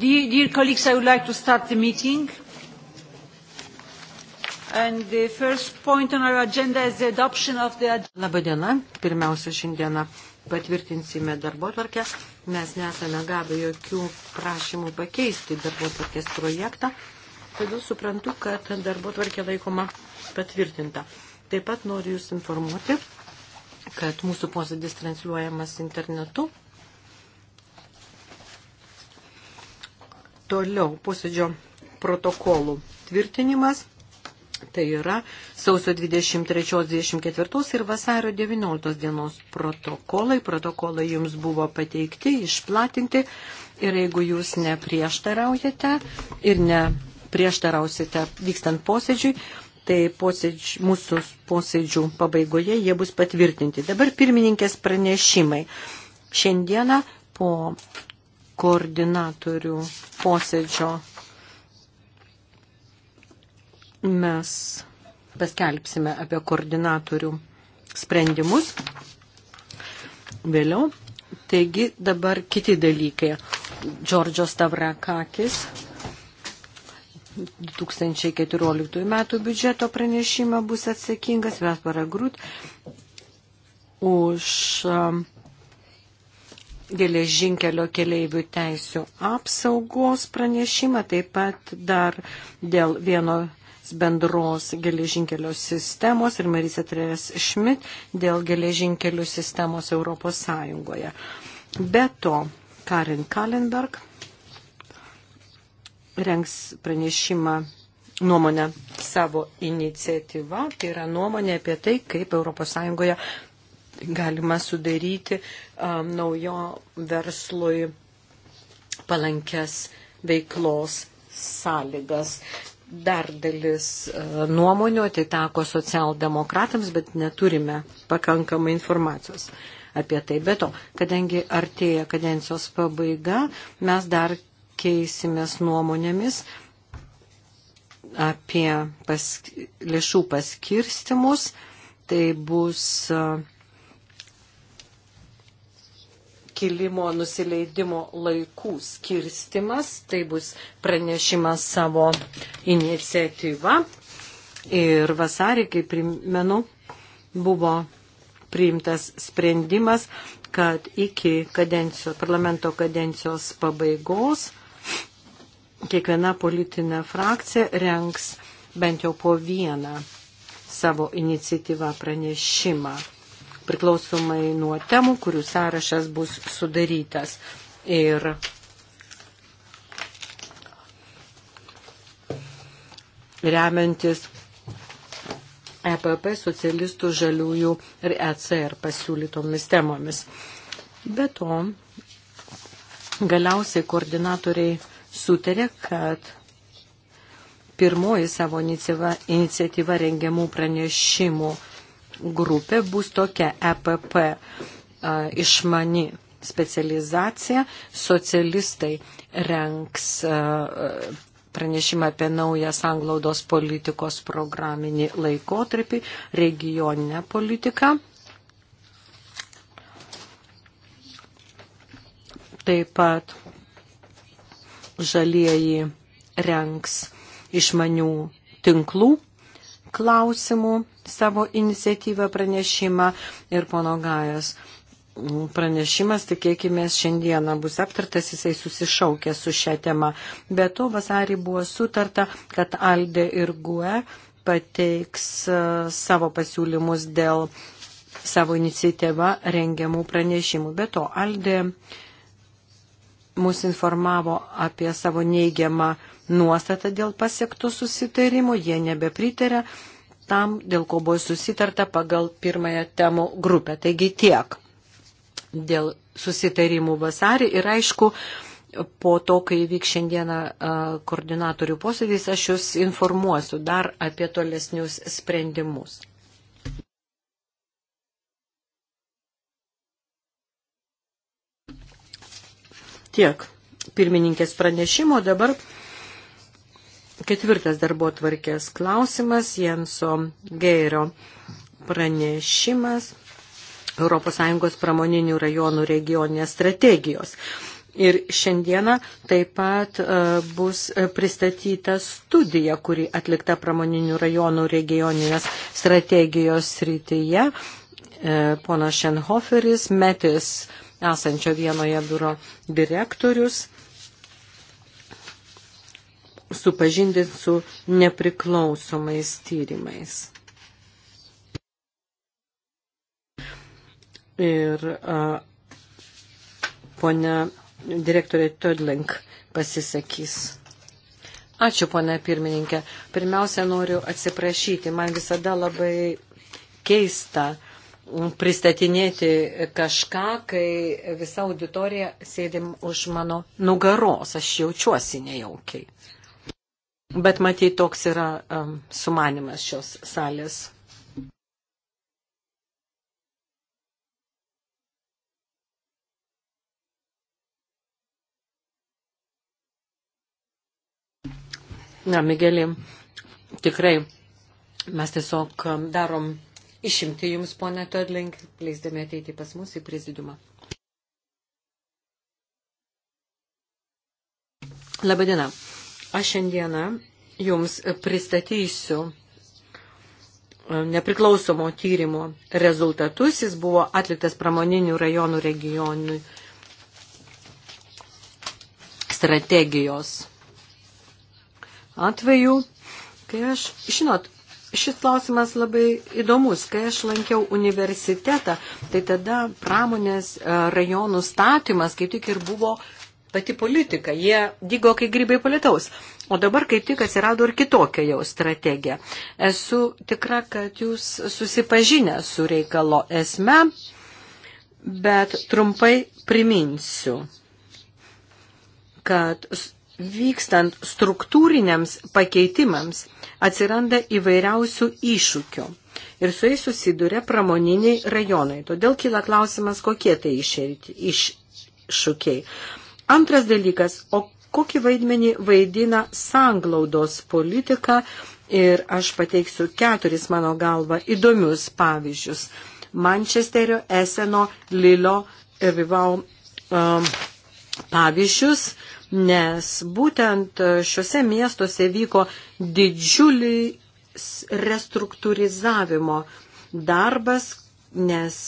Dear, dear colleagues, I would like to start the meeting. And the first point on our agenda is the adoption of the... Labadiena. Pirmiausia, šiandieną patvirtinsime darbo tvarkę. Mes nesame gavę jokių prašymų pakeisti darbo tvarkės projektą. Todėl suprantu, kad darbo tvarkė laikoma patvirtinta. Taip pat noriu Jūs informuoti, kad mūsų posėdis transliuojamas internetu Toliau posėdžio protokolų tvirtinimas. Tai yra sausio 23-24 ir vasario 19 dienos protokolai. Protokolai jums buvo pateikti, išplatinti ir jeigu jūs neprieštaraujate ir neprieštarausite vykstant posėdžiui, tai posėdž, mūsų posėdžių pabaigoje jie bus patvirtinti. Dabar pirmininkės pranešimai. Šiandieną po koordinatorių posėdžio mes paskelbsime apie koordinatorių sprendimus vėliau. Taigi dabar kiti dalykai. Džordžio Stavrakakis 2014 metų biudžeto pranešimą bus atsakingas Vesbara Grūt už uh, geležinkelio keleivių teisių apsaugos pranešimą, taip pat dar dėl vieno bendros geležinkelio sistemos ir Marisa Treves Šmit dėl geležinkelių sistemos Europos Sąjungoje. Be to, Karin Kalenberg rengs pranešimą nuomonę savo iniciatyvą, tai yra nuomonė apie tai, kaip ES galima sudaryti um, naujo verslui palankes veiklos sąlygas. Dar dalis uh, nuomonio atiteko socialdemokratams, bet neturime pakankamai informacijos apie tai. Be to, kadangi artėja kadencijos pabaiga, mes dar keisimės nuomonėmis apie pas, lėšų paskirstimus. Tai bus uh, kilimo nusileidimo laikų skirstimas. Tai bus pranešimas savo iniciatyva. Ir vasarį, kaip primenu, buvo priimtas sprendimas, kad iki kadencijos, parlamento kadencijos pabaigos kiekviena politinė frakcija renks bent jau po vieną savo iniciatyvą pranešimą priklausomai nuo temų, kurių sąrašas bus sudarytas. Ir remiantis EPP socialistų žaliųjų ir ECR pasiūlytomis temomis. Be to, galiausiai koordinatoriai sutarė, kad pirmoji savo iniciatyva rengiamų pranešimų grupė bus tokia EPP išmani specializacija. Socialistai renks pranešimą apie naują sanglaudos politikos programinį laikotarpį, regioninę politiką. Taip pat žalieji renks išmanių tinklų klausimų savo iniciatyvą pranešimą ir pono Gajas. Pranešimas, tikėkime, šiandieną bus aptartas, jisai susišaukė su šią temą. Be to, vasarį buvo sutarta, kad Alde ir Gue pateiks e, savo pasiūlymus dėl savo iniciatyvą rengiamų pranešimų. Be to, Alde mus informavo apie savo neigiamą nuostatą dėl pasiektų susitarimų, jie nebepritarė tam, dėl ko buvo susitarta pagal pirmąją temų grupę. Taigi tiek dėl susitarimų vasarį ir aišku, po to, kai vyks šiandieną koordinatorių posėdys, aš jūs informuosiu dar apie tolesnius sprendimus. Tiek pirmininkės pranešimo dabar. Ketvirtas darbo tvarkės klausimas Jenso Geiro pranešimas ES pramoninių rajonų regioninės strategijos. Ir šiandieną taip pat e, bus e, pristatyta studija, kuri atlikta pramoninių rajonų regioninės strategijos srityje. E, ponas Šenhoferis, Metis esančio vienoje biuro direktorius supažindinti su nepriklausomais tyrimais. Ir a, ponia direktorė Todlink pasisakys. Ačiū, ponia pirmininkė. Pirmiausia, noriu atsiprašyti. Man visada labai keista pristatinėti kažką, kai visa auditorija sėdim už mano nugaros. Aš jaučiuosi nejaukiai. Bet matyt, toks yra um, sumanimas šios salės. Na, Migelį, tikrai mes tiesiog darom išimti jums, ponė Todlink, leisdami ateiti pas mus į prezidiumą. Labadiena. Aš šiandieną jums pristatysiu e, nepriklausomo tyrimo rezultatus. Jis buvo atliktas pramoninių rajonų regionų strategijos atveju. Kai aš, žinot, šis klausimas labai įdomus. Kai aš lankiau universitetą, tai tada pramonės e, rajonų statymas kaip tik ir buvo pati politika. Jie dygo, kai grybai palitaus. O dabar kaip tik atsirado ir kitokia jau strategija. Esu tikra, kad jūs susipažinę su reikalo esme, bet trumpai priminsiu, kad vykstant struktūriniams pakeitimams atsiranda įvairiausių iššūkių ir su jais susiduria pramoniniai rajonai. Todėl kyla klausimas, kokie tai iššūkiai. Antras dalykas, o kokį vaidmenį vaidina sanglaudos politika ir aš pateiksiu keturis mano galva įdomius pavyzdžius. Mančesterio, Eseno, Lilo ir Vivau um, pavyzdžius, nes būtent šiuose miestuose vyko didžiuliai restruktūrizavimo darbas, nes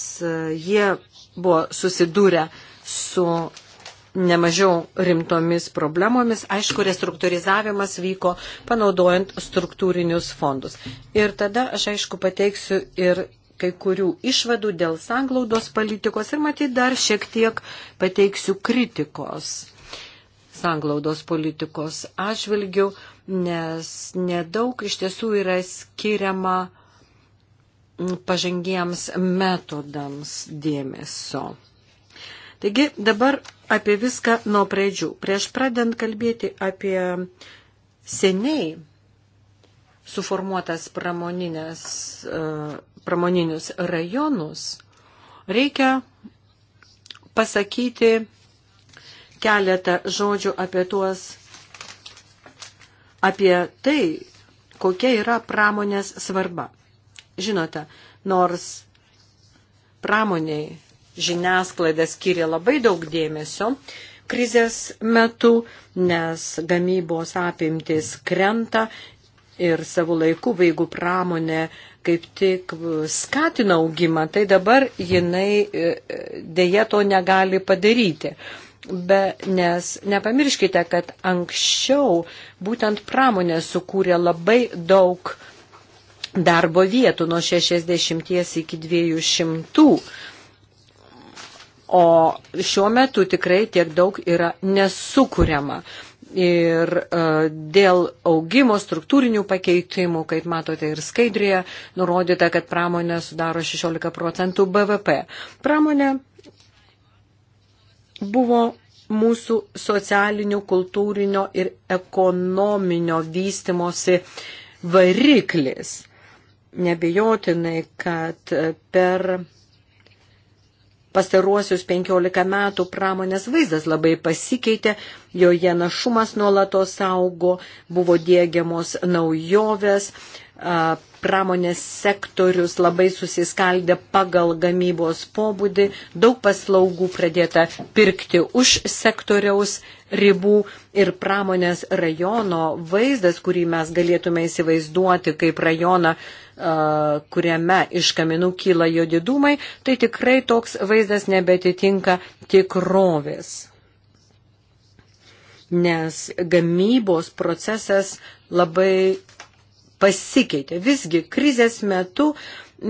jie buvo susidūrę su nemažiau rimtomis problemomis. Aišku, restruktūrizavimas vyko panaudojant struktūrinius fondus. Ir tada aš aišku pateiksiu ir kai kurių išvadų dėl sanglaudos politikos ir matyt dar šiek tiek pateiksiu kritikos sanglaudos politikos atžvilgių, nes nedaug iš tiesų yra skiriama pažangiems metodams dėmesio. Taigi dabar apie viską nuo pradžių. Prieš pradant kalbėti apie seniai suformuotas e, pramoninius rajonus, reikia pasakyti keletą žodžių apie tuos, apie tai, kokia yra pramonės svarba. Žinote, nors pramoniai žiniasklaida skiria labai daug dėmesio krizės metu, nes gamybos apimtis krenta ir savo laiku vaigų pramonė kaip tik skatina augimą, tai dabar jinai e, dėja to negali padaryti. Be, nes nepamirškite, kad anksčiau būtent pramonė sukūrė labai daug darbo vietų nuo 60 iki 200. O šiuo metu tikrai tiek daug yra nesukuriama. Ir e, dėl augimo struktūrinių pakeitimų, kaip matote ir skaidrėje, nurodyta, kad pramonė sudaro 16 procentų BVP. Pramonė buvo mūsų socialinio, kultūrinio ir ekonominio vystimosi variklis. Nebejotinai, kad per pastaruosius 15 metų pramonės vaizdas labai pasikeitė, joje našumas nuolatos augo, buvo dėgiamos naujovės, pramonės sektorius labai susiskaldė pagal gamybos pobūdį, daug paslaugų pradėta pirkti už sektoriaus ribų ir pramonės rajono vaizdas, kurį mes galėtume įsivaizduoti kaip rajoną kuriame iš kaminų kyla jodidumai, tai tikrai toks vaizdas nebetitinka tikrovės. Nes gamybos procesas labai pasikeitė. Visgi krizės metu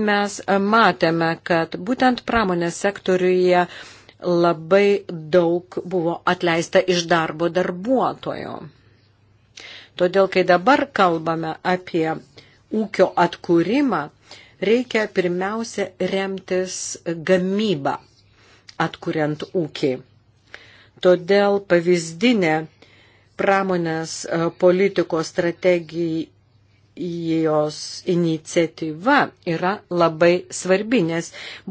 mes matėme, kad būtent pramonės sektoriuje labai daug buvo atleista iš darbo darbuotojo. Todėl, kai dabar kalbame apie ūkio atkūrimą, reikia pirmiausia remtis gamybą atkuriant ūkį. Todėl pavyzdinė pramonės e, politikos strategijos iniciatyva yra labai svarbi, nes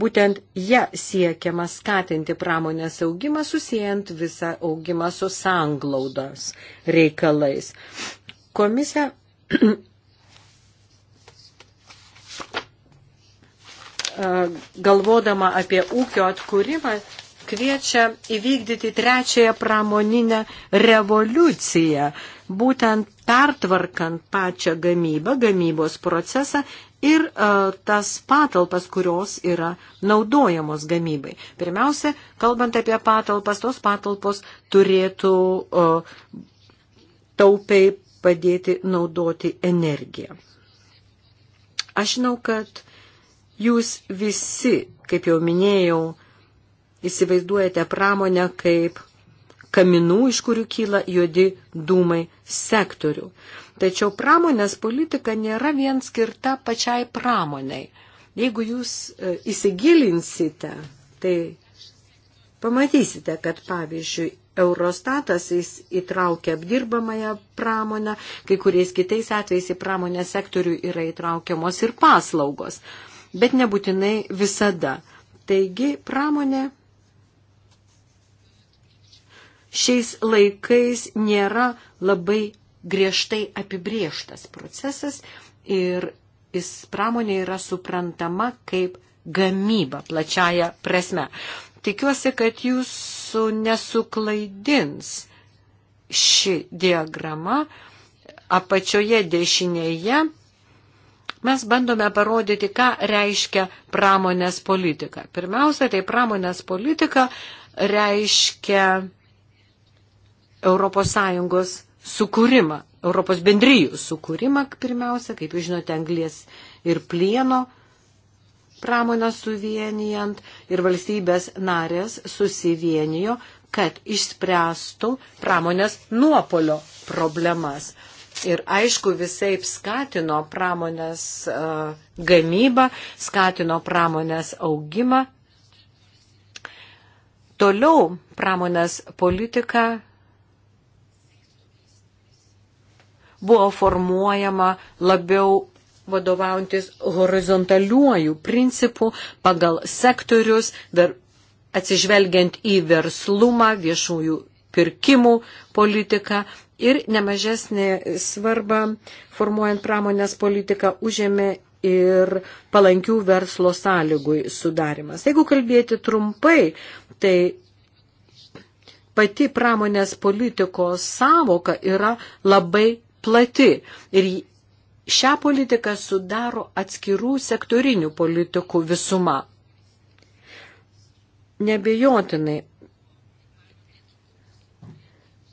būtent ją siekiama skatinti pramonės augimą, susijęjant visą augimą su sanglaudos reikalais. Komisija E, galvodama apie ūkio atkūrimą, kviečia įvykdyti trečiąją pramoninę revoliuciją, būtent pertvarkant pačią gamybą, gamybos procesą ir uh, tas patalpas, kurios yra naudojamos gamybai. Pirmiausia, kalbant apie patalpas, tos patalpos turėtų uh, taupiai padėti naudoti energiją. Aš žinau, kad Jūs visi, kaip jau minėjau, įsivaizduojate pramonę kaip kaminų, iš kurių kyla juodi dūmai sektorių. Tačiau pramonės politika nėra vien skirta pačiai pramoniai. Jeigu jūs e, įsigilinsite, tai pamatysite, kad pavyzdžiui, Eurostatas jis įtraukia apdirbamąją pramonę, kai kuriais kitais atvejais į pramonę sektorių yra įtraukiamos ir paslaugos bet nebūtinai visada. Taigi pramonė šiais laikais nėra labai griežtai apibrieštas procesas ir jis pramonė yra suprantama kaip gamyba plačiaja prasme. Tikiuosi, kad jūsų nesuklaidins ši diagrama. Apačioje dešinėje mes bandome parodyti, ką reiškia pramonės politika. Pirmiausia, tai pramonės politika reiškia ES sukūrimą, Europos bendryjų sukūrimą, pirmiausia, kaip jūs žinote, anglės ir plieno pramoną suvienijant ir valstybės narės susivienijo, kad išspręstų pramonės nuopolio problemas ir aišku visai skatino pramonės e, gamybą, skatino pramonės augimą. Toliau pramonės politika buvo formuojama labiau vadovaujantis horizontaliuoju principu pagal sektorius, dar atsižvelgiant į verslumą, viešųjų pirkimų politiką, ir nemažesnė svarba formuojant pramonės politiką užėmė ir palankių verslo sąlygų sudarimas. Jeigu kalbėti trumpai, tai pati pramonės politikos savoka yra labai plati ir šią politiką sudaro atskirų sektorinių politikų visuma. Nebejotinai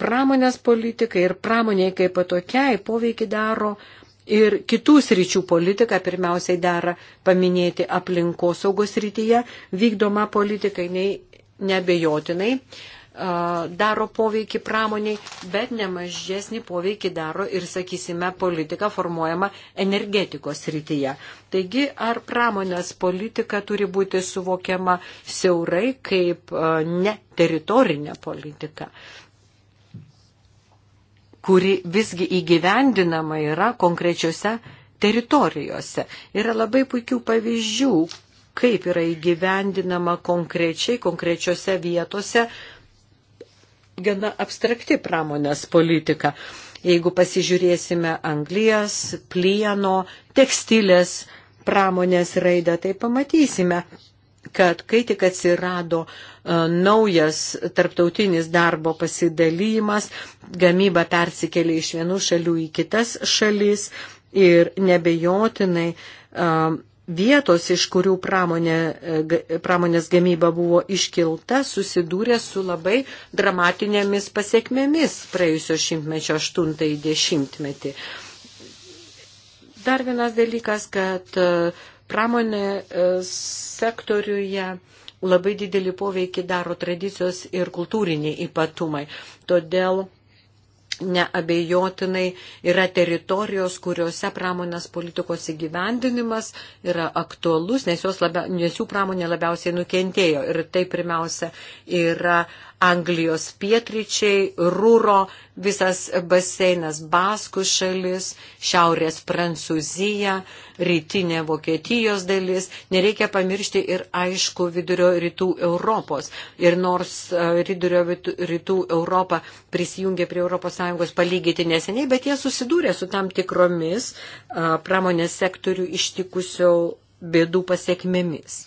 pramonės politikai ir pramoniai kaip patokiai poveikį daro ir kitų sričių politiką, pirmiausiai dera paminėti aplinkosaugos srityje, vykdoma politikai nei, nebejotinai daro poveikį pramoniai, bet nemažesnį poveikį daro ir, sakysime, politika formuojama energetikos srityje. Taigi, ar pramonės politika turi būti suvokiama siaurai kaip ne teritorinė politika? kuri visgi įgyvendinama yra konkrečiose teritorijose. Yra labai puikių pavyzdžių, kaip yra įgyvendinama konkrečiai, konkrečiose vietose gana abstrakti pramonės politika. Jeigu pasižiūrėsime anglijas, plieno, tekstilės pramonės raidą, tai pamatysime, kad kai tik atsirado e, naujas tarptautinis darbo pasidalymas, gamyba persikėlė iš vienų šalių į kitas šalis ir nebejotinai e, vietos, iš kurių pramonė, e, pramonės gamyba buvo iškilta, susidūrė su labai dramatinėmis pasiekmėmis praėjusio šimtmečio 80-metį. Dar vienas dalykas, kad uh, pramonė e, sektoriuje labai didelį poveikį daro tradicijos ir kultūriniai ypatumai. Todėl neabejotinai yra teritorijos, kuriuose pramonės politikos įgyvendinimas yra aktualus, nes, labia, nes jų pramonė labiausiai nukentėjo. Ir tai pirmiausia yra Anglijos pietryčiai, Rūro, visas baseinas Baskų šalis, šiaurės Prancūzija, rytinė Vokietijos dalis. Nereikia pamiršti ir aišku vidurio rytų Europos. Ir nors e, vidurio rytų Europa prisijungė prie ES palygyti neseniai, bet jie susidūrė su tam tikromis e, pramonės sektorių ištikusio bėdų pasiekmėmis.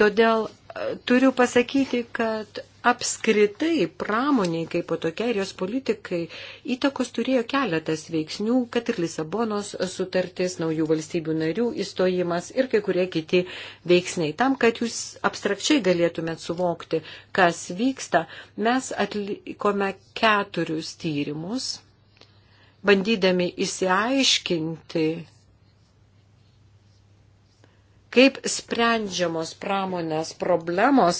Todėl e, turiu pasakyti, kad apskritai pramoniai kaip po tokia ir jos politikai įtakos turėjo keletas veiksnių, kad ir Lisabonos sutartis, naujų valstybių narių įstojimas ir kai kurie kiti veiksniai. Tam, kad jūs abstrakčiai galėtumėt suvokti, kas vyksta, mes atlikome keturius tyrimus, bandydami įsiaiškinti kaip sprendžiamos pramonės problemos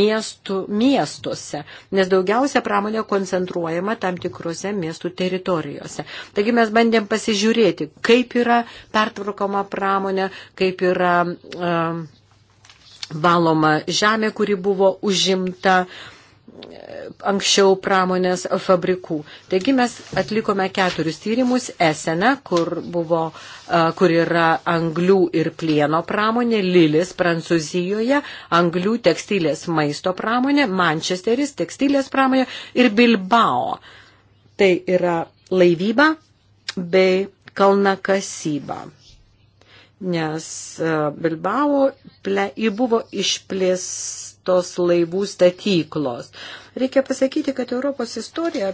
miestų, miestuose, nes daugiausia pramonė koncentruojama tam tikrose miestų teritorijose. Taigi mes bandėm pasižiūrėti, kaip yra pertvarkoma pramonė, kaip yra um, valoma žemė, kuri buvo užimta. Um, anksčiau pramonės fabrikų. Taigi mes atlikome keturis tyrimus Esene, kur, buvo, kur yra anglių ir plieno pramonė, Lilis Prancūzijoje, anglių tekstilės maisto pramonė, Mančesteris tekstilės pramonė ir Bilbao. Tai yra laivyba bei kalnakasyba nes e, Bilbao ple, buvo išplėstos laivų statyklos. Reikia pasakyti, kad Europos istorija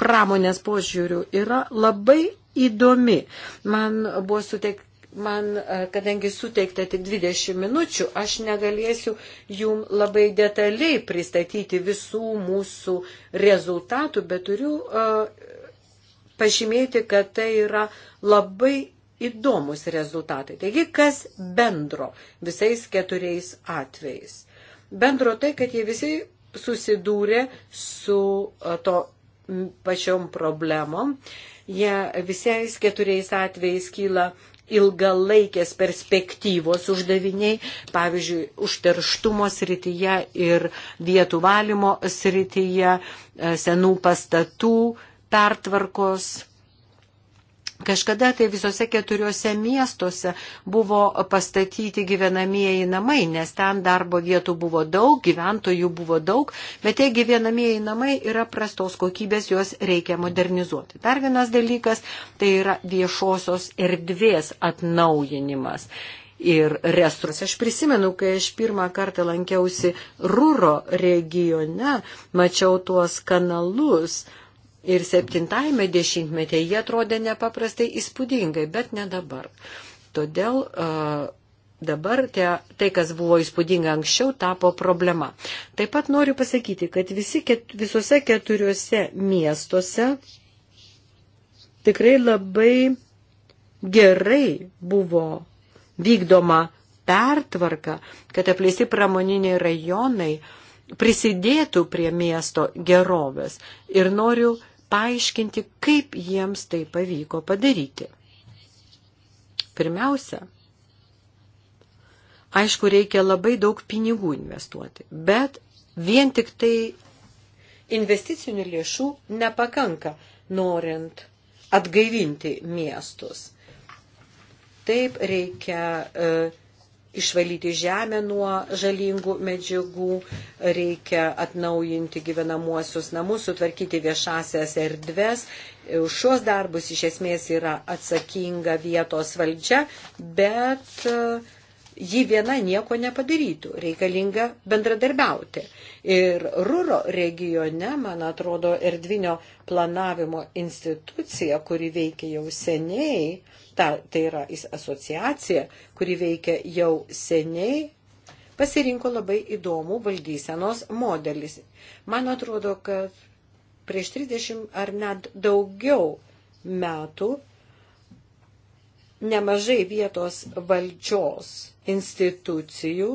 pramonės požiūrių yra labai įdomi. Man buvo suteikta. Man, e, kadangi suteikta tik 20 minučių, aš negalėsiu jum labai detaliai pristatyti visų mūsų rezultatų, bet turiu uh, pažymėti, kad tai yra labai įdomus rezultatai. Taigi, kas bendro visais keturiais atvejais? Bendro tai, kad jie visi susidūrė su to pačiom problemom. Jie visiais keturiais atvejais kyla ilgalaikės perspektyvos uždaviniai, pavyzdžiui, užterštumo srityje ir vietų valymo srityje, senų pastatų pertvarkos Kažkada tai visose keturiose miestuose buvo pastatyti gyvenamieji namai, nes ten darbo vietų buvo daug, gyventojų buvo daug, bet tie gyvenamieji namai yra prastos kokybės, juos reikia modernizuoti. Dar vienas dalykas tai yra viešosios erdvės atnaujinimas. Ir restrus. Aš prisimenu, kai aš pirmą kartą lankiausi Rūro regione, mačiau tuos kanalus, uh, ir septintajame dešimtmetyje jie atrodė nepaprastai įspūdingai, bet ne dabar. Todėl uh, dabar te, tai, kas buvo įspūdinga anksčiau, tapo problema. Taip pat noriu pasakyti, kad visi, ket, visose keturiuose miestuose tikrai labai gerai buvo vykdoma pertvarka, kad apleisti pramoniniai rajonai prisidėtų prie miesto gerovės. Ir noriu paaiškinti, kaip jiems tai pavyko padaryti. Pirmiausia, aišku, reikia labai daug pinigų investuoti, bet vien tik tai investicinių lėšų nepakanka, norint atgaivinti miestus. Taip reikia e, išvalyti žemę nuo žalingų medžiagų, reikia atnaujinti gyvenamuosius namus, sutvarkyti viešasias erdves. Už šios darbus iš esmės yra atsakinga vietos valdžia, bet e, ji viena nieko nepadarytų, reikalinga bendradarbiauti. Ir Ruro regione, man atrodo, erdvinio planavimo institucija, kuri veikia jau seniai, ta, tai yra asociacija, kuri veikia jau seniai, pasirinko labai įdomų valdysenos modelis. Man atrodo, kad prieš 30 ar net daugiau metų nemažai vietos valdžios institucijų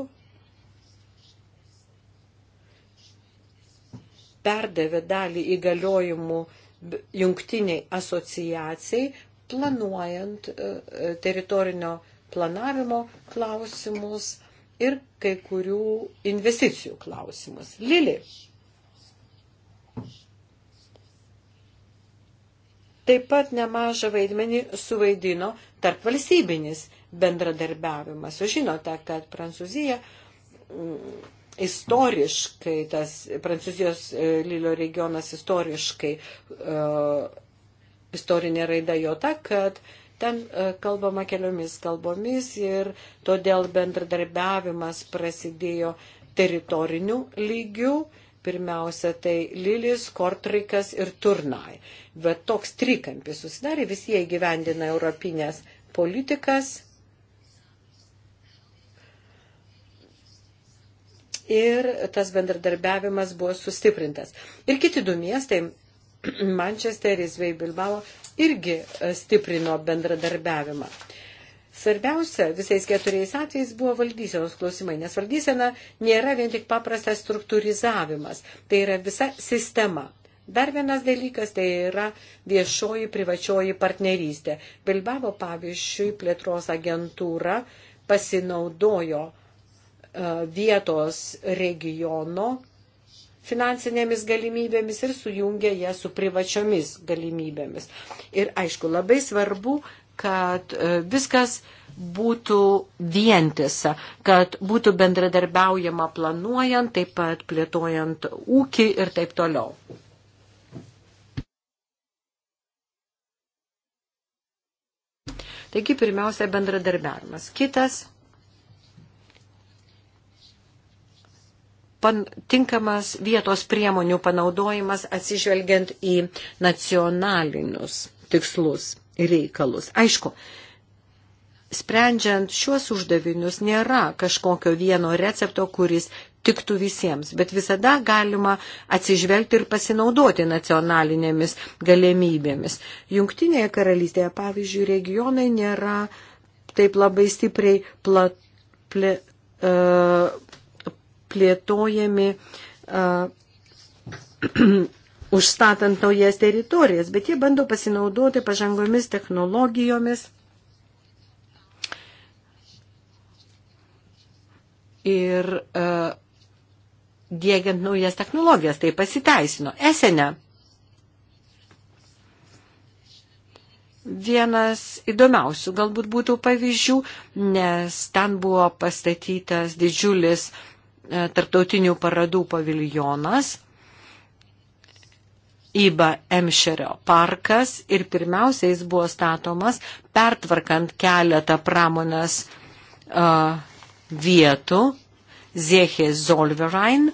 perdavė dalį įgaliojimų jungtiniai asociacijai, planuojant e, e, teritorinio planavimo klausimus ir kai kurių investicijų klausimus. Lili. Taip pat nemažą vaidmenį suvaidino tarp valstybinis bendradarbiavimas. Jūs žinote, kad Prancūzija istoriškai, tas Prancūzijos e, Lilio regionas istoriškai uh, istorinė raida jo ta, kad ten e, kalbama keliomis kalbomis ir todėl bendradarbiavimas prasidėjo teritoriniu lygiu. Pirmiausia, tai Lilis, Kortrikas ir Turnai. Bet toks trikampis susidarė, visi jie gyvendina europinės politikas. Ir tas bendradarbiavimas buvo sustiprintas. Ir kiti du miestai Mančesteris bei Bilbao irgi e, stiprino bendradarbiavimą. Svarbiausia visais keturiais atvejais buvo valdysenos klausimai, nes valdysena nėra vien tik paprastas struktūrizavimas, tai yra visa sistema. Dar vienas dalykas tai yra viešoji privačioji partnerystė. Bilbavo pavyzdžiui plėtros agentūra pasinaudojo e, vietos regiono finansinėmis galimybėmis ir sujungia jas su privačiomis galimybėmis. Ir aišku, labai svarbu, kad e, viskas būtų vientisa, kad būtų bendradarbiaujama planuojant, taip pat plėtojant ūkį ir taip toliau. Taigi pirmiausia bendradarbiavimas. Kitas pan, tinkamas vietos priemonių panaudojimas atsižvelgiant į nacionalinius tikslus ir reikalus. Aišku, sprendžiant šiuos uždavinius nėra kažkokio vieno recepto, kuris tiktų visiems, bet visada galima atsižvelgti ir pasinaudoti nacionalinėmis galimybėmis. Jungtinėje karalystėje, pavyzdžiui, regionai nėra taip labai stipriai plat, ple, uh, plėtojami užstatant naujas teritorijas, bet jie bando pasinaudoti pažangomis technologijomis. Ir uh, dėgiant naujas technologijas, tai pasiteisino. Esene. Vienas įdomiausių galbūt būtų pavyzdžių, nes ten buvo pastatytas didžiulis uh, E, tarptautinių paradų paviljonas, Iba Emšerio parkas ir pirmiausia jis buvo statomas pertvarkant keletą pramonės uh, vietų, Zėhė Zolverain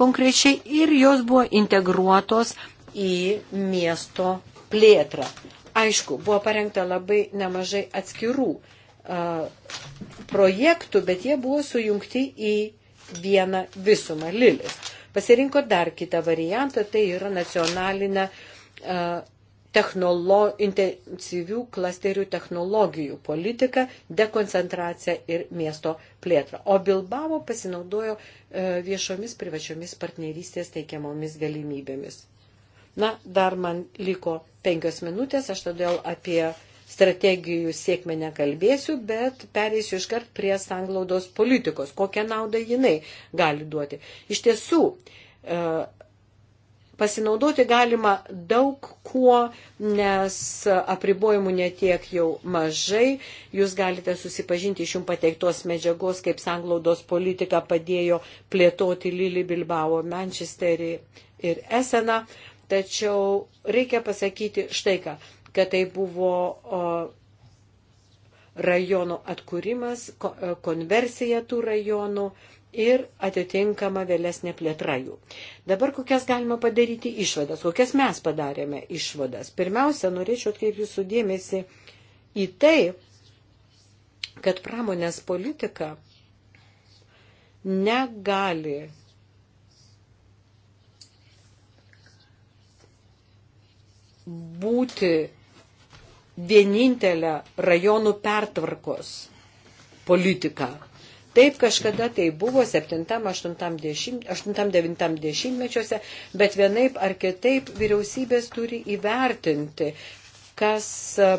konkrečiai, ir jos buvo integruotos į miesto plėtrą. Aišku, buvo parengta labai nemažai atskirų uh, projektų, bet jie buvo sujungti į vieną visumą Lilis. Pasirinko dar kitą variantą, tai yra nacionalinę e, technolo, intensyvių klasterių technologijų politiką, dekoncentraciją ir miesto plėtrą. O Bilbao pasinaudojo e, viešomis privačiomis partnerystės teikiamomis galimybėmis. Na, dar man liko penkios minutės, aš todėl apie uh, strategijų sėkmę nekalbėsiu, bet perėsiu iškart prie sanglaudos politikos, kokią naudą jinai gali duoti. Iš tiesų, e, pasinaudoti galima daug kuo, nes apribojimų netiek jau mažai. Jūs galite susipažinti iš jums pateiktos medžiagos, kaip sanglaudos politika padėjo plėtoti Lily Bilbao, Manchesterį ir Eseną. Tačiau reikia pasakyti štai ką kad tai buvo rajonų atkūrimas, konversija tų rajonų ir atitinkama vėlesnė plėtra jų. Dabar kokias galima padaryti išvadas, kokias mes padarėme išvadas. Pirmiausia, norėčiau atkreipti jūsų dėmesį į tai, kad pramonės politika negali būti vienintelę rajonų pertvarkos politiką. Taip kažkada tai buvo 7-8-9 mečiuose, bet vienaip ar kitaip vyriausybės turi įvertinti, kas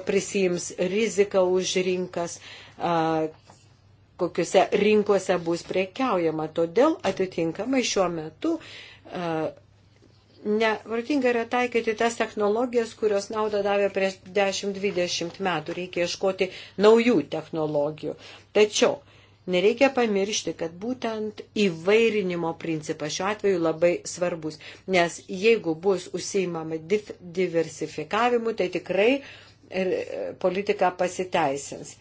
prisijims riziką už rinkas, kokiuose rinkose bus priekiaujama. Todėl atitinkamai šiuo metu Nevartinga yra taikyti tas technologijas, kurios naudą davė prieš 10-20 metų. Reikia ieškoti naujų technologijų. Tačiau nereikia pamiršti, kad būtent įvairinimo principas šiuo atveju labai svarbus. Nes jeigu bus užsiimama diversifikavimu, tai tikrai e, politika pasiteisins.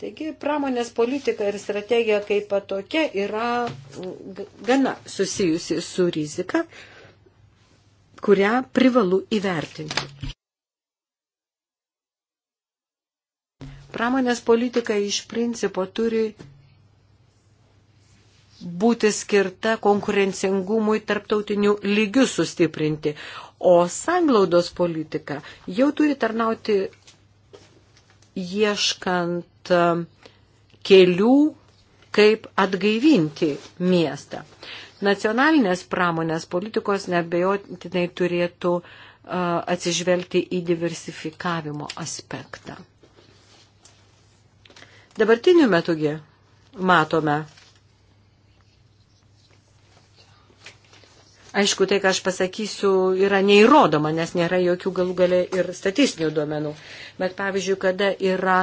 Taigi pramonės politika ir strategija kaip patokia yra gana susijusi su rizika kurią privalu įvertinti. Pramonės politika iš principo turi būti skirta konkurencingumui tarptautinių lygių sustiprinti, o sanglaudos politika jau turi tarnauti ieškant e, kelių, kaip atgaivinti miestą. Nacionalinės pramonės politikos nebejotinai turėtų atsižvelgti į diversifikavimo aspektą. Dabartiniu metugi matome. Aišku, tai, ką aš pasakysiu, yra neįrodoma, nes nėra jokių galų galę ir statistinių duomenų. Bet pavyzdžiui, kada yra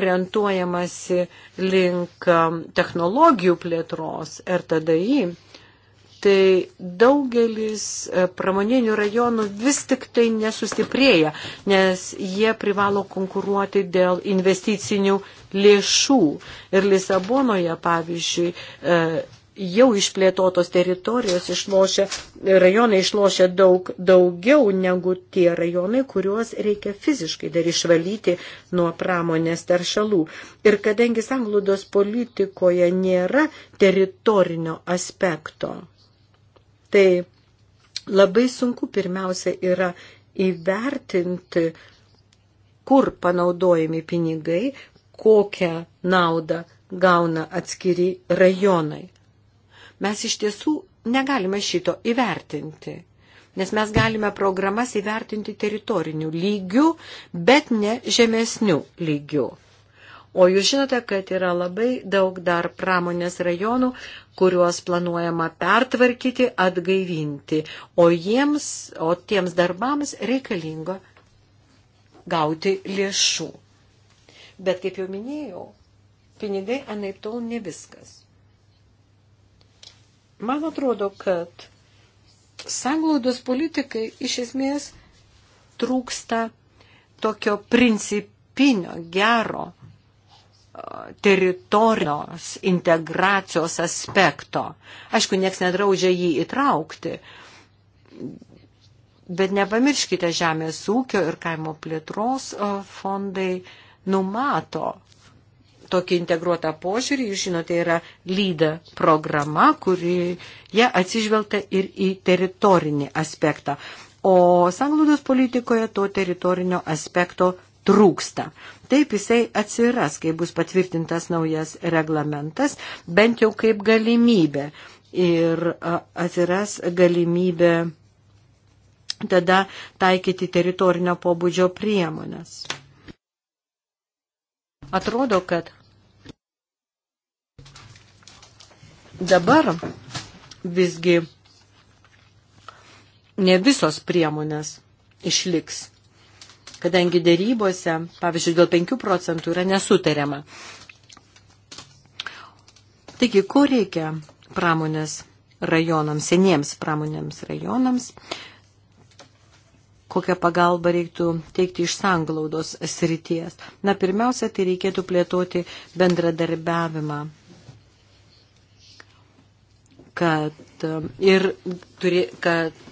orientuojamasi link technologijų plėtros RTDI, tai daugelis e, pramoninių rajonų vis tik tai nesustiprėja, nes jie privalo konkuruoti dėl investicinių lėšų. Ir Lisabonoje, pavyzdžiui, e, jau išplėtotos teritorijos išlošia, rajonai išlošia daug daugiau negu tie rajonai, kuriuos reikia fiziškai dar išvalyti nuo pramonės taršalų. Ir kadangi sanglūdos politikoje nėra teritorinio aspekto, tai labai sunku pirmiausia yra įvertinti, kur panaudojami pinigai, kokią naudą gauna atskiri rajonai. Mes iš tiesų negalime šito įvertinti, nes mes galime programas įvertinti teritorinių lygių, bet ne žemesnių lygių. O jūs žinote, kad yra labai daug dar pramonės rajonų, kuriuos planuojama pertvarkyti, atgaivinti, o jiems, o tiems darbams reikalinga gauti lėšų. Bet kaip jau minėjau, pinigai anaip tol ne viskas. Man atrodo, kad sanglaudos politikai iš esmės trūksta tokio principinio gero teritorijos integracijos aspekto. Aišku, nieks nedraužia jį įtraukti, bet nepamirškite, žemės ūkio ir kaimo plėtros fondai numato tokį integruotą požiūrį, jūs žinote, yra lyda programa, kurioje atsižvelgta ir į teritorinį aspektą. O sanglaudos politikoje to teritorinio aspekto trūksta. Taip jisai atsiras, kai bus patvirtintas naujas reglamentas, bent jau kaip galimybė. Ir atsiras galimybė tada taikyti teritorinio pobūdžio priemonės. Atrodo, kad dabar visgi ne visos priemonės išliks kadangi dėrybose, pavyzdžiui, dėl 5 procentų yra nesutariama. Taigi, ko reikia pramonės rajonams, seniems pramonėms rajonams, kokią pagalbą reiktų teikti iš sanglaudos srities. Na, pirmiausia, tai reikėtų plėtoti bendradarbiavimą, kad, ir, turi, kad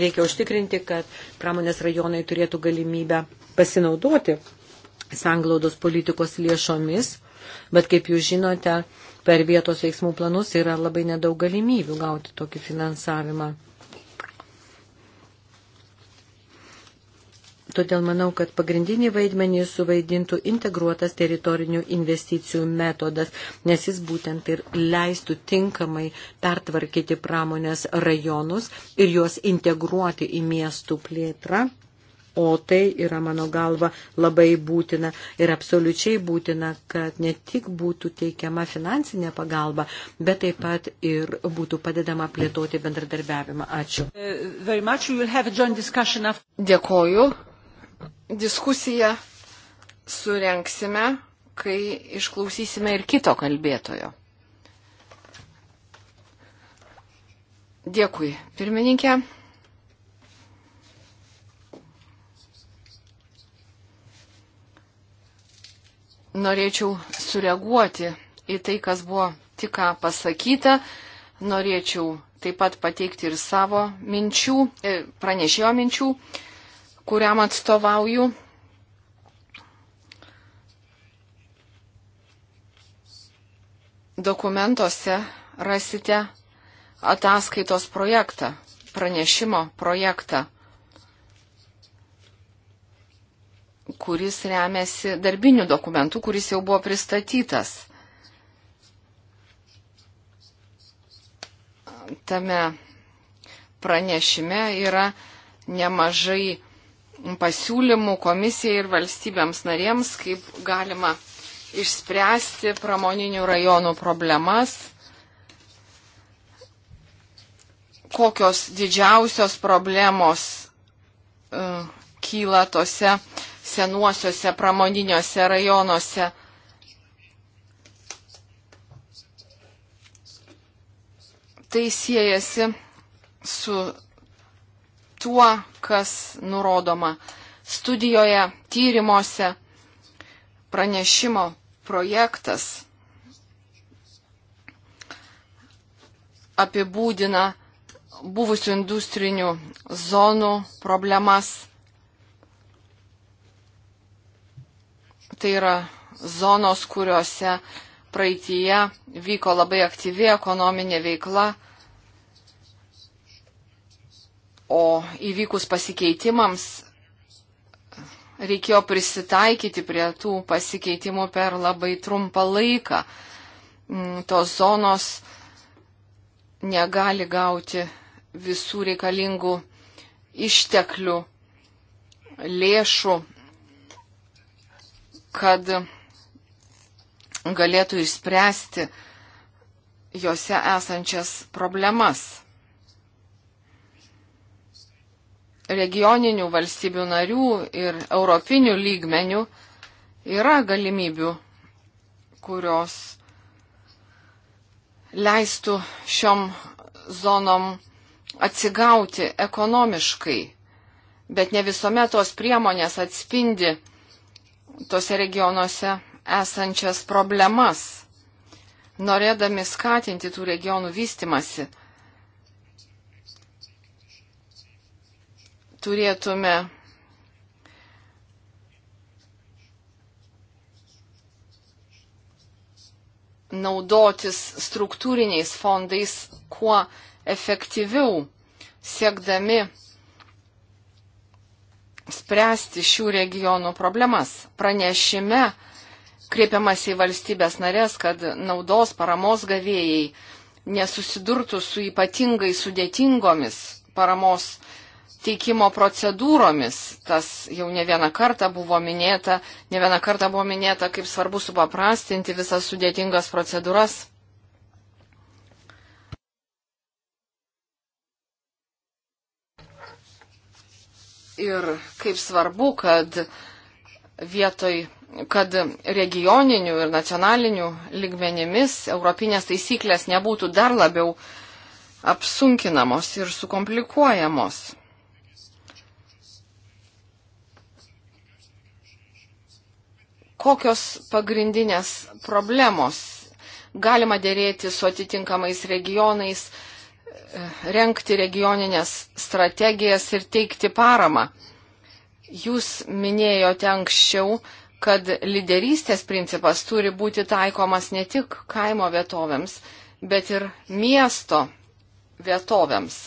reikia užtikrinti, kad pramonės rajonai turėtų galimybę pasinaudoti sanglaudos politikos lėšomis, bet kaip jūs žinote, per vietos veiksmų planus yra labai nedaug galimybių gauti tokį finansavimą. Todėl manau, kad pagrindinį vaidmenį suvaidintų integruotas teritorinių investicijų metodas, nes jis būtent ir leistų tinkamai pertvarkyti pramonės rajonus ir juos integruoti į miestų plėtrą. O tai yra, mano galva, labai būtina ir absoliučiai būtina, kad ne tik būtų teikiama finansinė pagalba, bet taip pat ir būtų padedama plėtoti bendradarbiavimą. Ačiū. Uh, Dėkoju diskusiją surenksime, kai išklausysime ir kito kalbėtojo. Dėkui, pirmininkė. Norėčiau sureaguoti į tai, kas buvo tik ką pasakyta. Norėčiau taip pat pateikti ir savo minčių, e, pranešėjo minčių kuriam atstovauju. Dokumentuose rasite ataskaitos projektą, pranešimo projektą, kuris remiasi darbiniu dokumentu, kuris jau buvo pristatytas. Tame pranešime yra nemažai pasiūlymų komisijai ir valstybėms narėms, kaip galima išspręsti pramoninių rajonų problemas, kokios didžiausios problemos uh, kyla tose senuosiuose pramoniniuose rajonuose. Tai siejasi su tuo, kas nurodoma studijoje, tyrimuose, pranešimo projektas apibūdina buvusių industrinių zonų problemas. Tai yra zonos, kuriuose praeitie vyko labai aktyvi ekonominė veikla, O įvykus pasikeitimams reikėjo prisitaikyti prie tų pasikeitimų per labai trumpą laiką. Mm, tos zonos negali gauti visų reikalingų išteklių, lėšų, kad galėtų išspręsti jose esančias problemas. regioninių valstybių narių ir europinių lygmenių yra galimybių, kurios leistų šiom zonom atsigauti ekonomiškai, bet ne visuomet tos priemonės atspindi tose regionuose esančias problemas. Norėdami skatinti tų regionų vystimasi, turėtume naudotis struktūriniais fondais kuo efektyviau, siekdami spręsti šių regionų problemas. Pranešime kreipiamas į valstybės narės, kad naudos paramos gavėjai nesusidurtų su ypatingai sudėtingomis paramos teikimo procedūromis. Tas jau ne vieną kartą buvo minėta, ne vieną kartą buvo minėta, kaip svarbu supaprastinti visas sudėtingas procedūras. Ir kaip svarbu, kad vietoj, kad regioninių ir nacionalinių lygmenimis europinės taisyklės nebūtų dar labiau apsunkinamos ir sukomplikuojamos. kokios pagrindinės problemos galima dėrėti su atitinkamais regionais, renkti regioninės strategijas ir teikti paramą. Jūs minėjote anksčiau, kad lyderystės principas turi būti taikomas ne tik kaimo vietovėms, bet ir miesto vietovėms.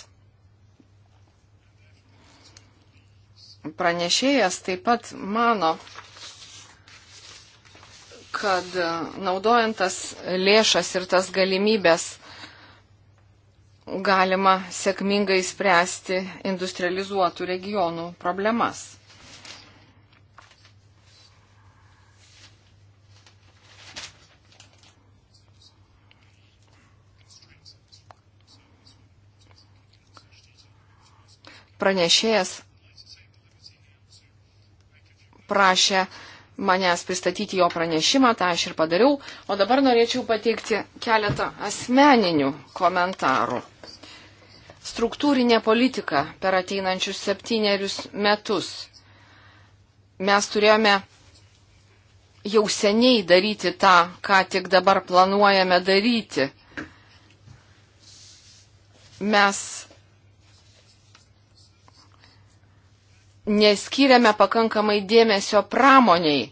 Pranešėjas taip pat mano, kad e, naudojant tas lėšas ir tas galimybės galima sėkmingai spręsti industrializuotų regionų problemas. Pranešėjas prašė manęs pristatyti jo pranešimą, tą aš ir padariau, o dabar norėčiau pateikti keletą asmeninių komentarų. Struktūrinė politika per ateinančius septynerius metus. Mes turėjome jau seniai daryti tą, ką tik dabar planuojame daryti. Mes neskiriame pakankamai dėmesio pramoniai,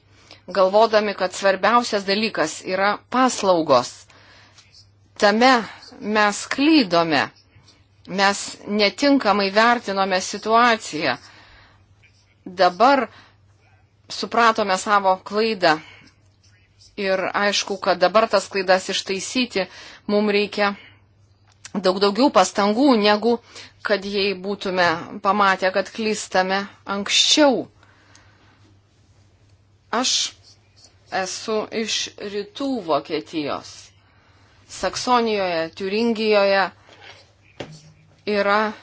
galvodami, kad svarbiausias dalykas yra paslaugos. Tame mes klydome, mes netinkamai vertinome situaciją. Dabar supratome savo klaidą ir aišku, kad dabar tas klaidas ištaisyti mums reikia daug daugiau pastangų, negu kad jei būtume pamatę, kad klystame anksčiau. Aš esu iš rytų Vokietijos. Saksonijoje, Turingijoje yra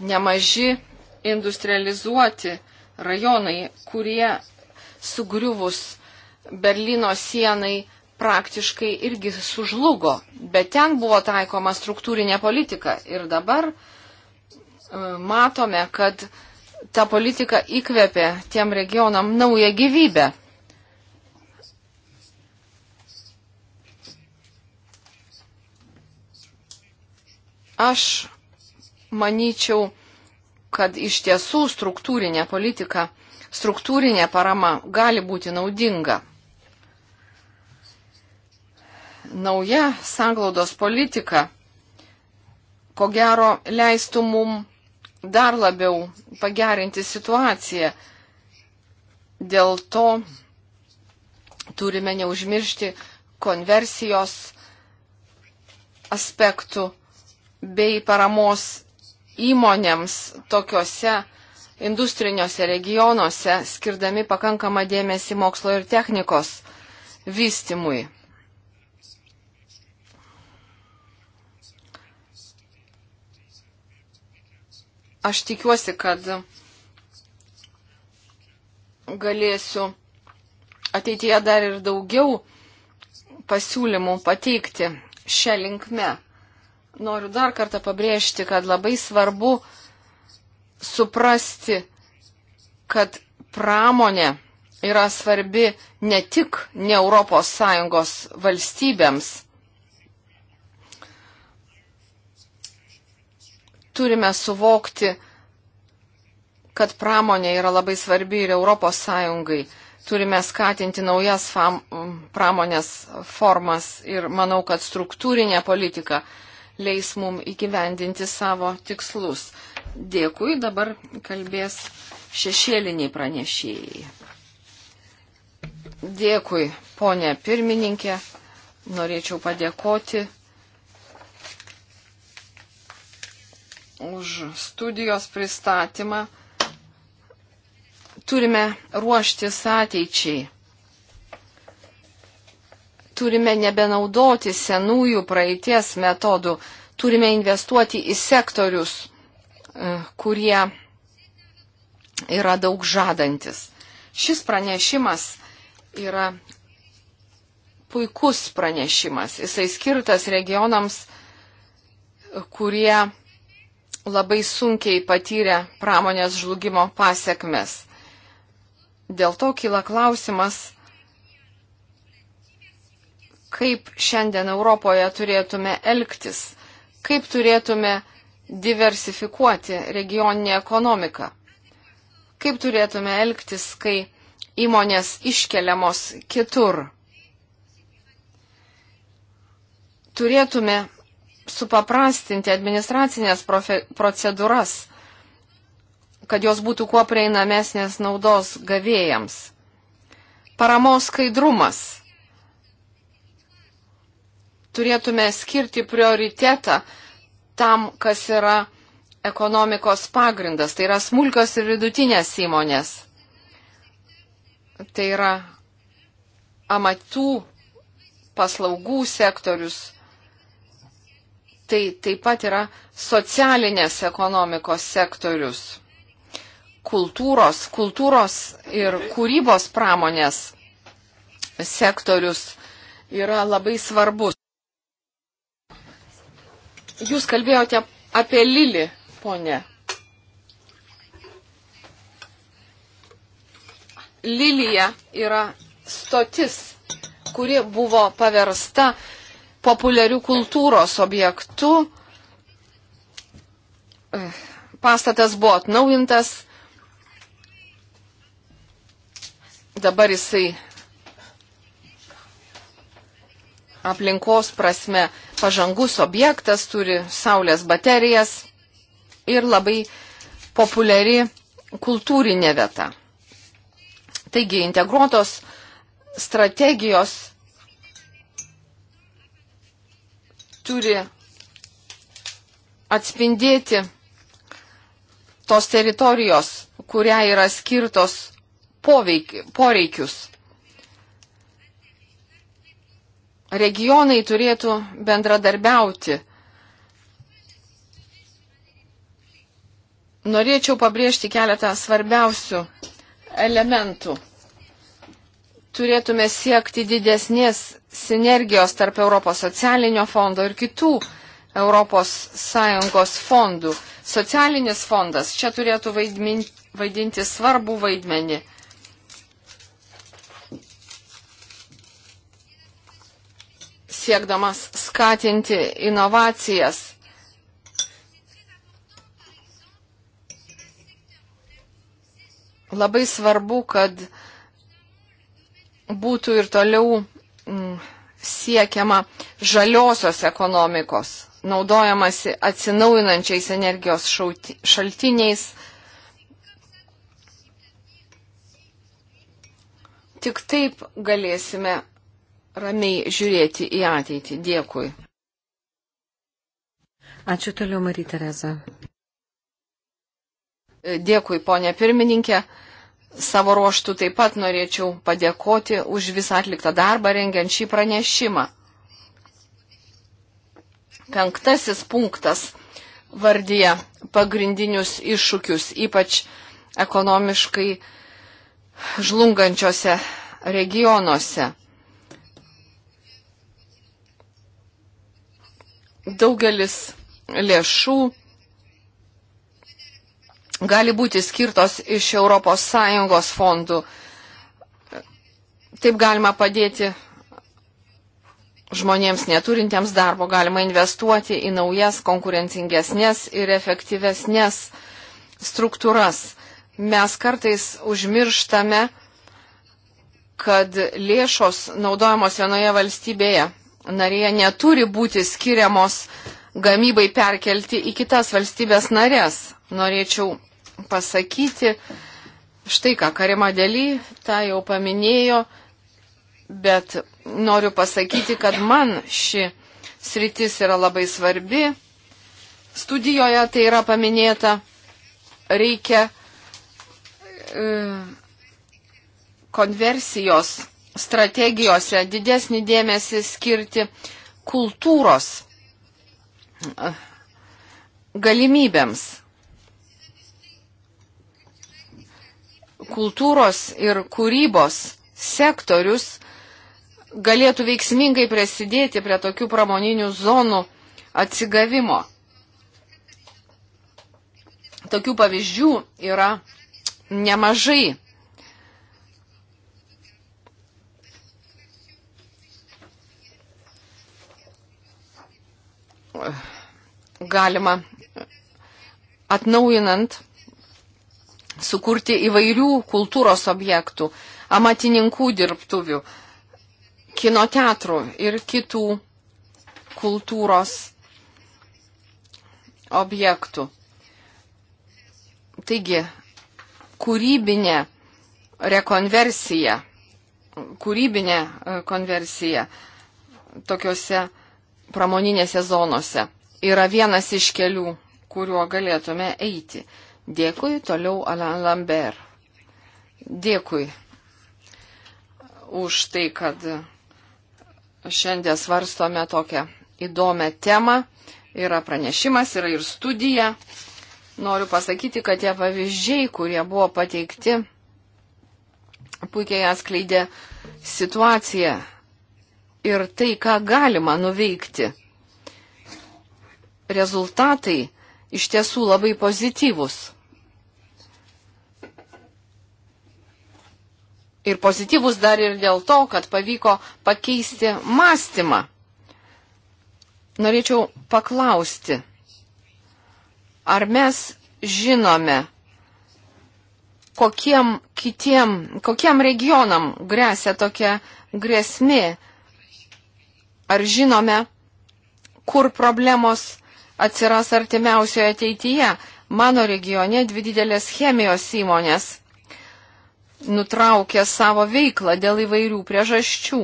nemaži industrializuoti rajonai, kurie sugriuvus Berlyno sienai praktiškai irgi sužlugo, bet ten buvo taikoma struktūrinė politika. Ir dabar e, matome, kad ta politika įkvėpė tiem regionam naują gyvybę. Aš manyčiau, kad iš tiesų struktūrinė politika, struktūrinė parama gali būti naudinga nauja sanglaudos politika, ko gero, leistų mum dar labiau pagerinti situaciją. Dėl to turime neužmiršti konversijos aspektų bei paramos įmonėms tokiuose industriniuose regionuose, skirdami pakankamą dėmesį mokslo ir technikos vystimui. Aš tikiuosi, kad galėsiu ateityje dar ir daugiau pasiūlymų pateikti šią linkmę. Noriu dar kartą pabrėžti, kad labai svarbu suprasti, kad pramonė yra svarbi ne tik ne Europos Sąjungos valstybėms, turime suvokti, kad pramonė yra labai svarbi ir Europos Sąjungai. Turime skatinti naujas fam, pramonės formas ir manau, kad struktūrinė politika leis mum įgyvendinti savo tikslus. Dėkui, dabar kalbės šešėliniai pranešėjai. Dėkui, ponė pirmininkė. Norėčiau padėkoti už studijos pristatymą. Turime ruoštis ateičiai. Turime nebenaudoti senųjų praeities metodų. Turime investuoti į sektorius, e, kurie yra daug žadantis. Šis pranešimas yra puikus pranešimas. Jisai skirtas regionams, kurie labai sunkiai patyrė pramonės žlugimo pasiekmes. Dėl to kyla klausimas, kaip šiandien Europoje turėtume elgtis, kaip turėtume diversifikuoti regioninę ekonomiką, kaip turėtume elgtis, kai įmonės iškeliamos kitur. Turėtume supaprastinti administracinės profe, procedūras, kad jos būtų kuo prieinamesnės naudos gavėjams. Paramos skaidrumas. Turėtume skirti prioritetą tam, kas yra ekonomikos pagrindas, tai yra smulkios ir vidutinės įmonės. Tai yra amatų paslaugų sektorius, tai taip pat yra socialinės ekonomikos sektorius. Kultūros, kultūros ir kūrybos pramonės sektorius yra labai svarbus. Jūs kalbėjote apie Lilį, ponė. Lilija yra stotis, kuri buvo paversta uh, populiarių kultūros objektų. Eh, pastatas buvo atnaujintas, dabar jisai aplinkos prasme pažangus objektas, turi saulės baterijas ir labai populiari kultūrinė vieta. Taigi integruotos strategijos turi atspindėti tos teritorijos, kuria yra skirtos poveiki, poreikius. Regionai turėtų bendradarbiauti. Norėčiau pabrėžti keletą svarbiausių elementų turėtume siekti didesnės sinergijos tarp Europos socialinio fondo ir kitų ES fondų. Socialinis fondas čia turėtų vaidmin, vaidinti svarbų vaidmenį. Siekdamas skatinti inovacijas. Labai svarbu, kad būtų ir toliau mm, siekiama žaliosios ekonomikos, naudojamasi atsinaujinančiais energijos šaltiniais. Tik taip galėsime ramiai žiūrėti į ateitį. Dėkui. Ačiū toliau, Marija Tereza. Dėkui, ponė pirmininkė savo ruoštų taip pat norėčiau padėkoti už visą atliktą darbą rengiant šį pranešimą. Penktasis punktas vardyje pagrindinius iššūkius, ypač ekonomiškai žlungančiose regionuose. Daugelis lėšų gali būti skirtos iš ES fondų. Taip galima padėti žmonėms neturintiems darbo, galima investuoti į naujas, konkurencingesnės ir efektyvesnės struktūras. Mes kartais užmirštame, kad lėšos naudojamos vienoje valstybėje narėje neturi būti skiriamos gamybai perkelti į kitas valstybės narės. Norėčiau pasakyti. Štai ką, Karima Dėly tą jau paminėjo, bet noriu pasakyti, kad man ši sritis yra labai svarbi. Studijoje tai yra paminėta, reikia e, konversijos strategijose didesnį dėmesį skirti kultūros e, galimybėms kultūros ir kūrybos sektorius galėtų veiksmingai prisidėti prie tokių pramoninių zonų atsigavimo. Tokių pavyzdžių yra nemažai. Galima atnaujinant sukurti įvairių kultūros objektų, amatininkų dirbtuvių, kino teatrų ir kitų kultūros objektų. Taigi, kūrybinė rekonversija, kūrybinė e, konversija tokiuose pramoninėse zonose yra vienas iš kelių, kuriuo galėtume eiti. Dėkui, toliau Alain Lambert. Dėkui už tai, kad šiandien svarstome tokią įdomią temą. Yra pranešimas, yra ir studija. Noriu pasakyti, kad tie pavyzdžiai, kurie buvo pateikti, puikiai atskleidė situaciją ir tai, ką galima nuveikti. Rezultatai iš tiesų labai pozityvus. ir pozityvus dar ir dėl to, kad pavyko pakeisti mąstymą. Norėčiau paklausti, ar mes žinome, kokiem kitiem, kokiem regionam grėsia tokia grėsmė, ar žinome, kur problemos atsiras artimiausioje ateityje. Mano regione dvi didelės chemijos įmonės nutraukė savo veiklą dėl įvairių priežasčių.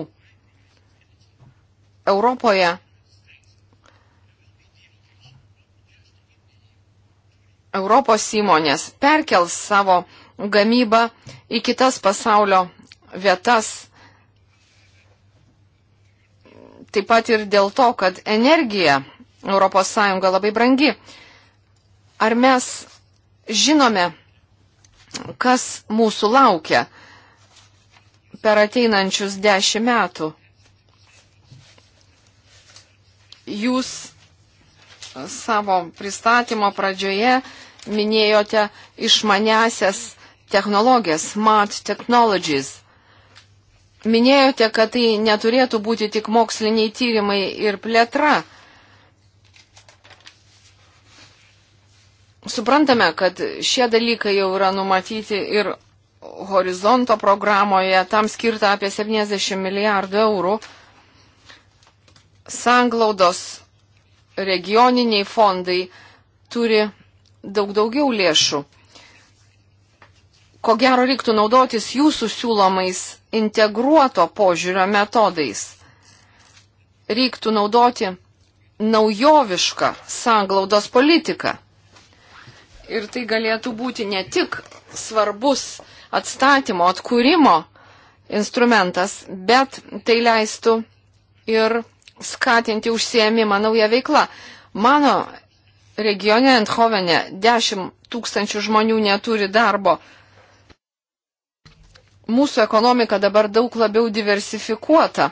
Europoje Europos įmonės perkels savo gamybą į kitas pasaulio vietas. Taip pat ir dėl to, kad energija ES labai brangi. Ar mes žinome, kas mūsų laukia per ateinančius dešimt metų. Jūs savo pristatymo pradžioje minėjote išmanesias technologijas, smart technologies. Minėjote, kad tai neturėtų būti tik moksliniai tyrimai ir plėtra. suprantame, kad šie dalykai jau yra numatyti ir horizonto programoje, tam skirta apie 70 milijardų eurų. Sanglaudos regioniniai fondai turi daug daugiau lėšų. Ko gero reiktų naudotis jūsų siūlomais integruoto požiūrio metodais. Reiktų naudoti naujovišką sanglaudos politiką Ir tai galėtų būti ne tik svarbus atstatymo, atkūrimo instrumentas, bet tai leistų ir skatinti užsiemimą naują veiklą. Mano regione Enthovene 10 tūkstančių žmonių neturi darbo. Mūsų ekonomika dabar daug labiau diversifikuota.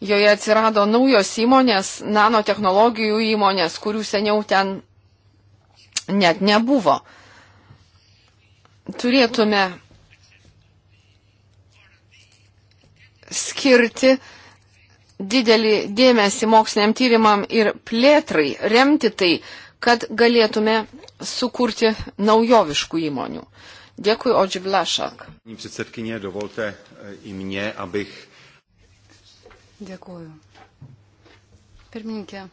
Joje atsirado naujos įmonės, nanotehnologijų įmonės, kurių seniau ten net nebuvo. Turėtume skirti didelį dėmesį moksliniam tyrimam ir plėtrai, remti tai, kad galėtume sukurti naujoviškų įmonių. Děkuji, Odži Vlašak. Paní předsedkyně, dovolte eh, i mě, abych. Děkuji. Pirmininkė,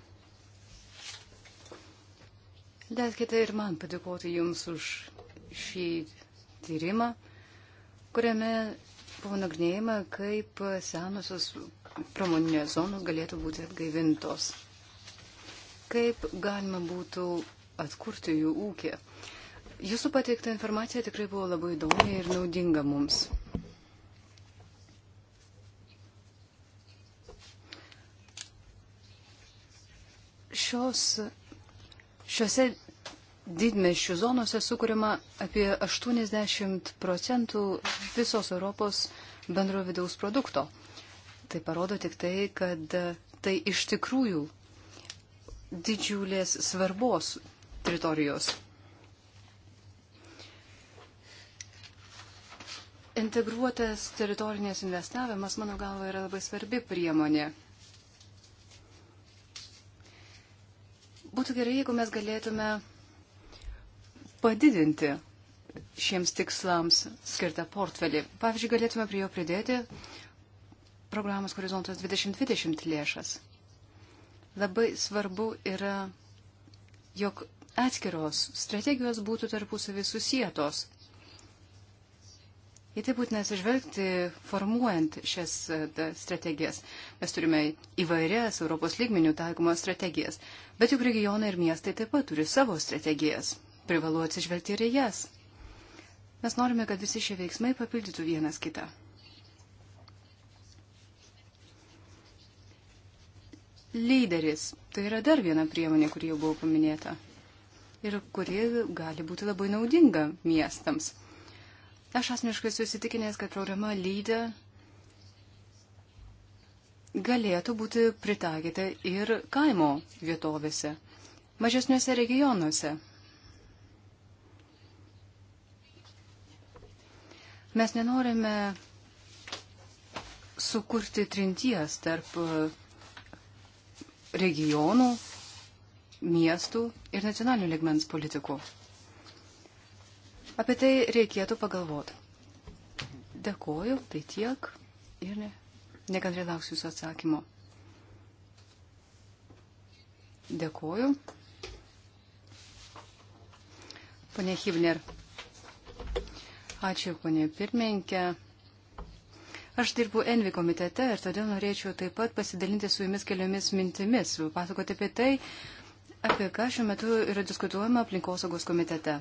Leiskite ir man padėkoti Jums už šį tyrimą, kuriame buvo nagrinėjama, kaip senosios pramoninės zonos galėtų būti atgaivintos, kaip galima būtų atkurti jų ūkį. Jūsų pateikta informacija tikrai buvo labai įdomi ir naudinga mums. Šios, šiuose didmešių zonose sukūrima apie 80 procentų visos Europos bendro vidaus produkto. Tai parodo tik tai, kad tai iš tikrųjų didžiulės svarbos teritorijos. Integruotas teritorinės investavimas, mano galva, yra labai svarbi priemonė. Būtų gerai, jeigu mes galėtume padidinti šiems tikslams skirtą portfelį. Pavyzdžiui, galėtume prie jo pridėti programos Horizontas 2020 lėšas. Labai svarbu yra, jog atskiros strategijos būtų tarpusavį susijėtos. Į tai būtina atsižvelgti, formuojant šias e, strategijas. Mes turime įvairias Europos lygmenių taikomas strategijas, bet juk regionai ir miestai taip pat turi savo strategijas privalu atsižvelgti ir į jas. Mes norime, kad visi šie veiksmai papildytų vienas kitą. Lyderis - tai yra dar viena priemonė, kuri jau buvo paminėta ir kuri gali būti labai naudinga miestams. Aš asmeniškai susitikinęs, kad programa lyder galėtų būti pritaikyta ir kaimo vietovėse, mažesniuose regionuose. Mes nenorime sukurti trinties tarp e, regionų, miestų ir nacionalinių ligmens politikų. Apie tai reikėtų pagalvoti. Dėkoju, tai tiek ir ne, nekantriai lauksiu jūsų atsakymo. Dėkoju. Pane Hibner. Ačiū, ponė pirmininkė. Aš dirbu Envi komitete ir todėl norėčiau taip pat pasidalinti su jumis keliomis mintimis, pasakoti apie tai, apie ką šiuo metu yra diskutuojama aplinkosaugos komitete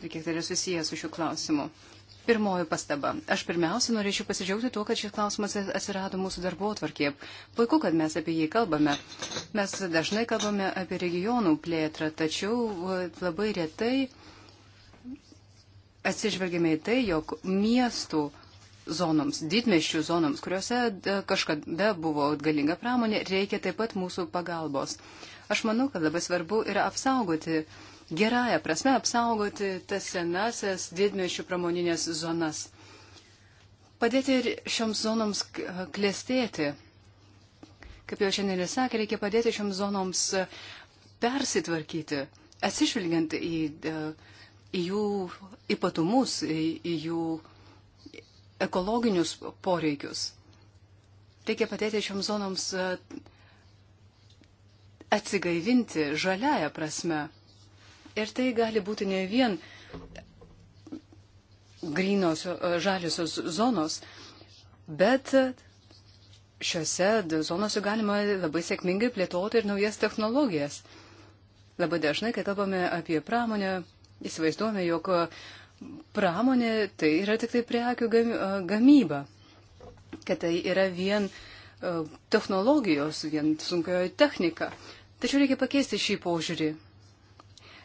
ir kiek tai yra susijęs su šiuo klausimu. Pirmoji pastaba. Aš pirmiausia norėčiau pasidžiaugti tuo, kad šis klausimas atsirado mūsų darbo atvarkėje. Puiku, kad mes apie jį kalbame. Mes dažnai kalbame apie regionų plėtrą, tačiau e, labai retai atsižvelgėme į tai, jog miestų zonoms, didmeščių zonoms, kuriuose e, kažkada buvo galinga pramonė, reikia taip pat mūsų pagalbos. Aš manau, kad labai svarbu yra apsaugoti, gerąją prasme apsaugoti tas senasias didmeščių pramoninės zonas. Padėti ir šioms zonoms klestėti. Kaip jau šiandien ir sakė, reikia padėti šioms zonoms e, persitvarkyti, atsižvelgiant į uh, į jų ypatumus, į, į jų ekologinius poreikius. Reikia padėti šioms zonoms e, atsigaivinti žaliają prasme. Ir tai gali būti ne vien grynos e, žaliosios zonos, bet šiuose zonose galima labai sėkmingai plėtoti ir naujas technologijas. Labai dažnai, kai kalbame apie pramonę, įsivaizduojame, jog e, pramonė tai yra tik tai prekių e, gamyba, kad tai yra vien e, technologijos, vien sunkioji technika. Tačiau reikia pakeisti šį požiūrį.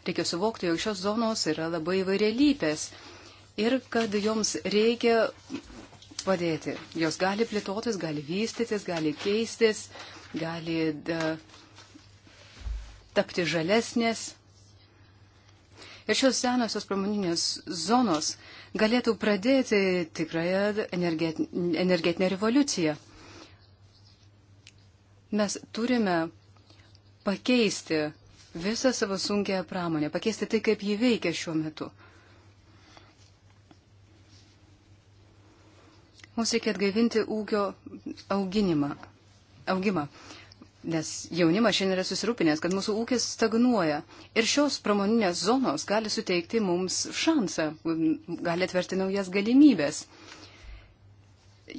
Reikia suvokti, jog šios zonos yra labai įvairialypės ir kad joms reikia padėti. Jos gali plėtotis, gali vystytis, gali keistis, gali da, tapti žalesnės. Ir šios senosios pramoninės zonos galėtų pradėti tikrąją energetinę revoliuciją. Mes turime pakeisti visą savo sunkę pramonę, pakeisti tai, kaip ji veikia šiuo metu. Mums reikia atgaivinti ūkio auginimą, augimą. Nes jaunimas šiandien yra susirūpinęs, kad mūsų ūkis stagnuoja. Ir šios pramoninės zonos gali suteikti mums šansą, gali atverti naujas galimybės.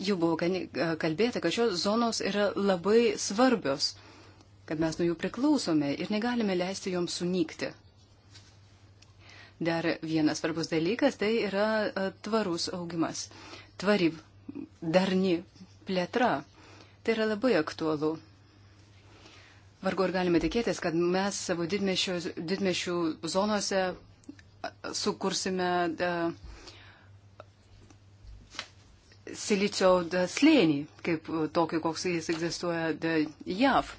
Jau buvo e, kalbėta, kad šios zonos yra labai svarbios, kad mes nuo jų priklausome ir negalime leisti joms sunykti. Dar vienas svarbus dalykas tai yra e, tvarus augimas. Tvari, darni plėtra. Tai yra labai aktualu vargu ar galime tikėtis, kad mes savo didmešių, didmešių zonose sukursime uh, silicio slėnį, kaip tokį, koks jis egzistuoja da, JAV.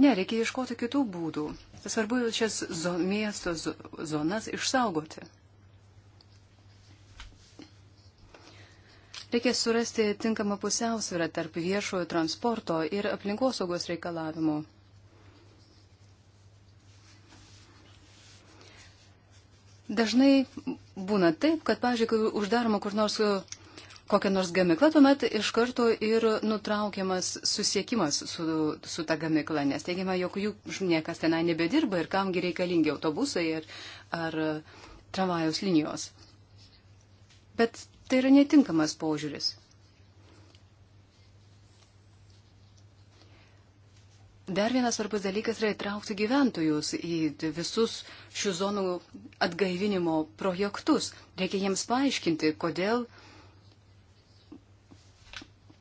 Ne, reikia ieškoti kitų būdų. Svarbu šias zo, miesto zonas išsaugoti. Reikia surasti tinkamą pusiausvyrą tarp viešojo transporto ir aplinkosaugos reikalavimų. Dažnai būna taip, kad, pažiūrėjau, kai uždaroma kur nors e, kokią nors gamiklą, tuomet iš karto ir nutraukiamas susiekimas su, su ta gamikla, nes teigiama, jog jų niekas tenai nebedirba ir kamgi reikalingi autobusai ar, ar tramvajaus linijos. Bet tai yra netinkamas požiūris. Dar vienas svarbus dalykas yra įtraukti gyventojus į visus šių zonų atgaivinimo projektus. Reikia jiems paaiškinti, kodėl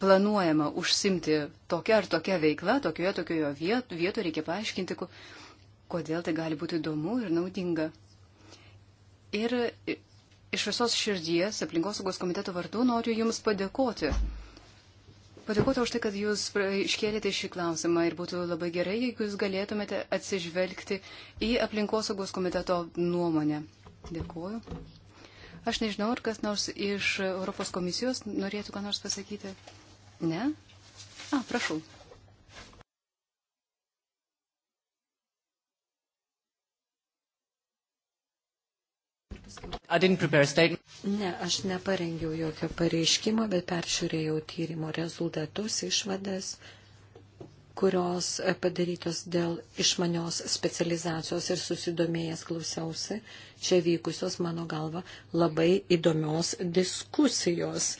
planuojama užsimti tokią ar tokią veiklą, tokioje tokioje vietoje, vieto reikia paaiškinti, kodėl tai gali būti įdomu ir naudinga. Ir iš visos širdies aplinkosaugos komiteto vardu noriu Jums padėkoti padėkoti už tai, kad jūs iškėlėte šį klausimą ir būtų labai gerai, jeigu jūs galėtumėte atsižvelgti į aplinkosaugos komiteto nuomonę. Dėkuoju. Aš nežinau, ar kas nors iš Europos komisijos norėtų ką nors pasakyti. Ne? A, prašau. Ne, aš neparengiau jokio pareiškimo, bet peržiūrėjau tyrimo rezultatus, išvadas, kurios e, padarytos dėl išmanios specializacijos ir susidomėjęs klausiausi čia vykusios, mano galva, labai įdomios diskusijos.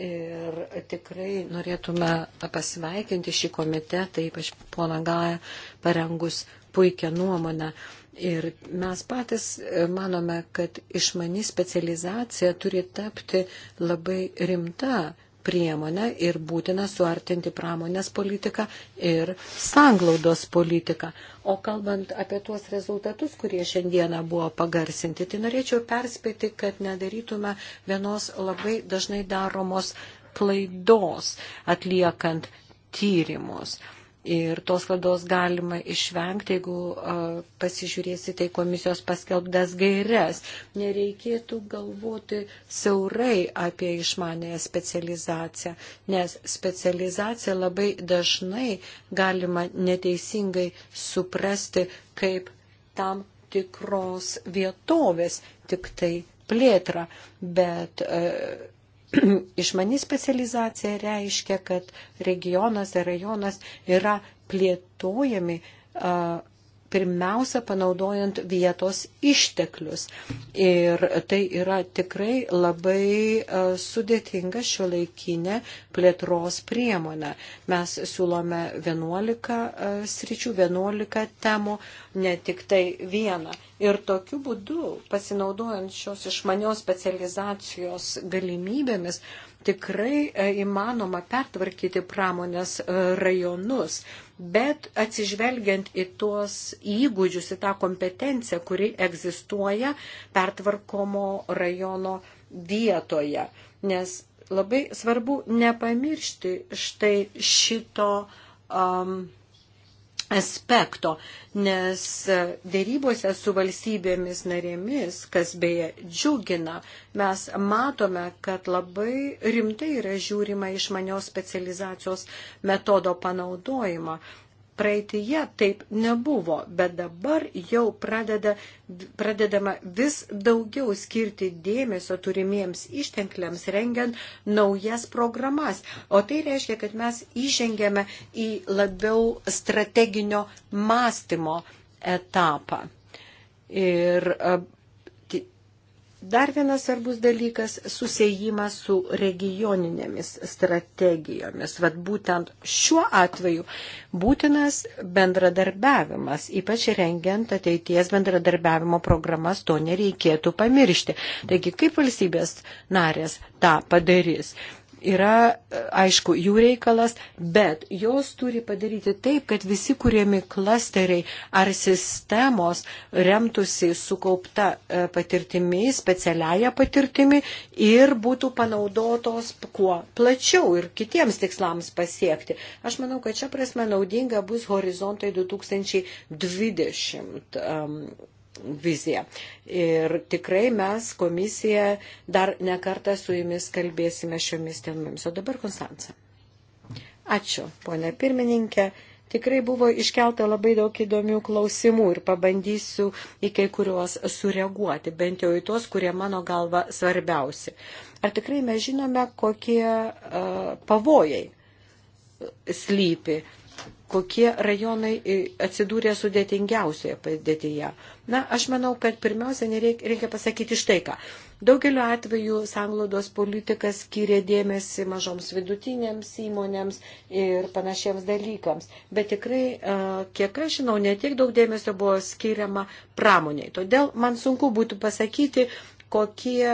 Ir tikrai norėtume pasveikinti šį komitetą, ypač poną Gają, parengus puikią nuomonę. Uh, Ir mes patys e, manome, kad išmani specializacija turi tapti labai rimta priemonę ir būtina suartinti pramonės politiką ir sanglaudos politiką. O kalbant apie tuos rezultatus, kurie šiandieną buvo pagarsinti, tai norėčiau perspėti, kad nedarytume vienos labai dažnai daromos klaidos atliekant tyrimus. Ir tos klaidos galima išvengti, jeigu uh, pasižiūrėsite į komisijos paskelbdas gairias. Nereikėtų galvoti siaurai apie išmanę specializaciją, nes specializacija labai dažnai galima neteisingai suprasti kaip tam tikros vietovės tik tai plėtrą, bet uh, Išmani specializacija reiškia, kad regionas ir rajonas yra plėtojami pirmiausia panaudojant vietos išteklius. Ir tai yra tikrai labai e, sudėtinga šio laikinė plėtros priemonė. Mes siūlome 11 e, sričių, 11 temų, ne tik tai vieną. Ir tokiu būdu, pasinaudojant šios išmanios specializacijos galimybėmis, tikrai e, įmanoma pertvarkyti pramonės rajonus bet atsižvelgiant į tuos įgūdžius, į tą kompetenciją, kuri egzistuoja pertvarkomo rajono vietoje. Nes labai svarbu nepamiršti štai šito um, aspekto, nes dėrybose su valstybėmis narėmis, kas beje džiugina, mes matome, kad labai rimtai yra žiūrima išmanios specializacijos metodo panaudojimą, praeitįje taip nebuvo, bet dabar jau pradeda, pradedama vis daugiau skirti dėmesio turimiems ištenkliams, rengiant naujas programas. O tai reiškia, kad mes įžengėme į labiau strateginio mąstymo etapą. Ir e, Dar vienas svarbus dalykas - susijimas su regioninėmis strategijomis. Vat būtent šiuo atveju būtinas bendradarbiavimas, ypač rengiant ateities bendradarbiavimo programas, to nereikėtų pamiršti. Taigi, kaip valstybės narės tą padarys? yra, aišku, jų reikalas, bet jos turi padaryti taip, kad visi kuriami klasteriai ar sistemos remtųsi sukaupta e, patirtimi, specialiaja patirtimi ir būtų panaudotos kuo plačiau ir kitiems tikslams pasiekti. Aš manau, kad čia prasme naudinga bus horizontai 2020. Um, viziją. Ir tikrai mes komisija dar nekartą su jumis kalbėsime šiomis temomis. O dabar Konstanca. Ačiū, ponė pirmininkė. Tikrai buvo iškelta labai daug įdomių klausimų ir pabandysiu į kai kuriuos sureaguoti, bent jau į tuos, kurie mano galva svarbiausi. Ar tikrai mes žinome, kokie uh, pavojai slypi kokie rajonai atsidūrė sudėtingiausioje padėtyje. Na, aš manau, kad pirmiausia, nereikia, reikia pasakyti štai ką. Daugeliu atveju sanglaudos politika skiria dėmesį mažoms vidutinėms įmonėms ir panašiems dalykams. Bet tikrai, kiek aš žinau, netiek daug dėmesio buvo skiriama pramoniai. Todėl man sunku būtų pasakyti, kokie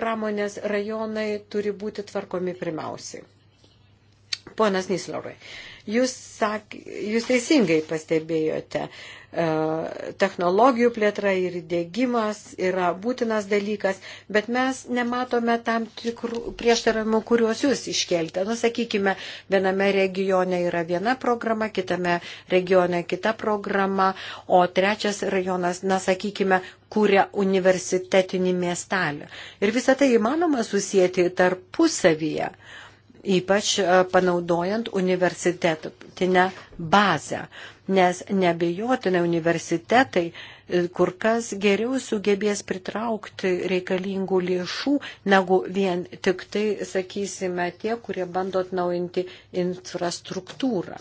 pramonės rajonai turi būti tvarkomi pirmiausiai. Ponas Nislorai. Uh, Jūs, sak, jūs teisingai pastebėjote, e, technologijų plėtra ir dėgymas yra būtinas dalykas, bet mes nematome tam tikrų prieštaravimų, kuriuos jūs iškeltė. Nu, sakykime, viename regione yra viena programa, kitame regione kita programa, o trečias rajonas, na, sakykime, kūrė universitetinį miestelį. Ir visą tai įmanoma susijęti tarpusavyje. Uh, ypač e, panaudojant universitetinę bazę, nes nebejotinai universitetai e, kur kas geriau sugebės pritraukti reikalingų lėšų, negu vien tik tai, sakysime, tie, kurie bando atnaujinti infrastruktūrą.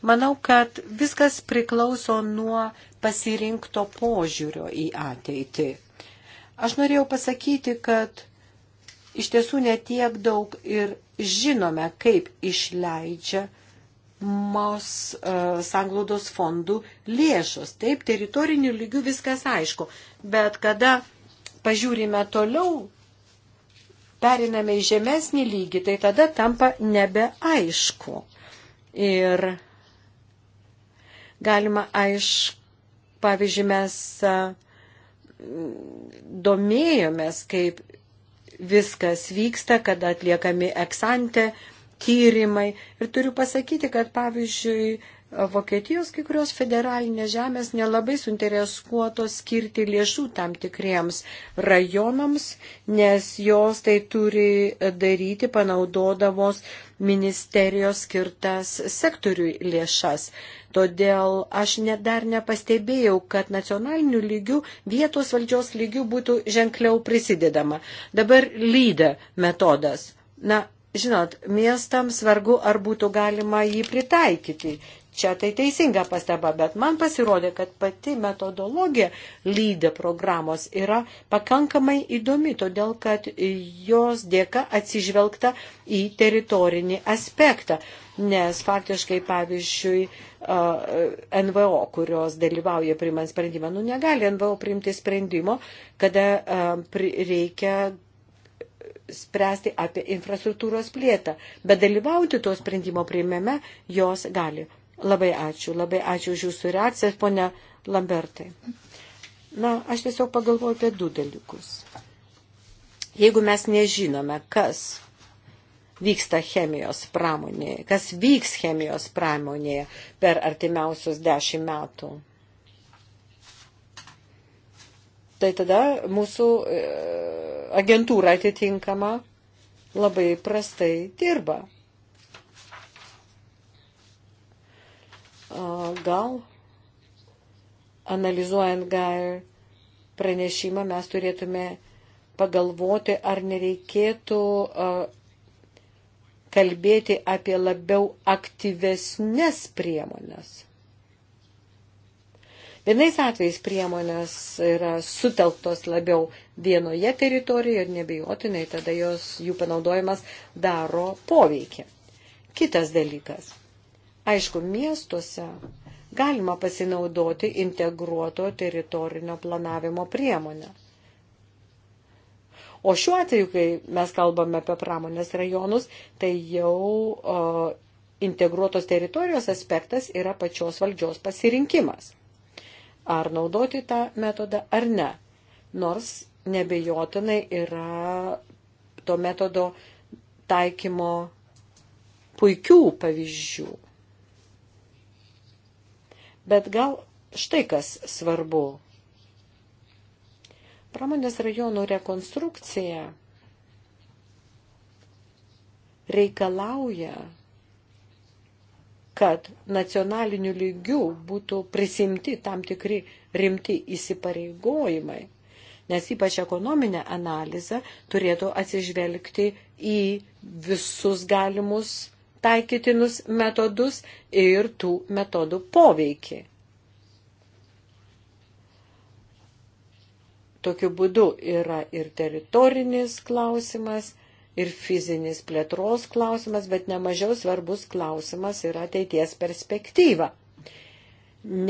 Manau, kad viskas priklauso nuo pasirinkto požiūrio į ateitį. Aš norėjau pasakyti, kad iš tiesų netiek daug ir žinome, kaip išleidžia mos uh, e, sanglaudos fondų lėšos. Taip, teritorinių lygių viskas aišku, bet kada pažiūrime toliau, periname į žemesnį lygį, tai tada tampa nebeaišku. Ir galima aišku, pavyzdžiui, mes e, domėjomės, kaip viskas vyksta, kad atliekami eksante tyrimai. Ir turiu pasakyti, kad pavyzdžiui, Vokietijos kai kurios federalinės žemės nelabai suinteresuotos skirti lėšų tam tikriems rajonams, nes jos tai turi daryti panaudodamos ministerijos skirtas sektoriui lėšas. Todėl aš net dar nepastebėjau, kad nacionalinių lygių, vietos valdžios lygių būtų ženkliau prisidedama. Dabar lyda metodas. Na, žinot, miestams vargu ar būtų galima jį pritaikyti, Čia tai teisinga pastaba, bet man pasirodė, kad pati metodologija lydė programos yra pakankamai įdomi, todėl kad jos dėka atsižvelgta į teritorinį aspektą. Nes faktiškai, pavyzdžiui, NVO, kurios dalyvauja priimant sprendimą, nu negali NVO priimti sprendimo, kada reikia spręsti apie infrastruktūros plėtą, bet dalyvauti to sprendimo prieimėme jos gali. Labai ačiū, labai ačiū už jūsų reakciją, ponia Lambertai. Na, aš tiesiog pagalvoju apie du dalykus. Jeigu mes nežinome, kas vyksta chemijos pramonėje, kas vyks chemijos pramonėje per artimiausius dešimt metų, tai tada mūsų e, agentūra atitinkama labai prastai dirba. gal analizuojant gal pranešimą mes turėtume pagalvoti, ar nereikėtų kalbėti apie labiau aktyvesnės priemonės. Vienais atvejais priemonės yra sutelktos labiau vienoje teritorijoje ir nebejotinai tada jos, jų panaudojimas daro poveikį. Kitas dalykas. Aišku, miestuose galima pasinaudoti integruoto teritorinio planavimo priemonę. O šiuo atveju, kai mes kalbame apie pramonės rajonus, tai jau o, integruotos teritorijos aspektas yra pačios valdžios pasirinkimas. Ar naudoti tą metodą ar ne. Nors nebejotinai yra to metodo taikymo puikių pavyzdžių. Bet gal štai kas svarbu. Pramonės rajonų rekonstrukcija reikalauja, kad nacionaliniu lygiu būtų prisimti tam tikri rimti įsipareigojimai, nes ypač ekonominė analizė turėtų atsižvelgti į visus galimus taikytinus metodus ir tų metodų poveikį. Tokiu būdu yra ir teritorinis klausimas, ir fizinis plėtros klausimas, bet nemažiau svarbus klausimas yra ateities perspektyva.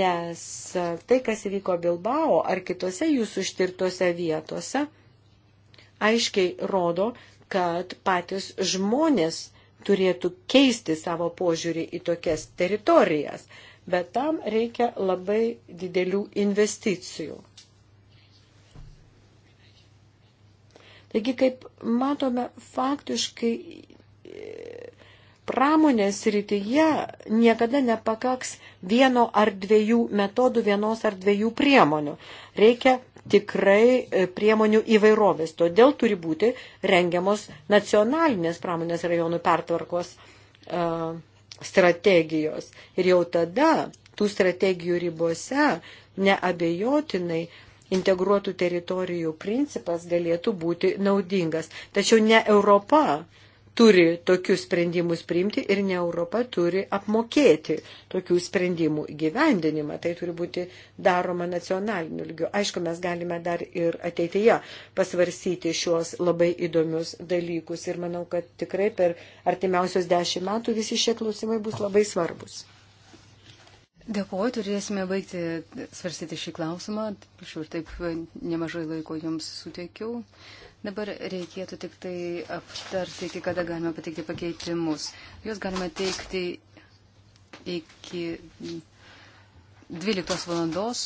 Nes tai, kas įvyko Bilbao ar kitose jūsų ištirtose vietose, aiškiai rodo, kad patys žmonės turėtų keisti savo požiūrį į tokias teritorijas, bet tam reikia labai didelių investicijų. Taigi, kaip matome, faktiškai e, pramonės rytyje niekada nepakaks vieno ar dviejų metodų, vienos ar dviejų priemonių. Reikia tikrai e, priemonių įvairovės. Todėl turi būti rengiamos nacionalinės pramonės rajonų pertvarkos uh, strategijos. Ir jau tada tų strategijų ribose neabejotinai integruotų teritorijų principas galėtų būti naudingas. Tačiau ne Europa turi tokius sprendimus priimti ir ne Europa turi apmokėti tokių sprendimų gyvendinimą. Tai turi būti daroma nacionaliniu lygiu. Aišku, mes galime dar ir ateityje pasvarsyti šios labai įdomius dalykus ir manau, kad tikrai per artimiausios dešimt metų visi šie klausimai bus labai svarbus. Dėkuoju, turėsime baigti svarstyti šį klausimą. Aš ir taip nemažai laiko jums suteikiau. Dabar reikėtų tik tai aptarti, iki kada galima pateikti pakeitimus. Jūs galima teikti iki 12 valandos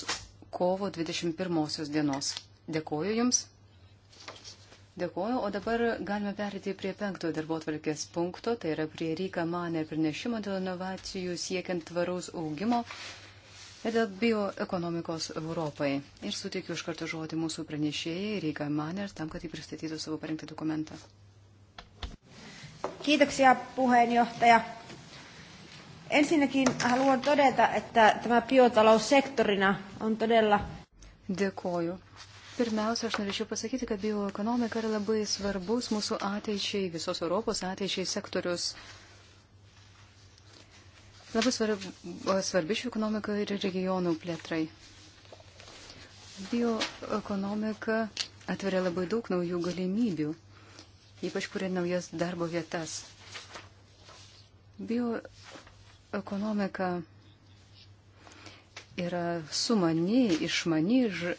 kovo 21 dienos. Dėkoju Jums. Dėkoju, o dabar galime perėti prie penktojo darbo tvarkės punkto, tai yra prie Ryka Manė pranešimo dėl inovacijų siekiant tvaraus augimo ir dėl bioekonomikos Europai. Ir suteikiu iš karto žodį mūsų pranešėjai Reika Maner tam, kad jį pristatytų savo parengtą dokumentą. Kiitoksia puheenjohtaja. Ensinnäkin haluan todeta, että tämä biotalous sektorina on todella... Dėkoju. Pirmiausia, aš norėčiau pasakyti, kad bioekonomika yra labai svarbus mūsų ateičiai, visos Europos ateičiai sektorius. Uh, labai svarbi, svarbi šių ekonomika ir regionų plėtrai. Bioekonomika atveria labai daug naujų galimybių, ypač kuria naujas darbo vietas. Bioekonomika yra sumani, išmani, ž,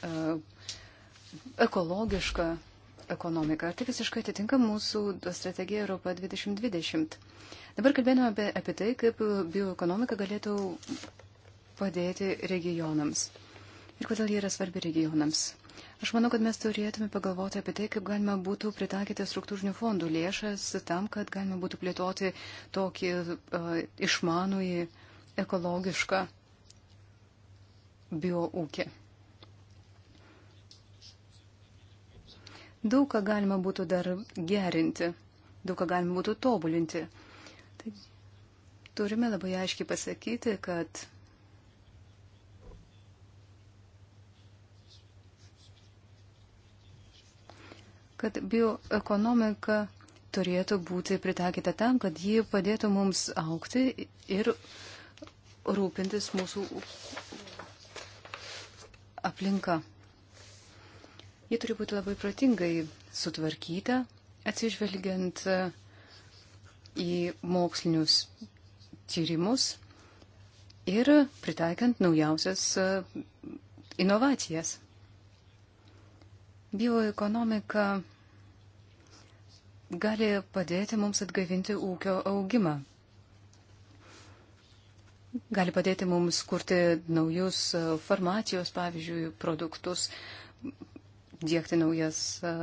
ekologiška ekonomika. Ar tai visiškai atitinka mūsų strategija Europa 2020? Dabar kalbėjome apie, apie tai, kaip bioekonomika galėtų padėti regionams ir kodėl jie yra svarbi regionams. Aš manau, kad mes turėtume pagalvoti apie tai, kaip galima būtų pritaikyti struktūrinių fondų lėšas tam, kad galima būtų plėtoti tokį uh, išmanųjį, ekologišką bioūkį. Daug ką galima būtų dar gerinti, daug ką galima būtų tobulinti. Taigi, turime labai aiškiai pasakyti, kad kad bioekonomika turėtų būti pritaikyta tam, kad ji padėtų mums aukti ir rūpintis mūsų aplinka. Ji turi būti labai protingai sutvarkyta, atsižvelgiant uh, į mokslinius tyrimus ir pritaikant naujausias e, inovacijas. Bioekonomika gali padėti mums atgaivinti ūkio augimą. Gali padėti mums kurti naujus e, farmacijos, pavyzdžiui, produktus, dėkti naujas e,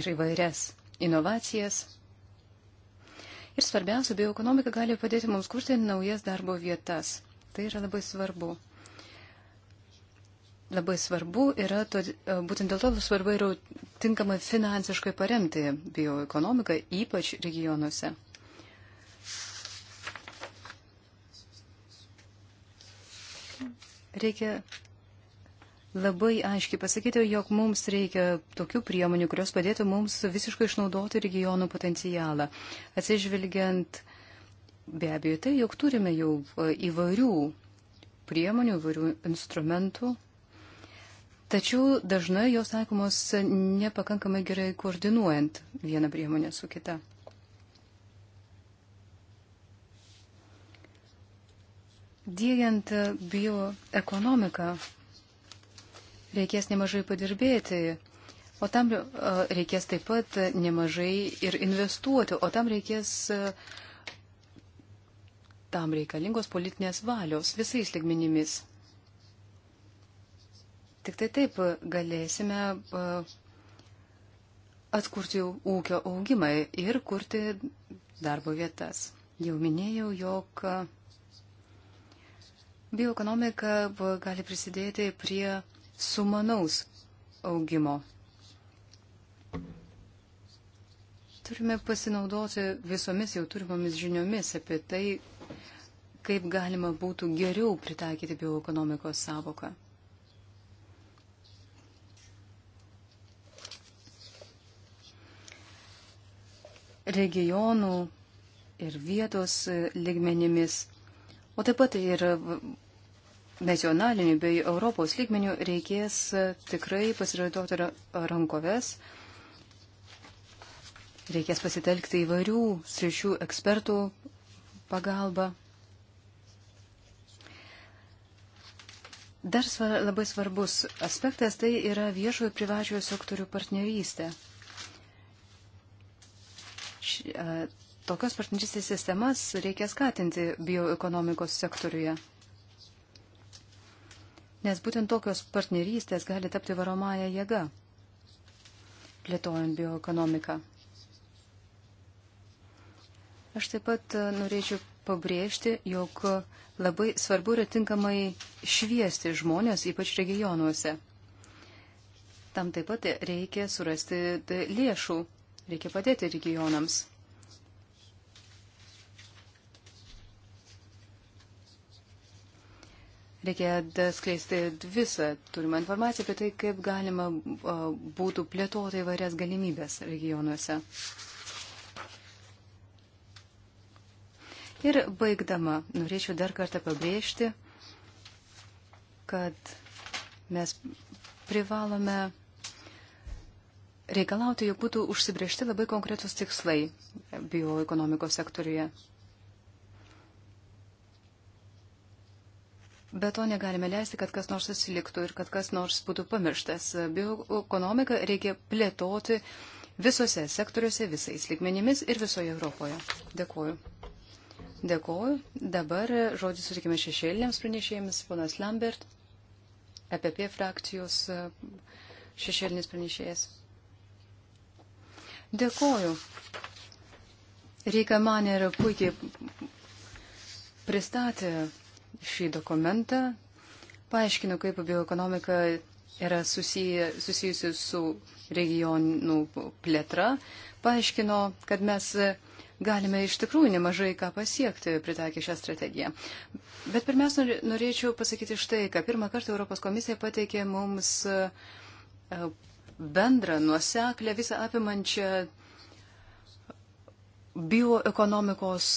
ir įvairias inovacijas. Ir svarbiausia, bioekonomika gali padėti mums kurti naujas darbo vietas. Tai yra labai svarbu. Labai svarbu yra, to, e, būtent dėl to svarbu yra tinkamai finansiškai paremti bioekonomiką, ypač regionuose. Reikia labai aiškiai pasakyti, jog mums reikia tokių priemonių, kurios padėtų mums visiškai išnaudoti regionų potencialą. Atsižvelgiant be abejo tai, jog turime jau e, įvairių priemonių, įvairių instrumentų, Tačiau dažnai jos taikomos nepakankamai gerai koordinuojant vieną priemonę su kita. Dėgiant bioekonomiką, reikės nemažai padirbėti, o tam e, reikės taip pat nemažai ir investuoti, o tam reikės e, tam reikalingos politinės valios visais ligminimis. Tik tai taip galėsime e, atkurti ūkio augimą ir kurti darbo vietas. Jau minėjau, jog bioekonomika gali prisidėti prie sumanaus augimo. Turime pasinaudoti visomis jau turimomis žiniomis apie tai, kaip galima būtų geriau pritaikyti bioekonomikos savoką. regionų ir vietos ligmenimis, o taip pat ir nacionaliniu bei Europos lygmeniu reikės e, tikrai pasiraitoti rankoves, reikės pasitelkti įvairių sričių ekspertų pagalbą. Dar svar, labai svarbus aspektas tai yra viešojo privačiojo sektorių partnerystė. Ši, a, e, tokios partnerystės sistemas reikia skatinti bioekonomikos sektoriuje. Nes būtent tokios partnerystės gali tapti varomąją jėgą, plėtojant bioekonomiką. Aš taip pat e, norėčiau pabrėžti, jog labai svarbu yra tinkamai šviesti žmonės, ypač regionuose. Tam taip pat reikia surasti e, lėšų, reikia padėti regionams. Reikia skleisti visą turimą informaciją apie tai, kaip galima būtų plėtoti įvairias galimybės regionuose. Ir baigdama, norėčiau dar kartą pabrėžti, kad mes privalome reikalauti, jog būtų užsibriežti labai konkretus tikslai bioekonomikos sektoriuje. Be to negalime leisti, kad kas nors atsiliktų ir kad kas nors būtų pamirštas. Bioekonomiką reikia plėtoti visose sektoriuose, visais lygmenimis ir visoje Europoje. Dėkuoju. Dėkuoju. Dabar žodį sutikime šešėliniams pranešėjams. Ponas Lambert, EPP frakcijos e, šešėlinis pranešėjas. Dėkuoju. Reika man ir puikiai pristatė šį dokumentą, paaiškinu, kaip bioekonomika yra susiję, susijusi su regionų plėtra, paaiškino, kad mes galime iš tikrųjų nemažai ką pasiekti pritaikę šią strategiją. Bet pirmiausia, norėčiau pasakyti štai, kad pirmą kartą Europos komisija pateikė mums e, bendrą, nuoseklę, visą apimančią bioekonomikos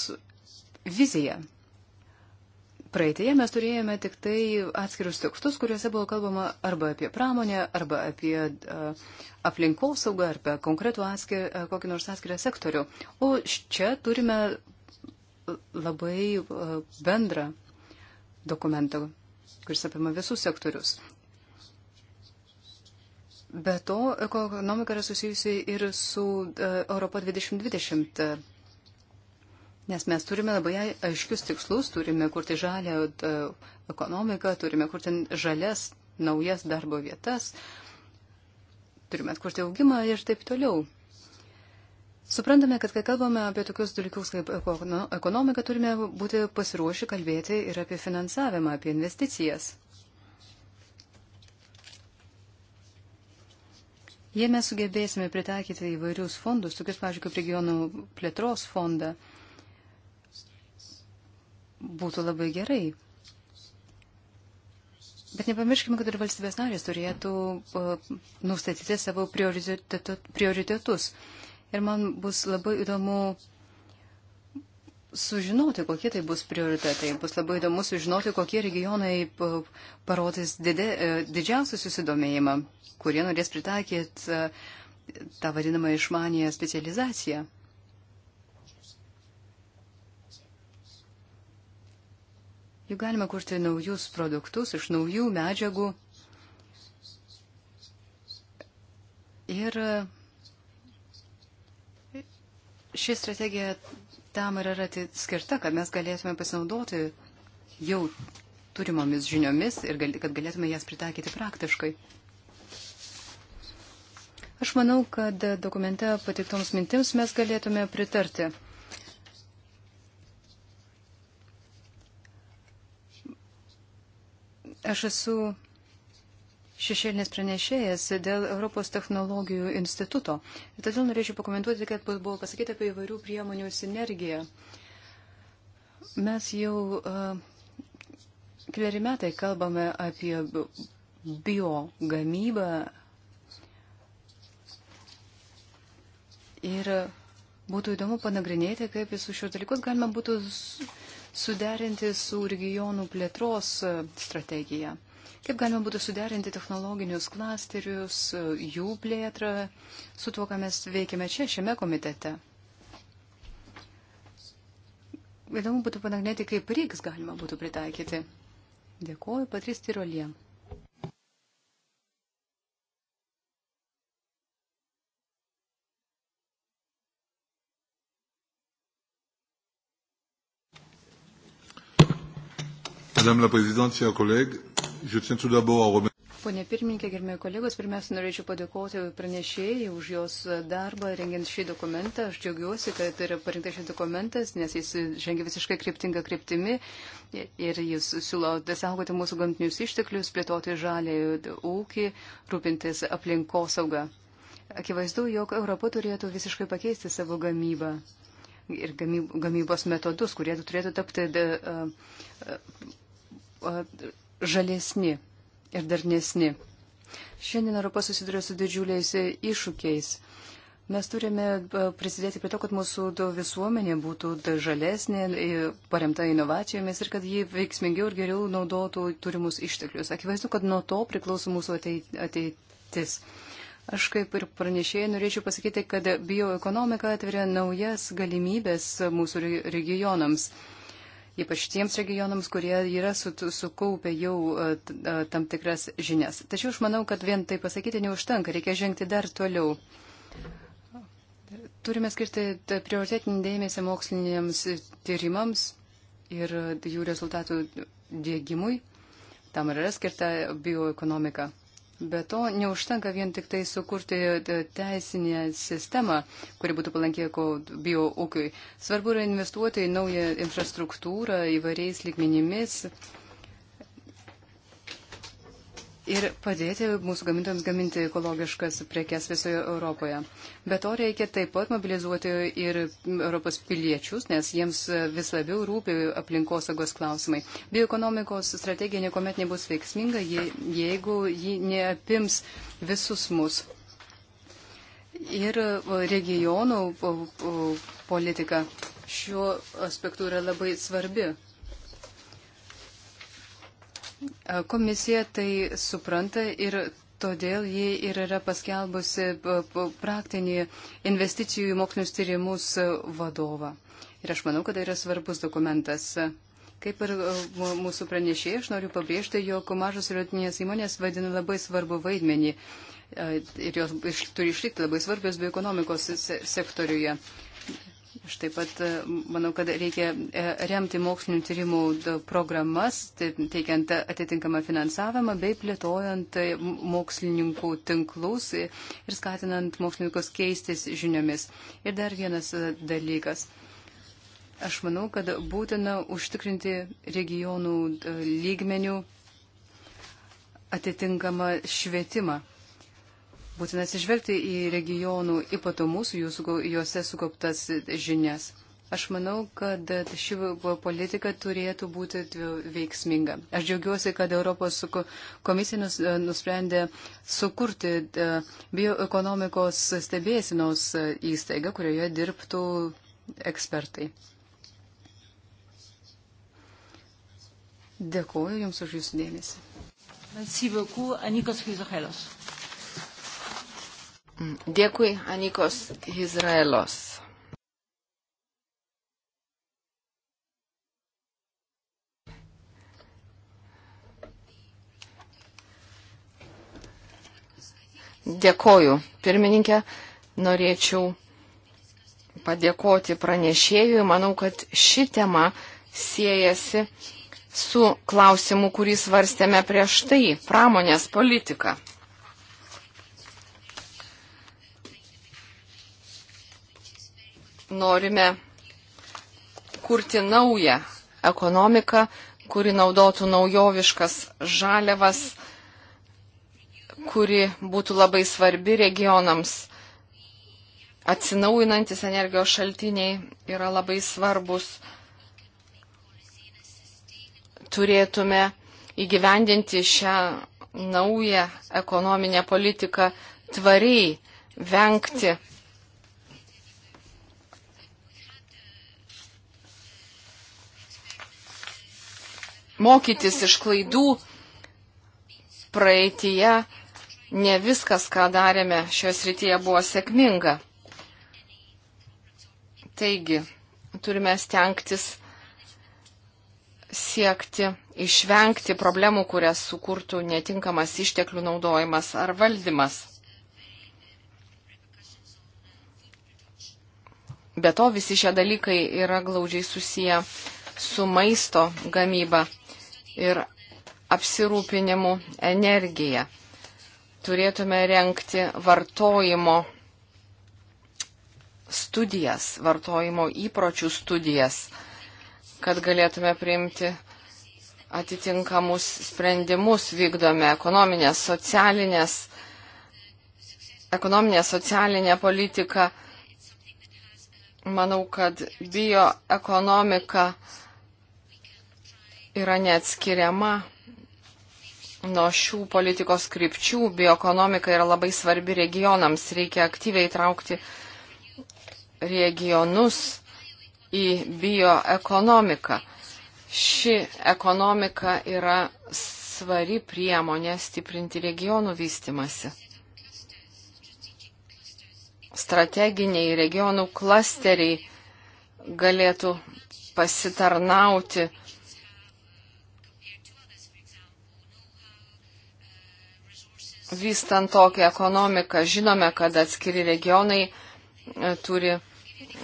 viziją. Praeitėje mes turėjome tik tai atskirus tekstus, kuriuose buvo kalbama arba apie pramonę, arba apie uh, aplinkosaugą, arba konkretų atskir, uh, kokį nors atskirą sektorių. O čia turime labai uh, bendrą dokumentą, kuris apima visus sektorius. Be to, ekonomika yra susijusi ir su uh, Europo 2020 Nes mes turime labai aiškius tikslus, turime kurti žalę e, ekonomiką, turime kurti žalias naujas darbo vietas, turime atkurti augimą ir taip toliau. Suprantame, kad kai kalbame apie tokius dalykus kaip ekonomika, turime būti pasiruošę kalbėti ir apie finansavimą, apie investicijas. Jei mes sugebėsime pritaikyti įvairius fondus, tokius, pavyzdžiui, kaip regionų plėtros fondą, būtų labai gerai. Bet nepamirškime, kad ir valstybės narės turėtų nustatyti savo prioritetus. Ir man bus labai įdomu sužinoti, kokie tai bus prioritetai. Bus labai įdomu sužinoti, kokie regionai parodys didė, e, didžiausią susidomėjimą, kurie norės pritaikyti e, tą vadinamą išmanę specializaciją. Juk galima kurti naujus produktus iš naujų medžiagų. Ir ši strategija tam ir yra skirta, kad mes galėtume pasinaudoti jau turimomis žiniomis ir gal, kad galėtume jas pritaikyti praktiškai. Aš manau, kad dokumente patiktoms mintims mes galėtume pritarti. Aš esu šešėlinis pranešėjas dėl Europos technologijų instituto. Ir todėl norėčiau pakomentuoti, kad buvo pasakyta apie įvairių priemonių sinergiją. Mes jau uh, e, keliari metai kalbame apie bio gamybą. Ir būtų įdomu panagrinėti, kaip visus šios dalykus galima būtų suderinti su regionų plėtros e, strategija? Kaip galima būtų suderinti technologinius klasterius, e, jų plėtrą su tuo, ką mes veikiame čia, šiame komitete? Įdomu būtų panagnėti, kaip reiks galima būtų pritaikyti. Dėkuoju, Patrys Tirolien. Madame la Présidente, chers collègues, je tiens tout d'abord à remercier. Pone pirmininkė, gerbėjai kolegos, pirmiausia, norėčiau padėkoti pranešėjai už jos darbą rengiant šį dokumentą. Aš džiaugiuosi, kad yra parinktas šis dokumentas, nes jis žengia visiškai kryptinga kryptimi ir jis siūlo saugoti mūsų gamtinius išteklius, plėtoti žalį ūkį, rūpintis aplinkosaugą. Akivaizdu, jog Europa turėtų visiškai pakeisti savo gamybą ir gamybos metodus, kurie turėtų tapti. De, uh, uh, žalesni ir darnesni. Šiandien Europa susiduria su didžiuliais iššūkiais. Mes turime prisidėti prie to, kad mūsų visuomenė būtų žalesnė, paremta inovacijomis ir kad ji veiksmingiau ir geriau naudotų turimus išteklius. Akivaizdu, kad nuo to priklauso mūsų ateitis. Aš kaip ir pranešėjai norėčiau pasakyti, kad bioekonomika atveria naujas galimybės mūsų regionams ypač tiems regionams, kurie yra sukaupę jau e, e, tam tikras žinias. Tačiau aš manau, kad vien tai pasakyti neužtenka, reikia žengti dar toliau. Turime skirti e, prioritetinį dėmesį moksliniams tyrimams ir jų rezultatų dėgymui. Tam yra skirta bioekonomika. Be to, neužtenka vien tik tai sukurti e, teisinę sistemą, kuri būtų palankė bio ūkiui. Svarbu yra investuoti į naują infrastruktūrą įvairiais lygmenimis ir padėti mūsų gamintojams gaminti ekologiškas prekes visoje Europoje. Be to reikia taip pat mobilizuoti ir Europos piliečius, nes jiems vis labiau rūpi aplinkosaugos klausimai. Bioekonomikos strategija niekuomet nebus veiksminga, je, jeigu ji neapims visus mus. Ir regionų politika šiuo aspektu yra labai svarbi. Komisija tai supranta ir todėl jie ir yra paskelbusi praktinį investicijų į mokslinius tyrimus vadovą. Ir aš manau, kad tai yra svarbus dokumentas. Kaip ir e, mūsų pranešėjai, aš noriu pabrėžti, jog mažos ir vidutinės įmonės vadina labai svarbu vaidmenį e, ir jos turi išlikti labai svarbios bei ekonomikos sektoriuje. Aš taip pat e, manau, kad reikia e, remti mokslinių tyrimų programas, tai teikiant atitinkamą finansavimą bei plėtojant e, mokslininkų tinklus ir skatinant mokslininkus keistis žiniomis. Ir dar vienas dalykas. Aš manau, kad būtina užtikrinti regionų lygmenių atitinkamą švietimą. Būtina atsižvelgti į regionų ypatumus, jūsų, juose sukauptas žinias. Aš manau, kad ši politika turėtų būti veiksminga. Aš džiaugiuosi, kad Europos komisija nusprendė sukurti e, bioekonomikos stebėsinos įstaigą, kurioje dirbtų ekspertai. Dėkuoju Jums už Jūsų dėmesį. Ačiū, Anikos Krizohelos. Dėkui Anikos Izraelos. Dėkoju, pirmininkė. Norėčiau padėkoti pranešėjui. Manau, kad ši tema siejasi su klausimu, kurį svarstėme prieš tai - pramonės politika. norime kurti naują ekonomiką, kuri naudotų naujoviškas žaliavas, kuri būtų labai svarbi regionams. Atsinaujinantis energijos šaltiniai yra labai svarbus. Turėtume įgyvendinti šią naują ekonominę politiką tvariai, vengti mokytis iš klaidų praeitie. Ne viskas, ką darėme šioje srityje, buvo sėkminga. Taigi, turime stengtis siekti išvengti problemų, kurias sukurtų netinkamas išteklių naudojimas ar valdymas. Be to visi šie dalykai yra glaudžiai susiję su maisto gamyba ir apsirūpinimu energija. Turėtume renkti vartojimo studijas, vartojimo įpročių studijas, kad galėtume priimti atitinkamus sprendimus, vykdome ekonominės, socialinės, ekonominė, socialinė politika. Manau, kad bioekonomika ekonomika yra neatskiriama nuo šių politikos krypčių. Bioekonomika yra labai svarbi regionams. Reikia aktyviai traukti regionus į bioekonomiką. Ši ekonomika yra svari priemonė stiprinti regionų vystimasi. Strateginiai regionų klasteriai galėtų pasitarnauti vystant tokią ekonomiką, žinome, kad atskiri regionai e, turi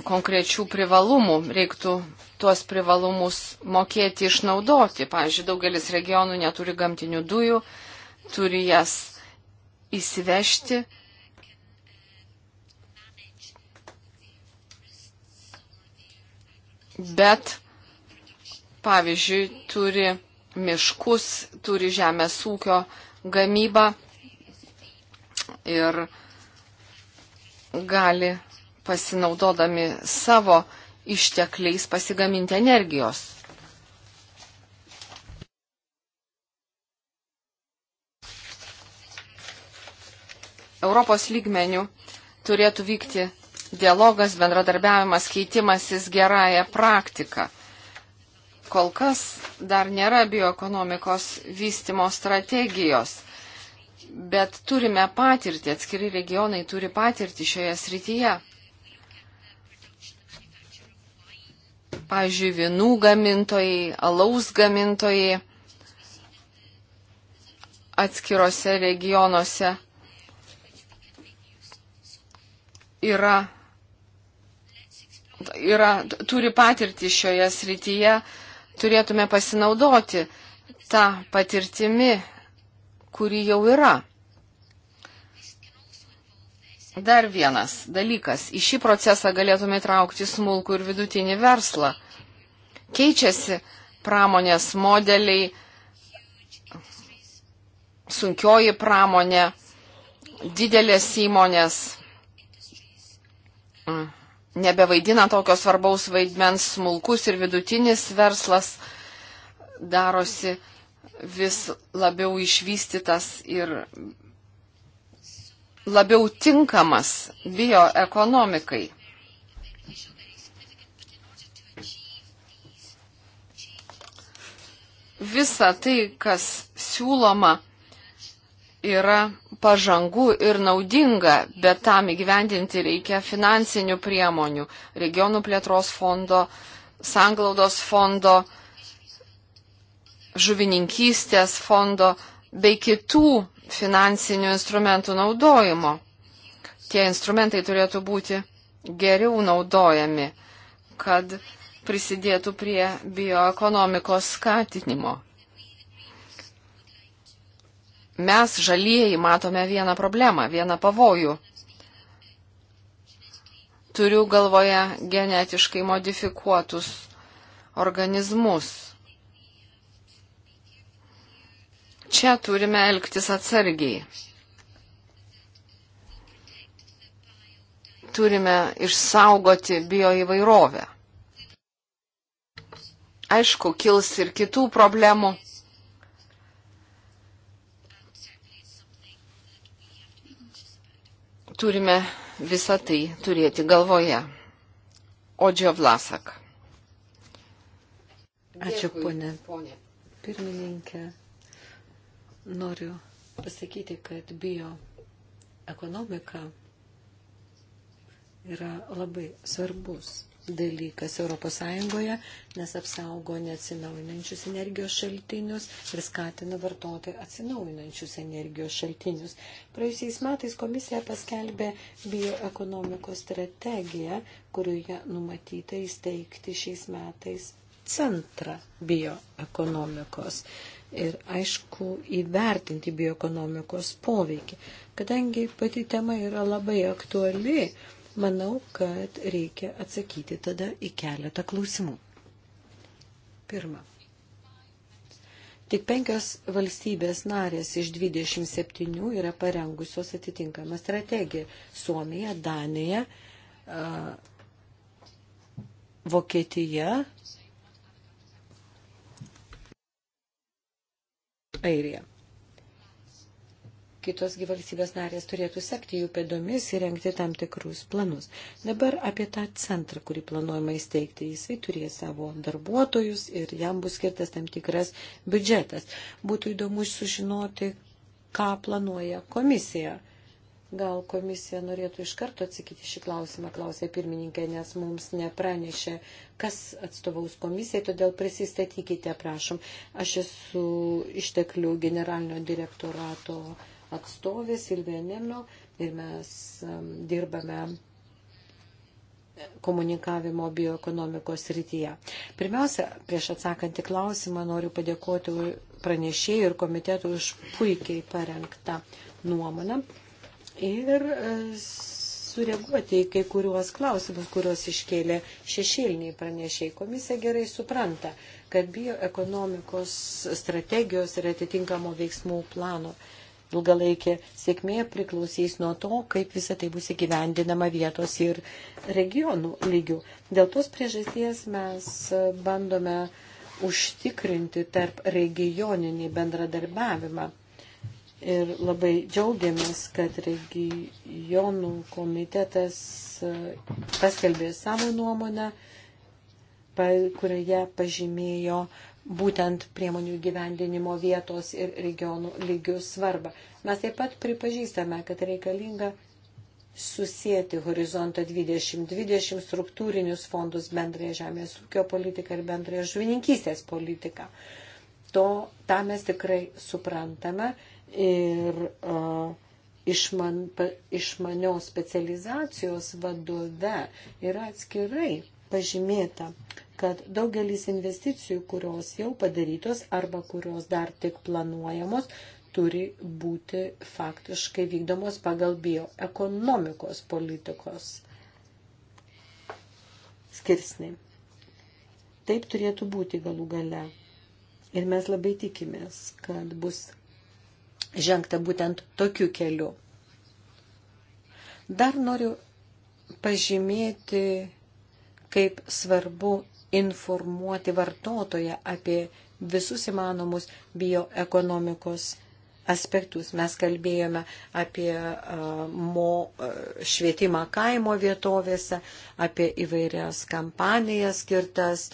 konkrečių privalumų. Reiktų tuos privalumus mokėti išnaudoti. Pavyzdžiui, daugelis regionų neturi gamtinių dujų, turi jas įsivežti. Bet, pavyzdžiui, turi miškus, turi žemės ūkio gamybą ir gali pasinaudodami savo ištekliais pasigaminti energijos. Europos lygmenių turėtų vykti dialogas, bendradarbiavimas, keitimasis gerąją praktiką. Kol kas dar nėra bioekonomikos vystimo strategijos bet turime patirtį, atskiri regionai turi patirtį šioje srityje. Pavyzdžiui, vinų gamintojai, alaus gamintojai atskirose regionuose yra, yra, turi patirtį šioje srityje, turėtume pasinaudoti tą patirtimi kuri jau yra. Dar vienas dalykas. Į šį procesą galėtume įtraukti smulkų ir vidutinį verslą. Keičiasi pramonės modeliai, sunkioji pramonė, didelės įmonės mm, nebevaidina tokio svarbaus vaidmens, smulkus ir vidutinis verslas darosi vis labiau išvystytas ir labiau tinkamas bioekonomikai. Visa tai, kas siūloma, yra pažangu ir naudinga, bet tam įgyvendinti reikia finansinių priemonių, regionų plėtros fondo, sanglaudos fondo, uh, žuvininkystės fondo bei kitų finansinių instrumentų naudojimo. Tie instrumentai turėtų būti geriau naudojami, kad prisidėtų prie bioekonomikos skatinimo. Mes žalieji matome vieną problemą, vieną pavojų. Turiu galvoje genetiškai modifikuotus organizmus. čia turime elgtis atsargiai. Turime išsaugoti bioįvairovę. Aišku, kils ir kitų problemų. Turime visą tai turėti galvoje. Odžio Vlasak. Ačiū, ponė. ponė. Pirmininkė. Noriu pasakyti, kad bio ekonomika yra labai svarbus dalykas Europos Sąjungoje, nes apsaugo neatsinaujinančius energijos šaltinius ir skatina vartoti atsinaujinančius energijos šaltinius. Praėjusiais metais komisija paskelbė bioekonomikos strategiją, kurioje numatyta įsteigti šiais metais centrą bioekonomikos ir aišku įvertinti bioekonomikos poveikį. Kadangi pati tema yra labai aktuali, manau, kad reikia atsakyti tada į keletą klausimų. Pirma. Tik penkios valstybės narės iš 27 yra parengusios atitinkamą strategiją. Suomija, Danija, Vokietija, Airija. Kitos valstybės narės turėtų sekti jų pėdomis ir renkti tam tikrus planus. Dabar apie tą centrą, kurį planuojama įsteigti. Jisai turės savo darbuotojus ir jam bus skirtas tam tikras biudžetas. Būtų įdomu sužinoti, ką planuoja komisija Gal komisija norėtų iš karto atsakyti šį klausimą, klausė pirmininkė, nes mums nepranešė, kas atstovaus komisijai, todėl prisistatykite, prašom. Aš esu išteklių generalinio direktorato atstovė Silvija Nemno ir mes dirbame komunikavimo bioekonomikos rytyje. Pirmiausia, prieš atsakant į klausimą, noriu padėkoti pranešėjai ir komitetui už puikiai parengtą nuomonę ir e, sureaguoti į kai kuriuos klausimus, kuriuos iškėlė šešėliniai pranešiai. Komisija gerai supranta, kad bioekonomikos strategijos ir atitinkamo veiksmų plano ilgalaikė sėkmė priklausys nuo to, kaip visą tai bus įgyvendinama vietos ir regionų lygių. Dėl tos priežasties mes bandome užtikrinti tarp regioninį bendradarbiavimą Ir labai džiaugiamės, kad regionų komitetas e, paskelbė savo nuomonę, kurioje pažymėjo būtent priemonių gyvendinimo vietos ir regionų lygių svarbą. Mes taip pat pripažįstame, kad reikalinga susijęti horizontą 2020 struktūrinius fondus bendrąją žemės ūkio politiką ir bendrąją žuvininkystės politiką. To, tą mes tikrai suprantame ir uh, išman, pa, išmanios specializacijos vadove yra atskirai pažymėta, kad daugelis investicijų, kurios jau padarytos arba kurios dar tik planuojamos, turi būti faktiškai vykdomos pagal bioekonomikos politikos skirsnį. Taip turėtų būti galų gale. Ir mes labai tikimės, kad bus žengta būtent tokiu keliu. Dar noriu pažymėti, kaip svarbu informuoti vartotoją apie visus įmanomus bioekonomikos aspektus. Mes kalbėjome apie mo, švietimą kaimo vietovėse, apie įvairias kampanijas skirtas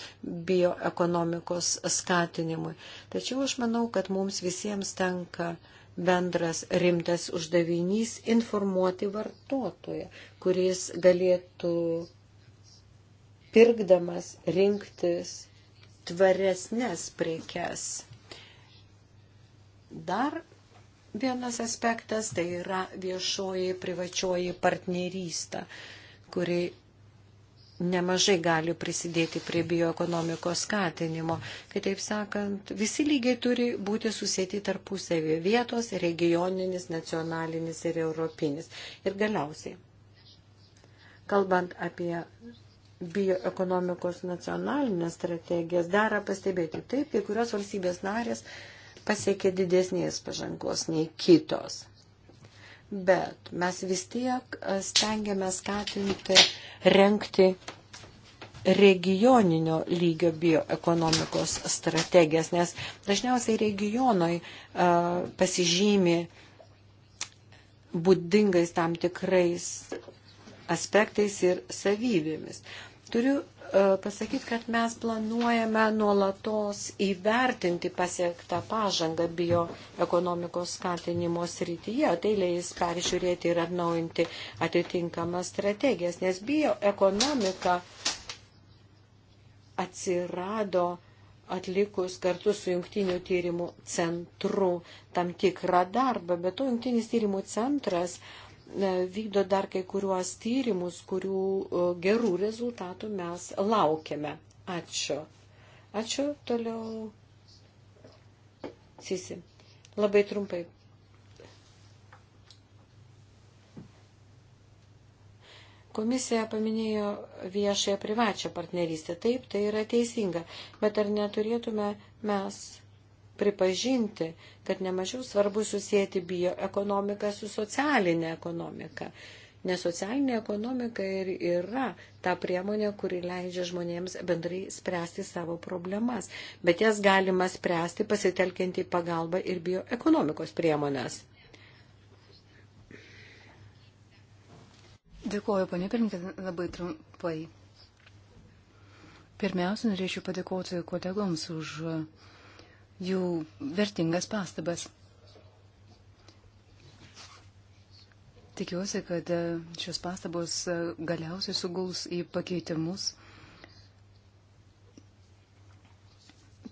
bioekonomikos skatinimui. Tačiau aš manau, kad mums visiems tenka uh, bendras rimtas uždavinys informuoti vartotoją, kuris galėtų pirkdamas rinktis tvaresnės prekes. Dar vienas aspektas tai yra viešoji privačioji partnerystė, kuri nemažai gali prisidėti prie bioekonomikos skatinimo. Kitaip sakant, visi lygiai turi būti susėti tarpusavį vietos, regioninis, nacionalinis ir europinis. Ir galiausiai, kalbant apie bioekonomikos nacionalinės strategijas, dera pastebėti taip, kai kurios valstybės narės pasiekė didesnės pažangos nei kitos bet mes vis tiek e, stengiame skatinti renkti regioninio lygio bioekonomikos strategijas, nes dažniausiai regionoj a, e, pasižymi būdingais tam tikrais aspektais ir savybėmis. Turiu E, pasakyti, kad mes planuojame nuolatos įvertinti pasiektą pažangą bioekonomikos skatinimo srityje, tai leis peržiūrėti ir atnaujinti atitinkamas strategijas, nes bioekonomika atsirado atlikus kartu su jungtiniu tyrimų centru tam tikrą darbą, bet to jungtinis tyrimų centras uh, E, vykdo dar kai kuriuos tyrimus, kurių e, gerų rezultatų mes laukiame. Ačiū. Ačiū toliau. Sisi. Labai trumpai. Komisija paminėjo viešąją privačią partnerystę. Taip, tai yra teisinga. Bet ar neturėtume mes pripažinti, kad nemažiau svarbu susijęti bioekonomiką su socialinė ekonomika. Nes socialinė ekonomika ir yra ta priemonė, kuri leidžia žmonėms bendrai spręsti savo problemas. Bet jas galima spręsti pasitelkiant į pagalbą ir bioekonomikos priemonės. Dėkuoju, panė pirmininkė, labai trumpai. Pirmiausia, norėčiau padėkoti kolegoms už uh, jų vertingas pastabas. Tikiuosi, kad e, šios pastabos e, galiausiai suguls į pakeitimus.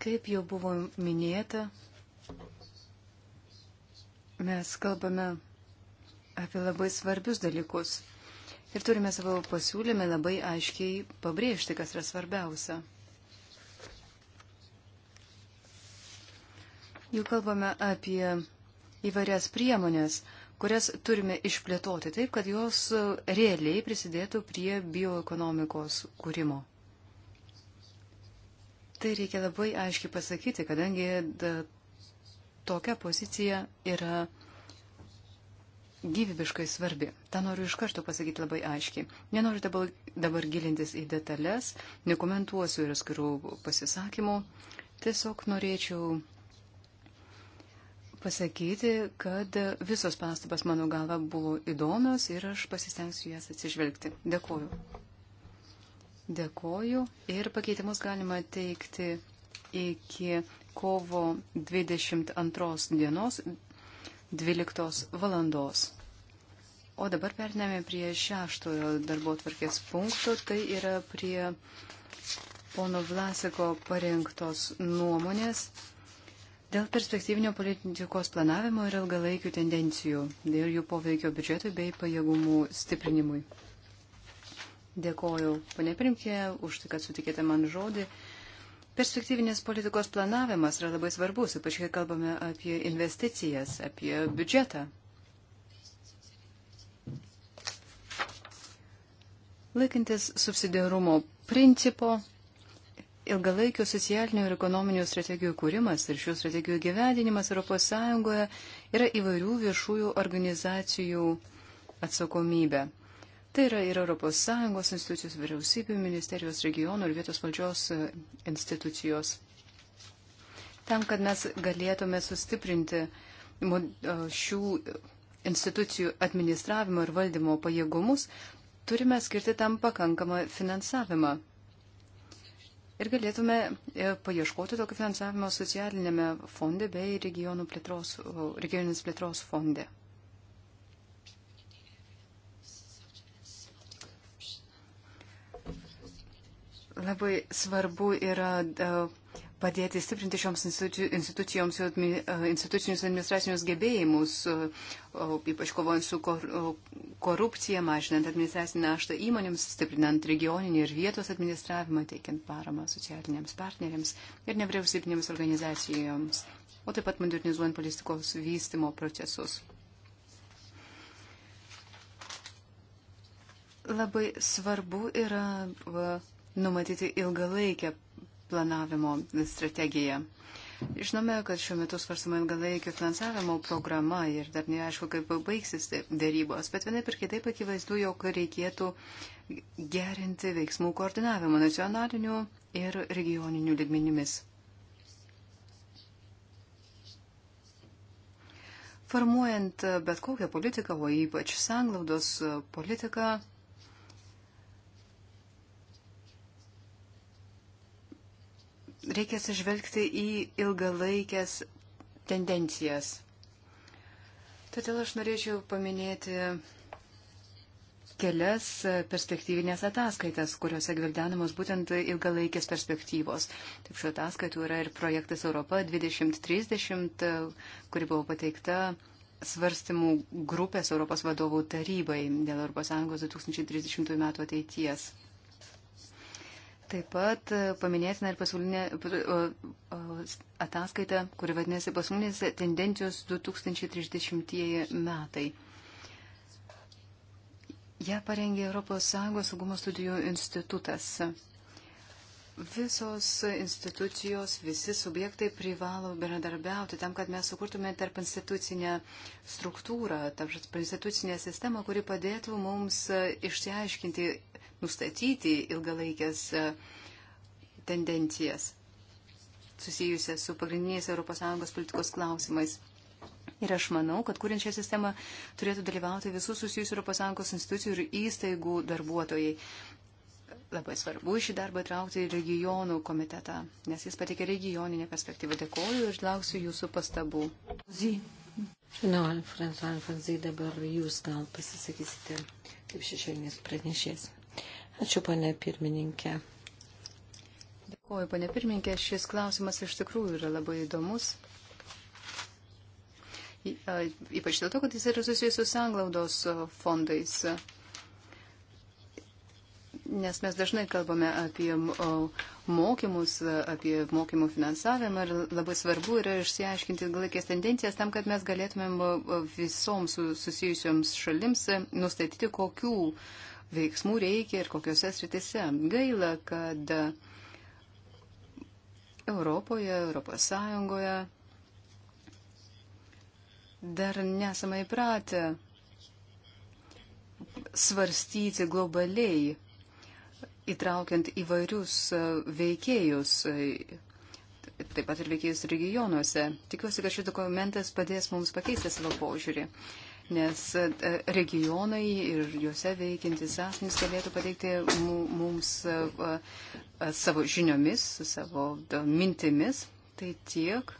Kaip jau buvo minėta, mes kalbame apie labai svarbius dalykus ir turime savo pasiūlymę labai aiškiai pabrėžti, kas yra svarbiausia. Juk kalbame apie įvairias priemonės, kurias turime išplėtoti taip, kad jos realiai prisidėtų prie bioekonomikos kūrimo. Tai reikia labai aiškiai pasakyti, kadangi da, tokia pozicija yra gyvybiškai svarbi. Ta noriu iš karto pasakyti labai aiškiai. Nenoriu dabar, dabar gilintis į detalės, nekomentuosiu ir skirų pasisakymų. Tiesiog norėčiau pasakyti, kad visos pastabas mano galva buvo įdomios ir aš pasistengsiu jas atsižvelgti. Dėkuoju. Dėkuoju ir pakeitimus galima teikti iki kovo 22 dienos 12 valandos. O dabar periname prie šeštojo darbo tvarkės punkto, tai yra prie pono Vlasiko parengtos nuomonės dėl perspektyvinio politikos planavimo ir ilgalaikių tendencijų ir jų poveikio biudžetui bei pajėgumų stiprinimui. Dėkoju, ponė Primkė, už tai, kad sutikėte man žodį. Perspektyvinės politikos planavimas yra labai svarbus, ypač kai kalbame apie investicijas, apie biudžetą. Laikintis subsidiarumo principo, ilgalaikio socialinių ir ekonominių strategijų kūrimas ir šių strategijų gyvendinimas ES yra įvairių viešųjų organizacijų atsakomybė. Tai yra ir ES institucijos, vyriausybių, ministerijos, regionų ir vietos valdžios e, institucijos. Tam, kad mes galėtume sustiprinti e, šių institucijų administravimo ir valdymo pajėgumus, turime skirti tam pakankamą finansavimą ir galėtume e, paieškoti tokio finansavimo socialinėme fonde bei plėtros, regioninės plėtros fonde. Labai svarbu yra uh, padėti stiprinti šioms institucijoms jų e, institucinius administracinius gebėjimus, e, ypač kovojant su korupcija, mažinant administracinę naštą įmonėms, stiprinant regioninį ir vietos administravimą, teikiant paramą socialiniams partneriams ir nevyriausybinėms organizacijoms, o taip pat modernizuojant politikos vystimo procesus. Labai svarbu yra numatyti ilgalaikę planavimo strategiją. Žinome, kad šiuo metu svarstama ilgalaikio finansavimo programa ir dar neaišku, kaip baigsis dėrybos, bet vienai per kitaip akivaizdu, jog reikėtų gerinti veiksmų koordinavimą nacionaliniu ir regioniniu lygmenimis. Formuojant bet kokią politiką, o ypač sanglaudos politiką, reikia atsižvelgti į ilgalaikės tendencijas. Todėl aš norėčiau paminėti kelias perspektyvinės ataskaitas, kuriuose gvildenamos būtent ilgalaikės perspektyvos. Taip šių ataskaitų yra ir projektas Europa 2030, kuri buvo pateikta svarstymų grupės Europos vadovų tarybai dėl ES 2030 metų ateities. Taip pat e, paminėtina ir pasaulinė e, ataskaita, kuri vadinasi pasaulinės tendencijos 2030 metai. Ja parengė ES saugumo studijų institutas. Visos institucijos, visi subjektai privalo bendradarbiauti tam, kad mes sukurtume tarp institucinę struktūrą, tarp institucinę sistemą, kuri padėtų mums e, išsiaiškinti nustatyti ilgalaikės e, tendencijas susijusias su pagrindiniais ES politikos klausimais. Ir aš manau, kad kuriant šią sistemą turėtų dalyvauti visų susijusių ES institucijų ir įstaigų darbuotojai. Labai svarbu šį darbą traukti į regionų komitetą, nes jis patikė regioninę perspektyvą. Dėkoju ir lauksiu jūsų pastabų. Žinau, Alfredo Alfonzai, dabar jūs gal pasisakysite kaip šešėlinės pranešės. Ačiū, ponė pirmininkė. Dėkuoju, ponė pirmininkė. Šis klausimas iš tikrųjų yra labai įdomus. Ypač dėl to, kad jis yra susijęs su sanglaudos fondais. Nes mes dažnai kalbame apie mokymus, apie mokymų finansavimą ir labai svarbu yra išsiaiškinti ilgalaikės tendencijas tam, kad mes galėtumėm visoms susijusioms šalims nustatyti, kokių uh, veiksmų reikia ir kokiuose sritise. Gaila, kad Europoje, Europos Sąjungoje dar nesame įpratę svarstyti globaliai, įtraukiant įvairius veikėjus taip pat ir veikėjus regionuose. Tikiuosi, kad šis dokumentas padės mums pakeisti savo požiūrį nes e, e, regionai ir juose veikiantis asmenys galėtų pateikti mums e, savo žiniomis, savo mintimis. Tai tiek.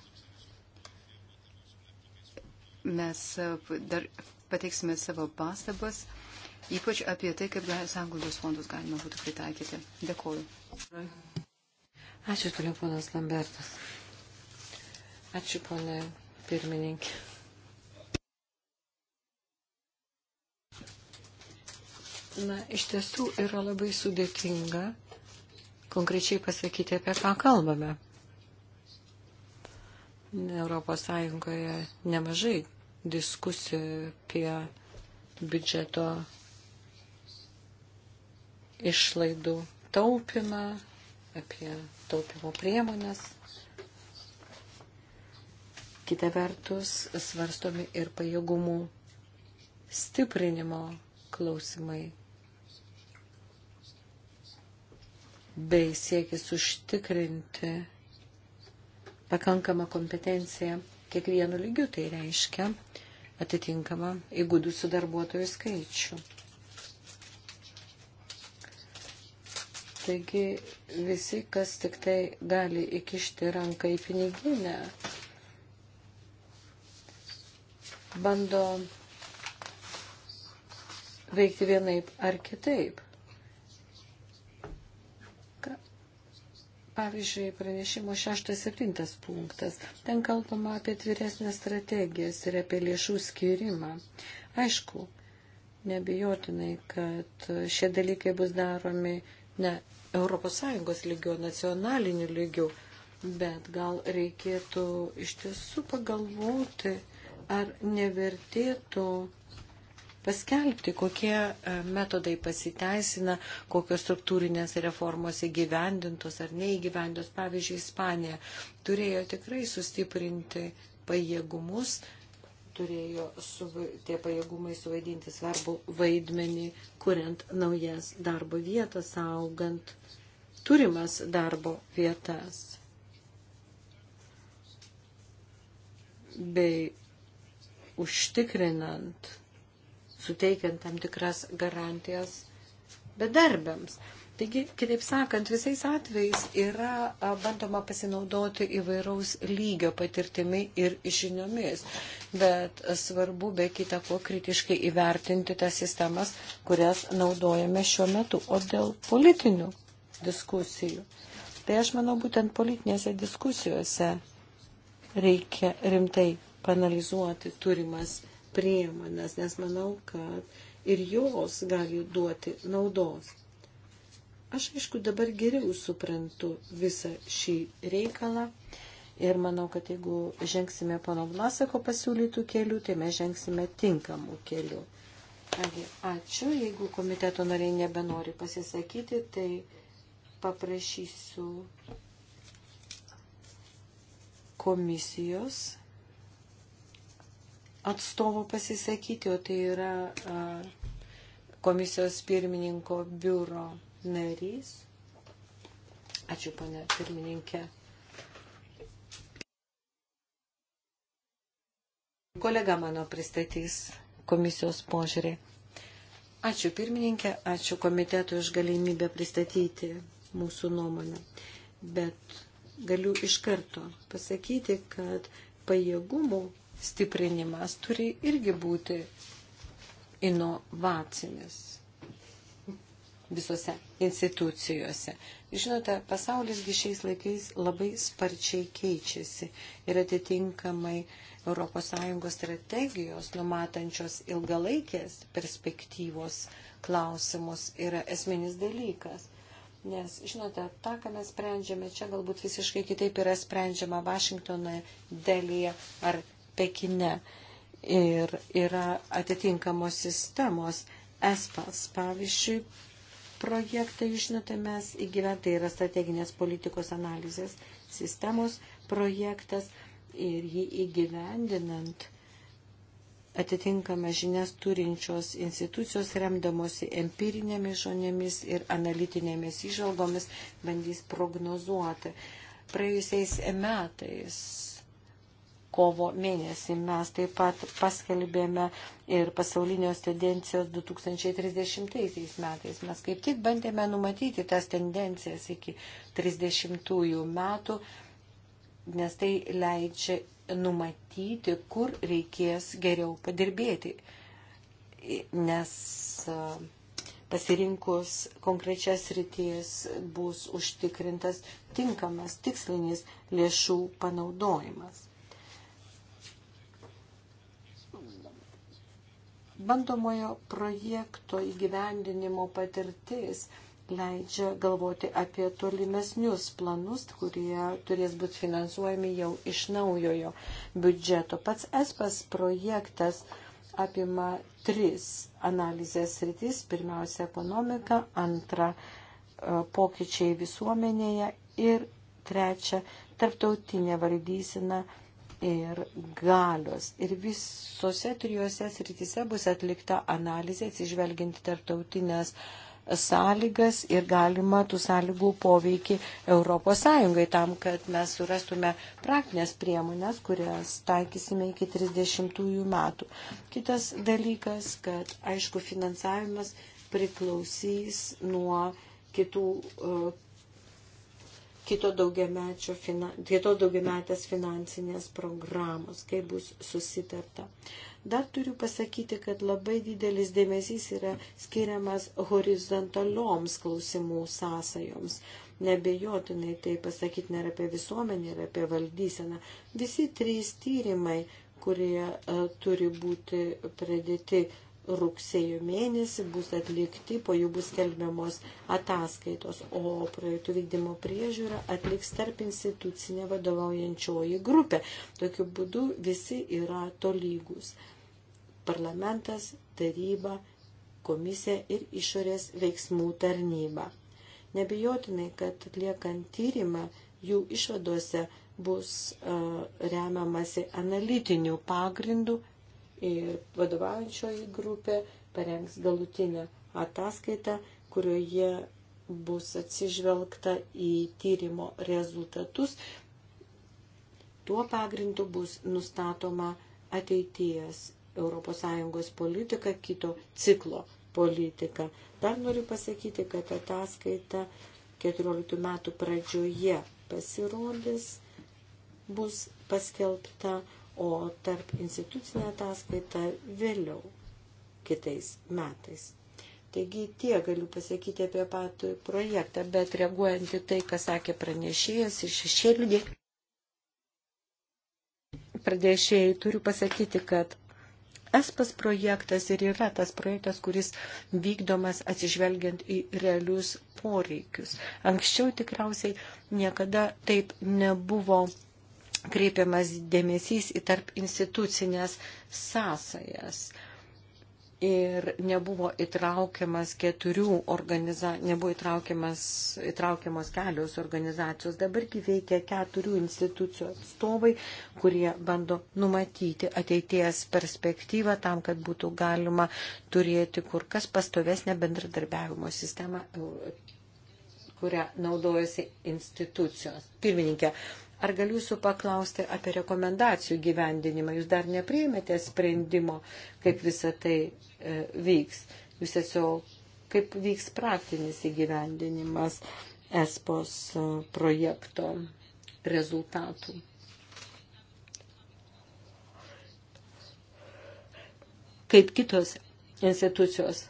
Mes dar pateiksime savo pastabas, ypač apie tai, kaip sanglaudos fondus galima būtų pritaikyti. Dėkuoju. Ačiū, toliau ponas Lambertas. Ačiū, ponė pirmininkė. Na, iš tiesų yra labai sudėtinga konkrečiai pasakyti, apie ką kalbame. Europos Sąjungoje nemažai diskusijų apie biudžeto išlaidų taupimą, apie taupimo priemonės. Kita vertus, svarstomi ir pajėgumų stiprinimo klausimai bei siekis užtikrinti pakankamą kompetenciją kiekvienu lygiu, tai reiškia atitinkamą įgūdusių darbuotojų skaičių. Taigi visi, kas tik tai gali įkišti ranką į piniginę, bando veikti vienaip ar kitaip. Pavyzdžiui, pranešimo 6-7 punktas. Ten kalbama apie tviresnės strategijas ir apie lėšų skirimą. Aišku, nebijotinai, kad šie dalykai bus daromi ne ES lygio, nacionaliniu lygiu, bet gal reikėtų iš tiesų pagalvoti, ar nevertėtų paskelbti, kokie e, metodai pasiteisina, kokios struktūrinės reformos įgyvendintos ar neįgyvendintos. Pavyzdžiui, Ispanija turėjo tikrai sustiprinti pajėgumus, turėjo su, tie pajėgumai suvaidinti svarbu vaidmenį, kuriant naujas darbo vietas, augant turimas darbo vietas. Bei užtikrinant suteikiant tam tikras garantijas bedarbiams. Taigi, kitaip sakant, visais atvejais yra bandoma pasinaudoti įvairaus lygio patirtimi ir žiniomis, bet svarbu be kita ko kritiškai įvertinti tas sistemas, kurias naudojame šiuo metu. O dėl politinių diskusijų, tai aš manau, būtent politinėse diskusijose reikia rimtai panalizuoti turimas priemonės, nes manau, kad ir jos gali duoti naudos. Aš aišku dabar geriau suprantu visą šį reikalą ir manau, kad jeigu žengsime pono Vlasako pasiūlytų kelių, tai mes žengsime tinkamų kelių. Kągi, ačiū. Jeigu komiteto nariai nebenori pasisakyti, tai paprašysiu komisijos atstovo pasisakyti, o tai yra komisijos pirmininko biuro narys. Ačiū, ponė pirmininkė. Kolega mano pristatys komisijos požiūrį. Ačiū pirmininkė, ačiū komitetų iš galimybę pristatyti mūsų nuomonę. Bet galiu iš karto pasakyti, kad pajėgumų stiprinimas turi irgi būti inovacinis visose institucijose. Žinote, pasaulisgi šiais laikais labai sparčiai keičiasi ir atitinkamai ES strategijos, numatančios ilgalaikės perspektyvos klausimus, yra esminis dalykas. Nes, žinote, tą, ką mes sprendžiame, čia galbūt visiškai kitaip yra sprendžiama Vašingtonoje, Delyje ar Pekine ir yra atitinkamos sistemos. ESPAS, pavyzdžiui, projektą, jūs žinote, mes įgyventai yra strateginės politikos analizės sistemos projektas ir jį įgyvendinant atitinkama žinias turinčios institucijos remdamosi empirinėmis žonėmis ir analitinėmis įžalgomis bandys prognozuoti. Praėjusiais metais kovo mėnesį. Mes taip pat paskelbėme ir pasaulinės tendencijos 2030 metais. Mes kaip tik bandėme numatyti tas tendencijas iki 30 metų, nes tai leidžia numatyti, kur reikės geriau padirbėti. Nes e, pasirinkus konkrečias ryties bus užtikrintas tinkamas tikslinis lėšų panaudojimas. Bandomojo projekto įgyvendinimo patirtis leidžia galvoti apie tolimesnius planus, kurie turės būti finansuojami jau iš naujojo biudžeto. Pats ESPAS projektas apima tris analizės rytis. Pirmiausia, ekonomika, antra, e, pokyčiai visuomenėje ir trečia, tarptautinė valdysina ir galios. Ir visose trijose srityse bus atlikta analizė atsižvelginti tarptautinės sąlygas ir galima tų sąlygų poveikį Europos Sąjungai tam, kad mes surastume praktinės priemonės, kurias taikysime iki 30 metų. Kitas dalykas, kad aišku finansavimas priklausys nuo kitų e, kito, fina, kito daugiametės finansinės programos, kai bus susitarta. Dar turiu pasakyti, kad labai didelis dėmesys yra skiriamas horizontalioms klausimų sąsajoms. Nebejotinai tai pasakyti nėra apie visuomenį, nėra apie valdyseną. Visi trys tyrimai kurie e, turi būti pradėti rugsėjo mėnesį bus atlikti, po jų bus skelbiamos ataskaitos, o projektų vykdymo priežiūra atliks tarp institucinė vadovaujančioji grupė. Tokiu būdu visi yra tolygus. Parlamentas, taryba, komisija ir išorės veiksmų tarnyba. Nebijotinai, kad atliekant tyrimą, jų išvadose bus uh, remiamasi analitinių pagrindų ir vadovaujančioji grupė parengs galutinę ataskaitą, kurioje bus atsižvelgta į tyrimo rezultatus. Tuo pagrindu bus nustatoma ateities ES politika, kito ciklo politika. Dar noriu pasakyti, kad ataskaita 14 metų pradžioje pasirodys, bus paskelbta, o tarp institucinė ataskaita vėliau kitais metais. Taigi tie galiu pasakyti apie patį projektą, bet reaguojant į tai, ką sakė pranešėjas ir šešėliudė. Pradėšėjai turiu pasakyti, kad ESPAS projektas ir yra tas projektas, kuris vykdomas atsižvelgiant į realius poreikius. Anksčiau tikriausiai niekada taip nebuvo kreipiamas dėmesys į tarp institucinės sąsajas. Ir nebuvo įtraukiamas keturių organizacijų, nebuvo įtraukiamas, įtraukiamas kelios organizacijos. Dabargi veikia keturių institucijų atstovai, kurie bando numatyti ateities perspektyvą tam, kad būtų galima turėti kur kas pastovesnę bendradarbiavimo sistemą kurią naudojasi institucijos. Pirmininkė, Ar galiu jūsų paklausti apie rekomendacijų gyvendinimą? Jūs dar nepriėmėte sprendimo, kaip visa tai e, vyks. Jūs tiesiog, kaip vyks praktinis įgyvendinimas ESPOS e, projekto rezultatų. Kaip kitos institucijos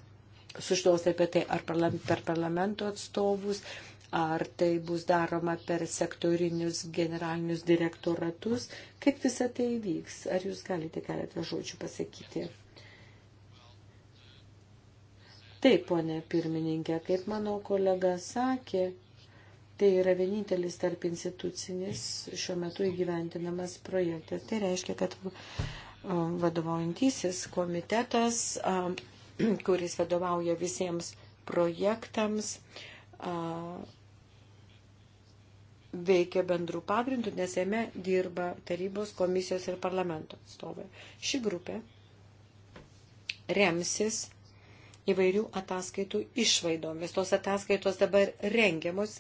sužinosi apie tai ar per parlamento atstovus, ar tai bus daroma per sektorinius generalinius direktoratus, kaip visa tai vyks, ar jūs galite keletą žodžių pasakyti. Taip, ponė pirmininkė, kaip mano kolega sakė, tai yra vienintelis tarp institucinis šiuo metu įgyventinamas projektas. Tai reiškia, kad um, vadovaujantysis komitetas, um, kuris vadovauja visiems projektams, veikia bendrų pagrindų, nes jame dirba tarybos komisijos ir parlamento atstovai. Ši grupė remsis įvairių ataskaitų išvaidomis. Tos ataskaitos dabar rengiamos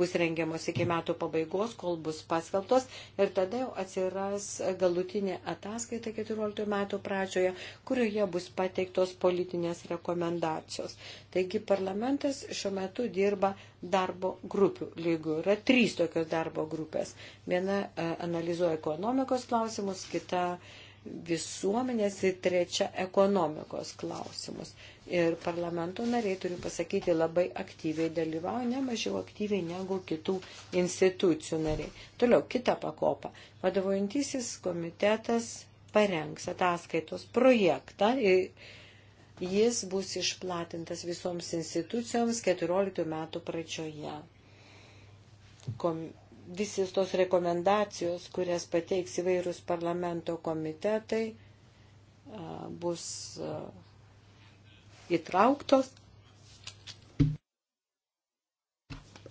bus rengiamos iki metų pabaigos, kol bus paskelbtos ir tada jau atsiras galutinė ataskaita 14 metų pradžioje, kurioje bus pateiktos politinės rekomendacijos. Taigi parlamentas šiuo metu dirba darbo grupių lygių. Yra trys tokios darbo grupės. Viena e, analizuoja ekonomikos klausimus, kita uh, visuomenės ir trečia ekonomikos klausimus. Ir parlamento nariai, turiu pasakyti, labai aktyviai dalyvauja, ne mažiau aktyviai negu kitų institucijų nariai. Toliau, kita pakopa. Vadovaujantisis komitetas parengs ataskaitos projektą. Jis bus išplatintas visoms institucijoms 14 metų pradžioje. Kom visis tos rekomendacijos, kurias pateiks įvairūs parlamento komitetai, bus įtrauktos.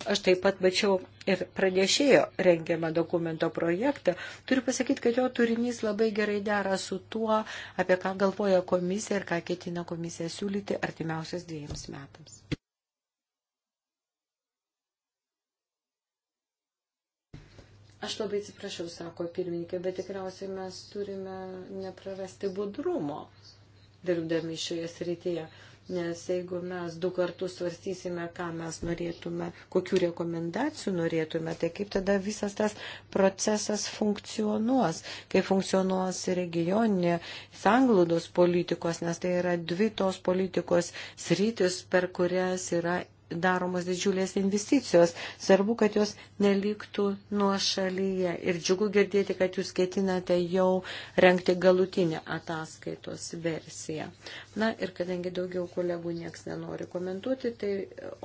Aš taip pat mačiau ir pranešėjo rengiamą dokumento projektą. Turiu pasakyti, kad jo turinys labai gerai dera su tuo, apie ką galvoja komisija ir ką ketina komisija siūlyti artimiausias dviejams metams. Aš labai atsiprašau, sako pirmininkė, bet tikriausiai mes turime neprarasti budrumo dirbdami šioje srityje. Nes jeigu mes du kartus svarstysime, ką mes norėtume, kokių rekomendacijų norėtume, tai kaip tada visas tas procesas funkcionuos, kaip funkcionuos regioninė sanglūdos politikos, nes tai yra dvi tos politikos sritis, per kurias yra daromos didžiulės investicijos. Svarbu, kad jos neliktų nuo šalyje. Ir džiugu girdėti, kad jūs ketinate jau renkti galutinę ataskaitos versiją. Na ir kadangi daugiau kolegų nieks nenori komentuoti, tai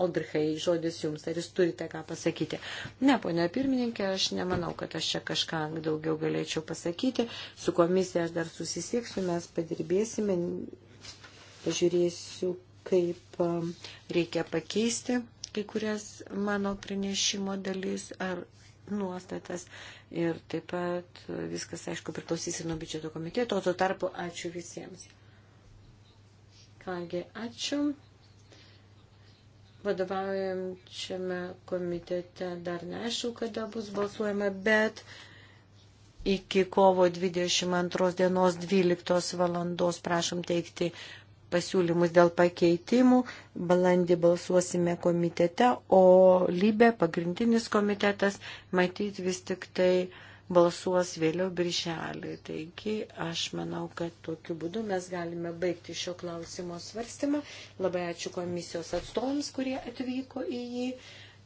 Odrhai, žodis jums, ar jūs turite ką pasakyti? Ne, ponia pirmininkė, aš nemanau, kad aš čia kažką daugiau galėčiau pasakyti. Su komisija aš dar susisieksiu, mes padirbėsime. Pažiūrėsiu, kaip um, reikia pakeisti kai kurias mano pranešimo dalis ar nuostatas. Ir taip pat uh, viskas, aišku, priklausys ir nuo biudžeto komiteto. O tuo tarpu ačiū visiems. Kągi, ačiū. Vadovaujančiame komitete dar neaišku, kada bus balsuojama, bet iki kovo 22 dienos 12 valandos prašom teikti pasiūlymus dėl pakeitimų, balandį balsuosime komitete, o lybė, pagrindinis komitetas, matyt vis tik tai balsuos vėliau birželį. Taigi aš manau, kad tokiu būdu mes galime baigti šio klausimo svarstymą. Labai ačiū komisijos atstovams, kurie atvyko į jį.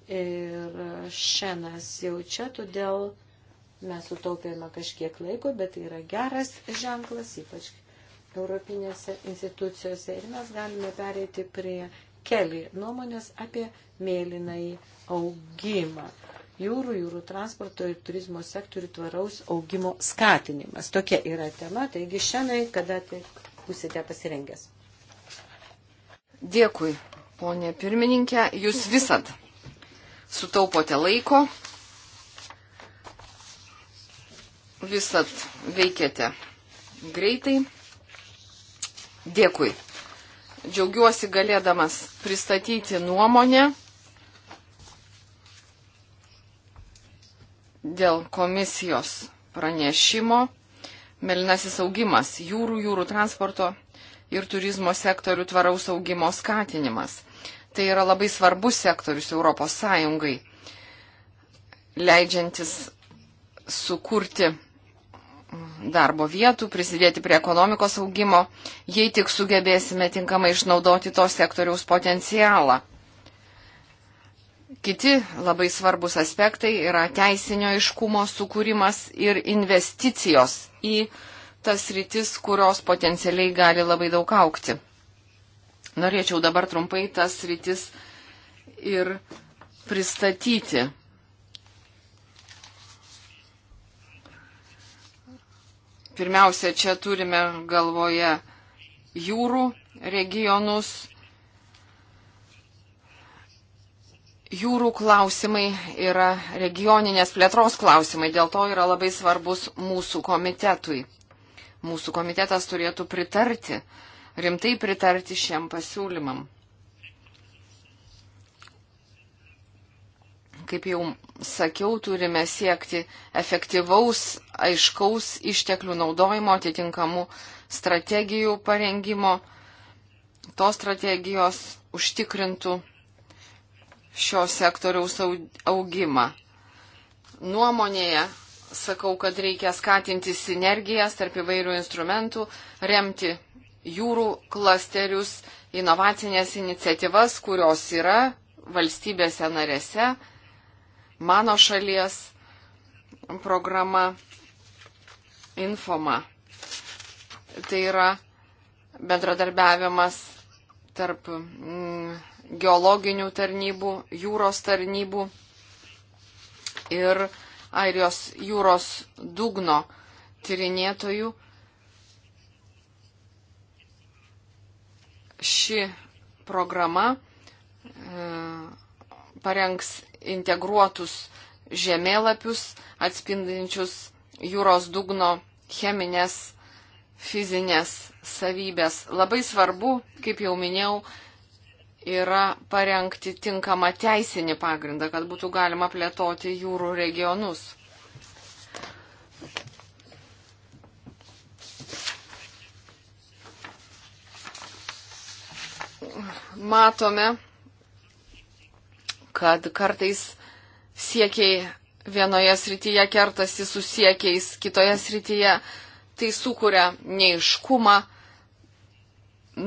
Ir šiandien jau čia, todėl mes sutaupėme kažkiek laiko, bet tai yra geras ženklas, ypač europinėse institucijose ir mes galime pereiti prie keli nuomonės apie mėlynai augimą. Jūrų, jūrų transporto ir turizmo sektorių tvaraus augimo skatinimas. Tokia yra tema, taigi šiandien, kada tik būsite pasirengęs. Dėkui, ponė pirmininkė, jūs visad sutaupote laiko, visat veikiate greitai. Dėkui. Džiaugiuosi galėdamas pristatyti nuomonę dėl komisijos pranešimo Melinasis augimas - jūrų, jūrų transporto ir turizmo sektorių tvaraus augimo skatinimas. Tai yra labai svarbus sektorius Europos Sąjungai, leidžiantis sukurti darbo vietų, prisidėti prie ekonomikos augimo, jei tik sugebėsime tinkamai išnaudoti to sektoriaus potencialą. Kiti labai svarbus aspektai yra teisinio iškumo sukūrimas ir investicijos į tas rytis, kurios potencialiai gali labai daug aukti. Norėčiau dabar trumpai tas rytis ir pristatyti. Pirmiausia, čia turime galvoje jūrų regionus. Jūrų klausimai yra regioninės plėtros klausimai, dėl to yra labai svarbus mūsų komitetui. Mūsų komitetas turėtų pritarti, rimtai pritarti šiam pasiūlymam. kaip jau sakiau, turime siekti efektyvaus, aiškaus išteklių naudojimo, atitinkamų strategijų parengimo. Tos strategijos užtikrintų šio sektoriaus augimą. Nuomonėje sakau, kad reikia skatinti sinergijas tarp įvairių instrumentų, remti jūrų klasterius, inovacinės iniciatyvas, kurios yra valstybėse narėse mano šalies programa Infoma. Tai yra bendradarbiavimas tarp mm, geologinių tarnybų, jūros tarnybų ir Airijos jūros dugno tyrinėtojų. Ši programa e, parengs integruotus žemėlapius atspindinčius jūros dugno cheminės fizinės savybės. Labai svarbu, kaip jau minėjau, yra parengti tinkamą teisinį pagrindą, kad būtų galima plėtoti jūrų regionus. Matome, kad kartais siekiai vienoje srityje kertasi su siekiais kitoje srityje, tai sukuria neiškumą,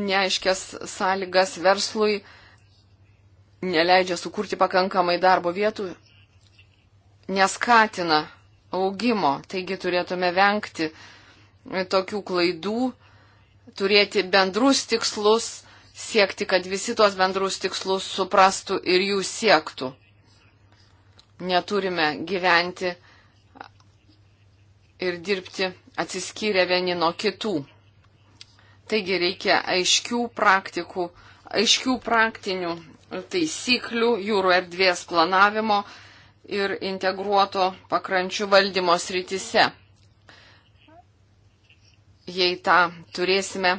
neaiškės sąlygas verslui, neleidžia sukurti pakankamai darbo vietų, neskatina augimo, taigi turėtume vengti tokių klaidų, turėti bendrus tikslus, siekti, kad visi tuos bendrus tikslus suprastų ir jų siektų. Neturime gyventi ir dirbti atsiskyrę vieni nuo kitų. Taigi reikia aiškių praktikų, aiškių praktinių taisyklių jūrų erdvės planavimo ir integruoto pakrančių valdymo srityse. Jei tą turėsime,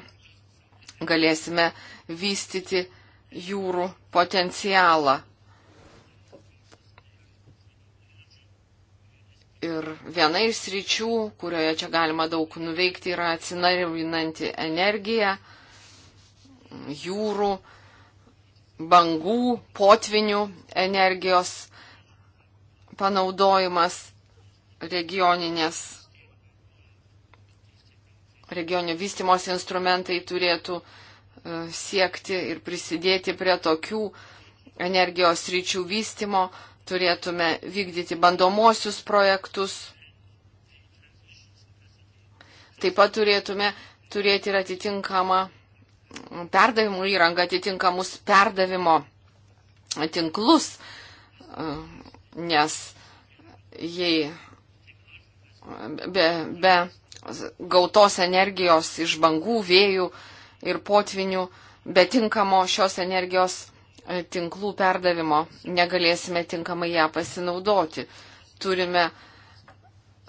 galėsime vystyti jūrų potencialą. Ir viena iš sričių, kurioje čia galima daug nuveikti, yra atsinaujinanti energija, jūrų, bangų, potvinių energijos panaudojimas regioninės, regioninio vystimos instrumentai turėtų uh, E, siekti ir prisidėti prie tokių energijos ryčių vystimo, turėtume vykdyti bandomosius projektus. Taip pat turėtume turėti ir atitinkamą perdavimų įrangą, atitinkamus perdavimo tinklus, e, nes jei be, be gautos energijos iš bangų vėjų, ir potvinių, bet tinkamo šios energijos e, tinklų perdavimo negalėsime tinkamai ją pasinaudoti. Turime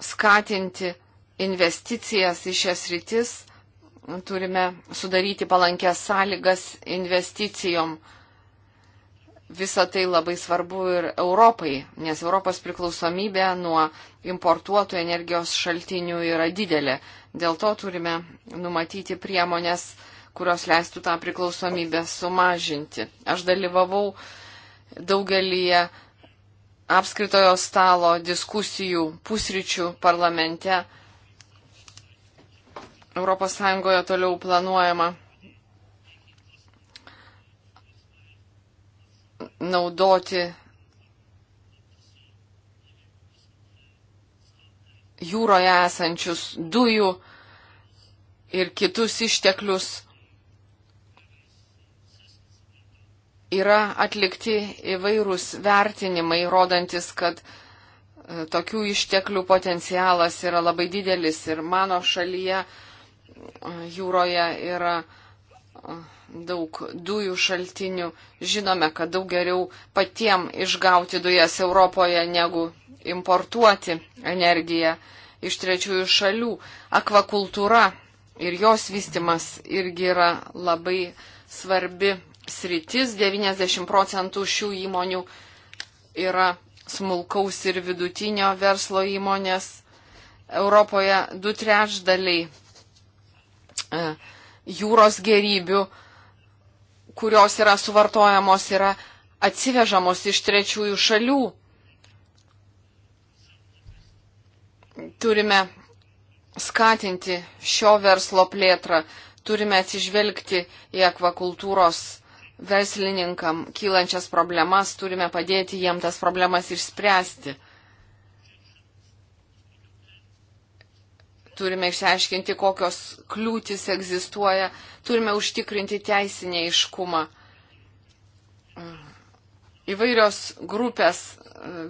skatinti investicijas į šias rytis, turime sudaryti palankęs sąlygas investicijom. Visa tai labai svarbu ir Europai, nes Europos priklausomybė nuo importuotų energijos šaltinių yra didelė. Dėl to turime numatyti priemonės, uh, kurios leistų tą priklausomybę sumažinti. Aš dalyvavau daugelį apskritojo stalo diskusijų pusryčių parlamente. ES toliau planuojama naudoti jūroje esančius dujų ir kitus išteklius yra atlikti įvairūs vertinimai, rodantis, kad e, tokių išteklių potencialas yra labai didelis ir mano šalyje e, jūroje yra e, daug dujų šaltinių. Žinome, kad daug geriau patiem išgauti dujas Europoje, negu importuoti energiją iš trečiųjų šalių. Akvakultūra ir jos vystimas irgi yra labai svarbi sritis, 90 procentų šių įmonių yra smulkaus ir vidutinio verslo įmonės. Europoje du trečdaliai e, jūros gerybių, kurios yra suvartojamos, yra atsivežamos iš trečiųjų šalių. Turime skatinti šio verslo plėtrą, turime atsižvelgti į akvakultūros verslininkam kylančias problemas, turime padėti jiem tas problemas išspręsti. Turime išsiaiškinti, kokios kliūtis egzistuoja, turime užtikrinti teisinę iškumą. Įvairios grupės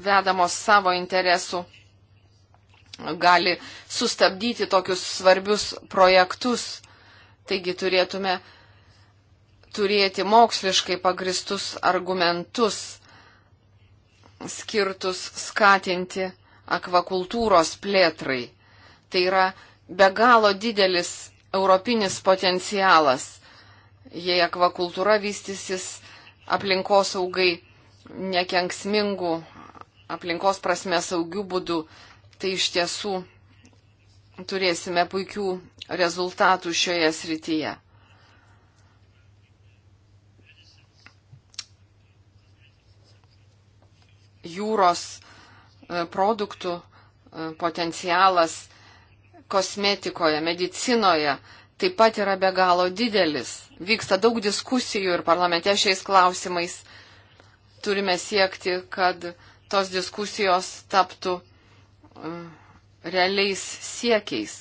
vedamos savo interesų gali sustabdyti tokius svarbius projektus. Taigi turėtume uh, turėti moksliškai pagristus argumentus skirtus skatinti akvakultūros plėtrai. Tai yra be galo didelis europinis potencialas, jei akvakultūra vystysis aplinkosaugai nekenksmingų, aplinkos prasme saugių būdų, tai iš tiesų turėsime puikių rezultatų šioje srityje. jūros e, produktų e, potencialas kosmetikoje, medicinoje taip pat yra be galo didelis. Vyksta daug diskusijų ir parlamente šiais klausimais turime siekti, kad tos diskusijos taptų e, realiais siekiais.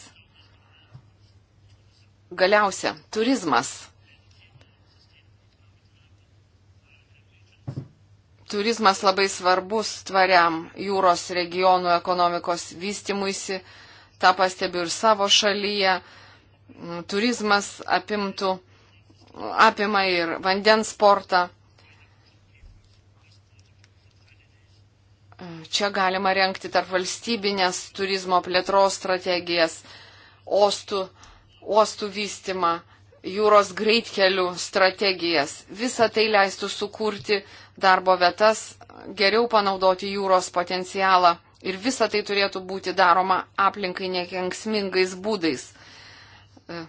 Galiausia, turizmas. turizmas labai svarbus tvariam jūros regionų ekonomikos vystimuisi, tą pastebiu ir savo šalyje. Mm, turizmas apimtų, apima ir vandens sportą. Čia galima renkti tarp valstybinės turizmo plėtros strategijas, ostų, ostų vystimą, jūros greitkelių strategijas. Visą tai leistų sukurti darbo vietas, geriau panaudoti jūros potencialą. Ir visa tai turėtų būti daroma aplinkai nekenksmingais būdais. E,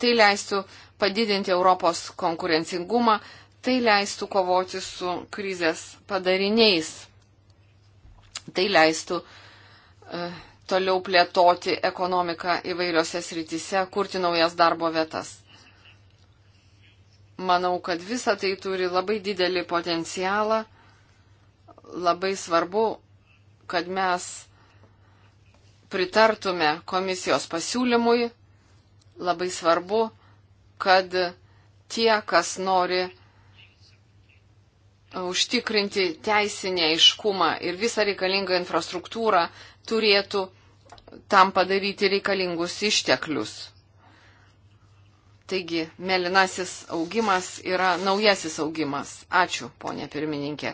tai leistų padidinti Europos konkurencingumą, tai leistų kovoti su krizės padariniais. Tai leistų e, toliau plėtoti ekonomiką įvairiose srityse, kurti naujas darbo vietas. Manau, kad visa tai turi labai didelį potencialą. Labai svarbu, kad mes pritartume komisijos pasiūlymui. Labai svarbu, kad tie, kas nori užtikrinti teisinę iškumą ir visą reikalingą infrastruktūrą, turėtų tam padaryti reikalingus išteklius. Taigi, mėlynasis augimas yra naujasis augimas. Ačiū, ponė pirmininkė.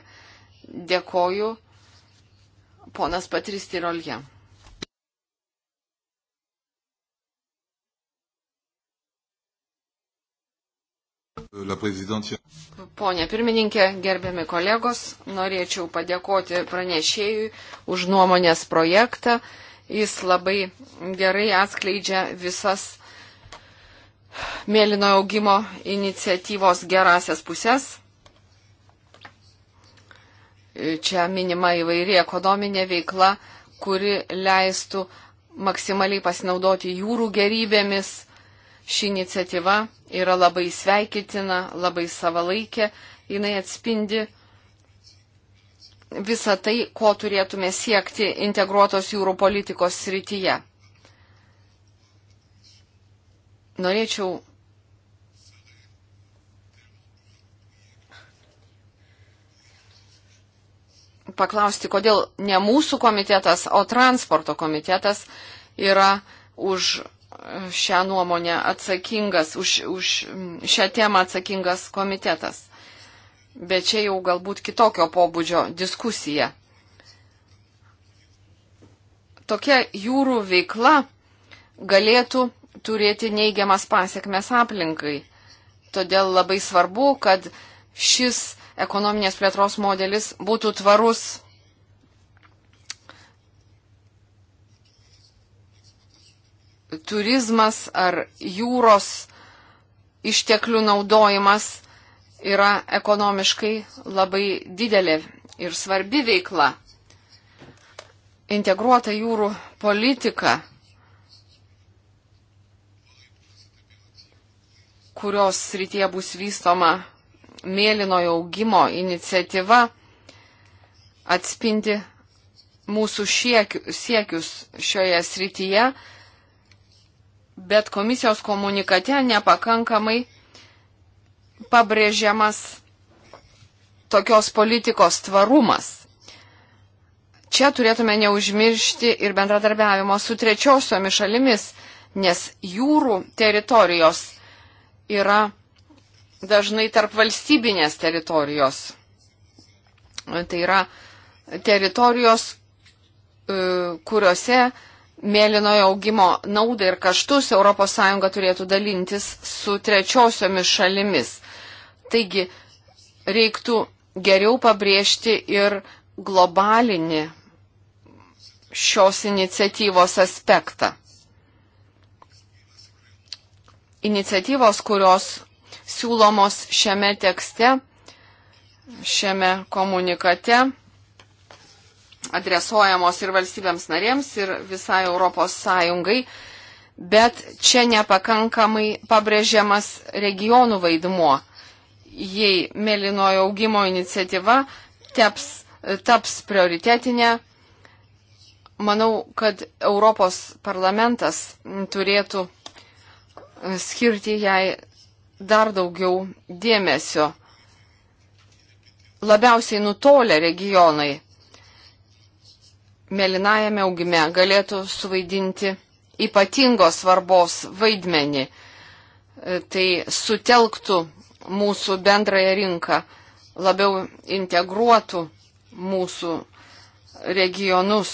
Dėkoju, ponas Patris Tirolje. Pone pirmininkė, gerbiami kolegos, norėčiau padėkoti pranešėjui už nuomonės projektą. Jis labai gerai atskleidžia visas mėlynojo augimo iniciatyvos gerasias pusės. Čia minima įvairi ekonominė veikla, kuri leistų maksimaliai pasinaudoti jūrų gerybėmis. Ši iniciatyva yra labai sveikitina, labai savalaikė, jinai atspindi visą tai, ko turėtume siekti integruotos jūrų politikos srityje norėčiau paklausti, kodėl ne mūsų komitetas, o transporto komitetas yra už šią nuomonę atsakingas, už, už šią temą atsakingas komitetas. Bet čia jau galbūt kitokio pobūdžio diskusija. Tokia jūrų veikla galėtų turėti neigiamas pasiekmes aplinkai. Todėl labai svarbu, kad šis ekonominės plėtros modelis būtų tvarus. Turizmas ar jūros išteklių naudojimas yra ekonomiškai labai didelė ir svarbi veikla. Integruota jūrų politika kurios srityje bus vystoma mėlynojo augimo iniciatyva, atspindi mūsų siekius šioje srityje, bet komisijos komunikate nepakankamai pabrėžiamas tokios politikos tvarumas. Čia turėtume neužmiršti ir bendradarbiavimo su trečiosiomis šalimis, nes jūrų teritorijos yra dažnai tarp valstybinės teritorijos. Tai yra teritorijos, e, kuriuose mėlynojo augimo naudą ir kaštus ES turėtų dalintis su trečiosiomis šalimis. Taigi reiktų geriau pabrėžti ir globalinį šios iniciatyvos aspektą iniciatyvos, kurios siūlomos šiame tekste, šiame komunikate, adresuojamos ir valstybėms narėms, ir visai Europos Sąjungai, bet čia nepakankamai pabrėžiamas regionų vaidmuo. Jei Melinojo augimo iniciatyva teps, taps prioritetinė, manau, kad Europos parlamentas turėtų skirti jai dar daugiau dėmesio. Labiausiai nutolę regionai mėlynajame augime galėtų suvaidinti ypatingos svarbos vaidmenį. Tai sutelktų mūsų bendrąją rinką, labiau integruotų mūsų regionus,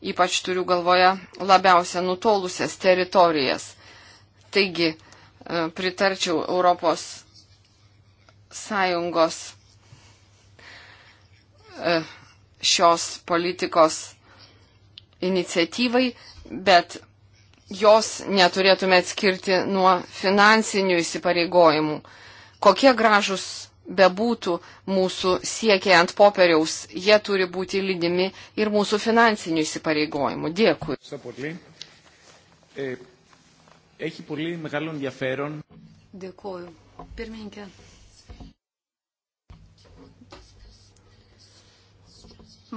ypač turiu galvoje labiausia nutolusias teritorijas. Taigi, e, pritarčiau Europos Sąjungos e, šios politikos iniciatyvai, bet jos neturėtume atskirti nuo finansinių įsipareigojimų. Kokie gražus bebūtų mūsų siekiai ant popieriaus, jie turi būti lydimi ir mūsų finansinių įsipareigojimų. Dėkui. Έχει πολύ μεγάλο ενδιαφέρον. Dėkuoju. Pirmininkė.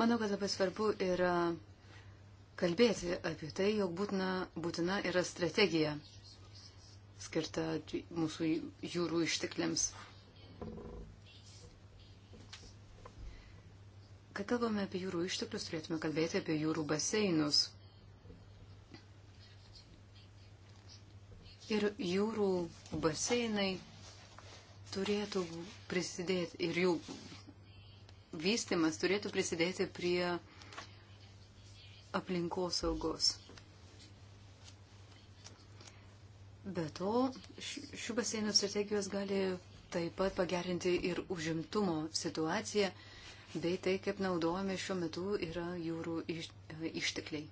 Manau, kad labai svarbu yra kalbėti apie tai, jog būtina, būtina yra strategija skirta mūsų jūrų ištekliams. Kai kalbame apie jūrų išteklius, turėtume kalbėti apie jūrų baseinus. ir jūrų baseinai turėtų prisidėti ir jų vystimas turėtų prisidėti prie aplinkos saugos. Be to, šių baseinų strategijos gali taip pat pagerinti ir užimtumo situaciją bei tai, kaip naudojami šiuo metu yra jūrų ištekliai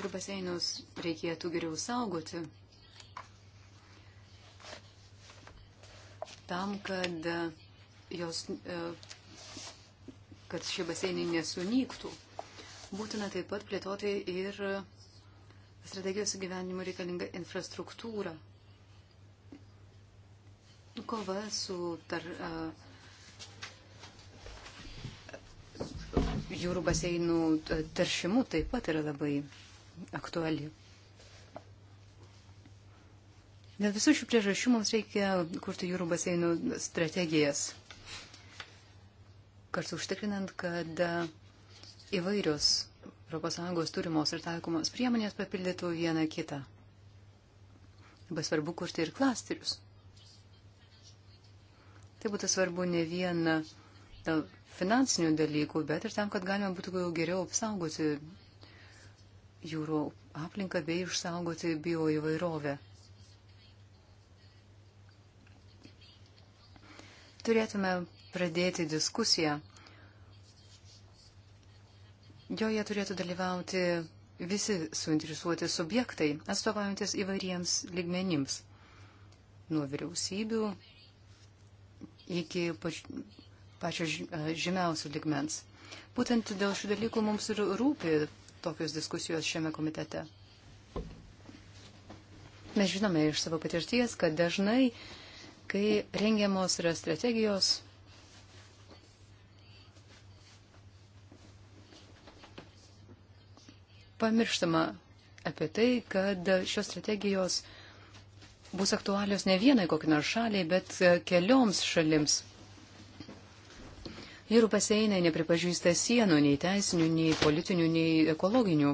jūrų baseinus reikėtų geriau saugoti. Tam, kad, e, jos, e, kad šie baseinai nesunyktų, būtina taip pat plėtoti ir strategijos gyvenimui reikalingą infrastruktūrą. Kova su tar, a, e, jūrų baseinų taršimu taip pat yra labai aktuali. Dėl visų šių priežasčių mums reikia kurti jūrų baseinų strategijas, kartu užtikrinant, kad įvairios ES turimos ir taikomos priemonės papildytų vieną kitą. Labai svarbu kurti ir klasterius. Tai būtų svarbu ne vien dėl finansinių dalykų, bet ir tam, kad galima būtų geriau apsaugoti jūrų aplinką bei išsaugoti bioįvairovę. Turėtume pradėti diskusiją. Joje turėtų dalyvauti visi suinteresuoti subjektai, atstovaujantis įvairiems ligmenims, nuo vyriausybių iki pač, pačio žymiausio ligmens. Būtent dėl šių dalykų mums ir rūpi tokios diskusijos šiame komitete. Mes žinome iš savo patirties, kad dažnai, kai rengiamos yra strategijos, pamirštama apie tai, kad šios strategijos bus aktualios ne vienai kokiai nors šaliai, bet kelioms šalims Jūrų baseinai nepripažįsta sienų, nei teisinių, nei politinių, nei ekologinių.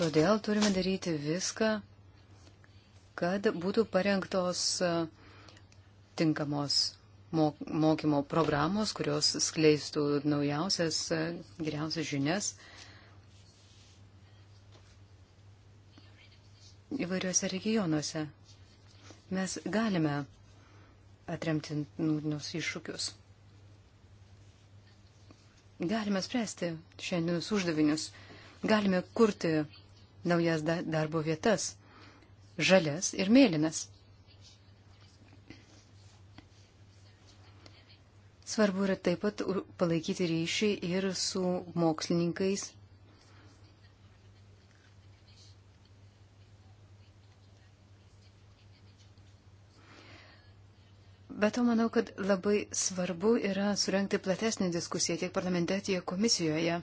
Todėl turime daryti viską, kad būtų parengtos tinkamos mokymo programos, kurios skleistų naujausias, geriausias žinias įvairiuose regionuose. Mes galime atremti nūdinius iššūkius. Galime spręsti šiandienus uždavinius, galime kurti naujas darbo vietas, žalias ir mėlynas. Svarbu yra taip pat palaikyti ryšį ir su mokslininkais Bet to manau, kad labai svarbu yra surenkti platesnį diskusiją tiek parlamente, tiek komisijoje.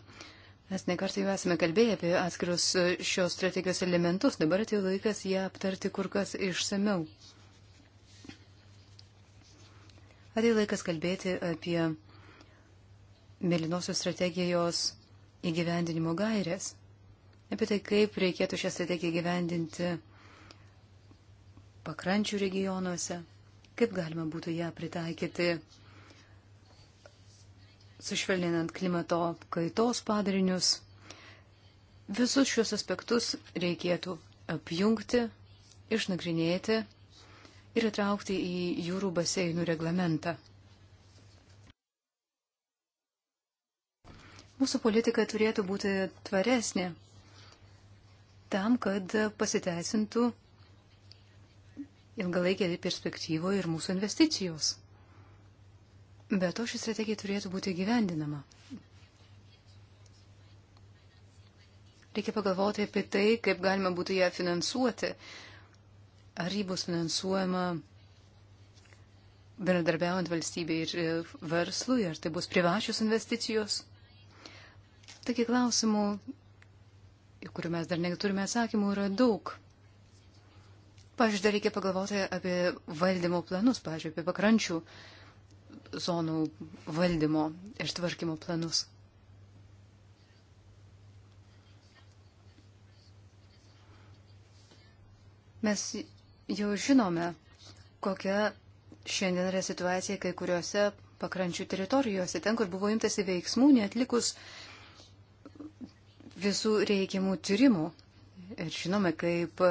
Mes nekartai jau esame kalbėję apie atskirus šios strategijos elementus, dabar atėjo laikas ją aptarti kur kas išsameu. Atėjo laikas kalbėti apie mėlynosios strategijos įgyvendinimo gairės, apie tai, kaip reikėtų šią strategiją įgyvendinti pakrančių regionuose kaip galima būtų ją pritaikyti sušvelninant klimato kaitos padarinius. Visus šios aspektus reikėtų apjungti, išnagrinėti ir įtraukti į jūrų baseinų reglamentą. Mūsų politika turėtų būti tvaresnė tam, kad pasiteisintų ilgalaikėje perspektyvoje ir mūsų investicijos. Be to, ši strategija turėtų būti gyvendinama. Reikia pagalvoti apie tai, kaip galima būtų ją finansuoti. Ar ji bus finansuojama bendradarbiaujant valstybei ir e, verslui, ar tai bus privačios investicijos. Taigi klausimų, į kurių mes dar neturime atsakymų, yra daug. Pavyzdžiui, dar reikia pagalvoti apie valdymo planus, pavyzdžiui, apie pakrančių zonų valdymo ir tvarkymo planus. Mes jau žinome, kokia šiandien yra situacija kai kuriuose pakrančių teritorijose, ten, kur buvo imtasi veiksmų, netlikus visų reikiamų tyrimų. Ir žinome, kaip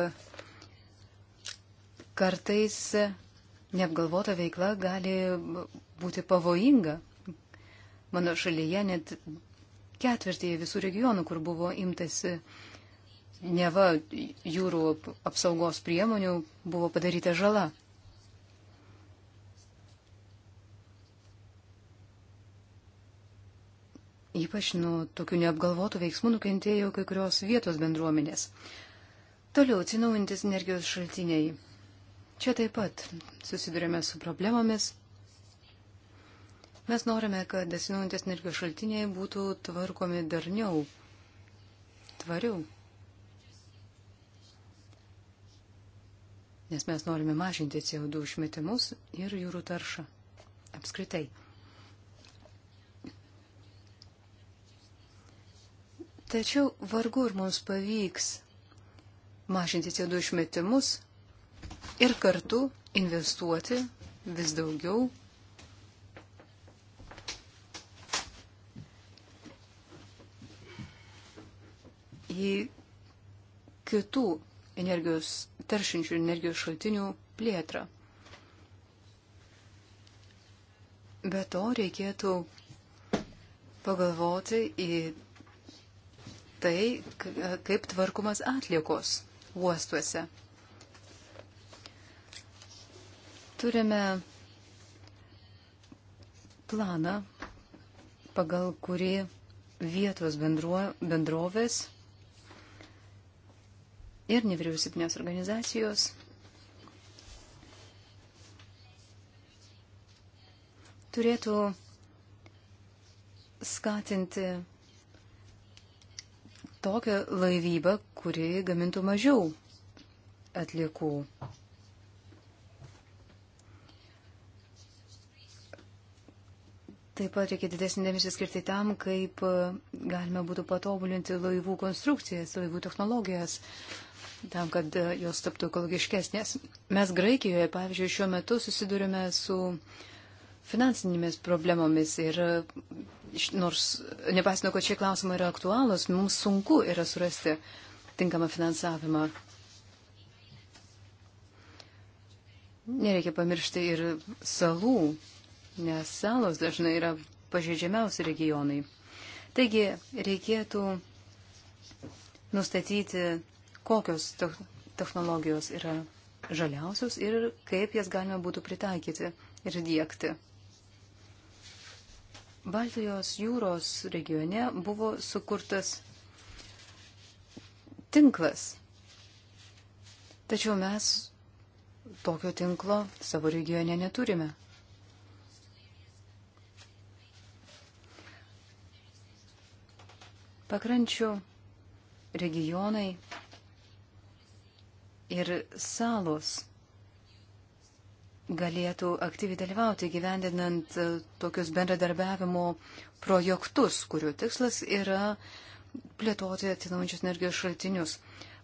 Kartais neapgalvota veikla gali būti pavojinga. Mano šalyje net ketvirtėje visų regionų, kur buvo imtasi neva jūrų apsaugos priemonių, buvo padaryta žala. Ypač nuo tokių neapgalvotų veiksmų nukentėjo kai kurios vietos bendruomenės. Toliau atsinaujantis energijos šaltiniai. Čia taip pat susidurėme su problemomis. Mes norime, kad atsinaujantis energijos šaltiniai būtų tvarkomi darniau, tvariau. Nes mes norime mažinti CO2 išmetimus ir jūrų taršą apskritai. Tačiau vargu ir mums pavyks mažinti CO2 išmetimus ir kartu investuoti vis daugiau į kitų energijos teršinčių energijos šaltinių plėtrą. Be to reikėtų pagalvoti į tai, kaip tvarkomas atliekos uostuose. Turime planą, pagal kurį vietos bendruo, bendrovės ir nevyriausybinės organizacijos turėtų skatinti tokią laivybą, kuri gamintų mažiau atliekų. Taip pat reikia didesnį dėmesį skirti tam, kaip e, galima būtų patobulinti laivų konstrukcijas, laivų technologijas, tam, kad e, jos taptų ekologiškesnės. Mes Graikijoje, pavyzdžiui, šiuo metu susidurime su finansinėmis problemomis ir e, nors nepasinu, kad šie klausimai yra aktualūs, mums sunku yra surasti tinkamą finansavimą. Nereikia pamiršti ir salų nes salos dažnai yra pažeidžiamiausi regionai. Taigi reikėtų nustatyti, kokios technologijos yra žaliausios ir kaip jas galima būtų pritaikyti ir dėkti. Baltijos jūros regione buvo sukurtas tinklas. Tačiau mes tokio tinklo savo regione neturime. Pakrančių regionai ir salos galėtų aktyviai dalyvauti gyvendinant e, tokius bendradarbiavimo projektus, kurių tikslas yra plėtoti atsinaujančius energijos šaltinius.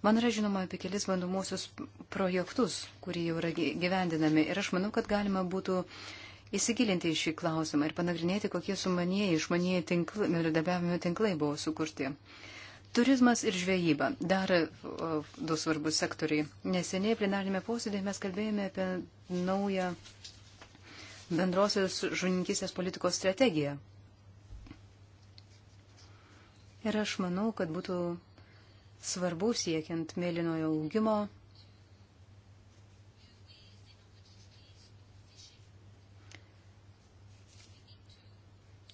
Man yra žinoma apie kelis bandomuosius projektus, kurie jau yra gyvendinami ir aš manau, kad galima būtų uh, įsigilinti į šį klausimą ir panagrinėti, kokie sumanieji išmanieji tinklai, bendradarbiavimo tinklai buvo sukurti. Turizmas ir žvejyba - dar du svarbus sektoriai. Neseniai plenarinėme posėdėje mes kalbėjome apie naują bendrosios žuvininkystės politikos strategiją. Ir aš manau, kad būtų svarbu siekiant mėlynojo augimo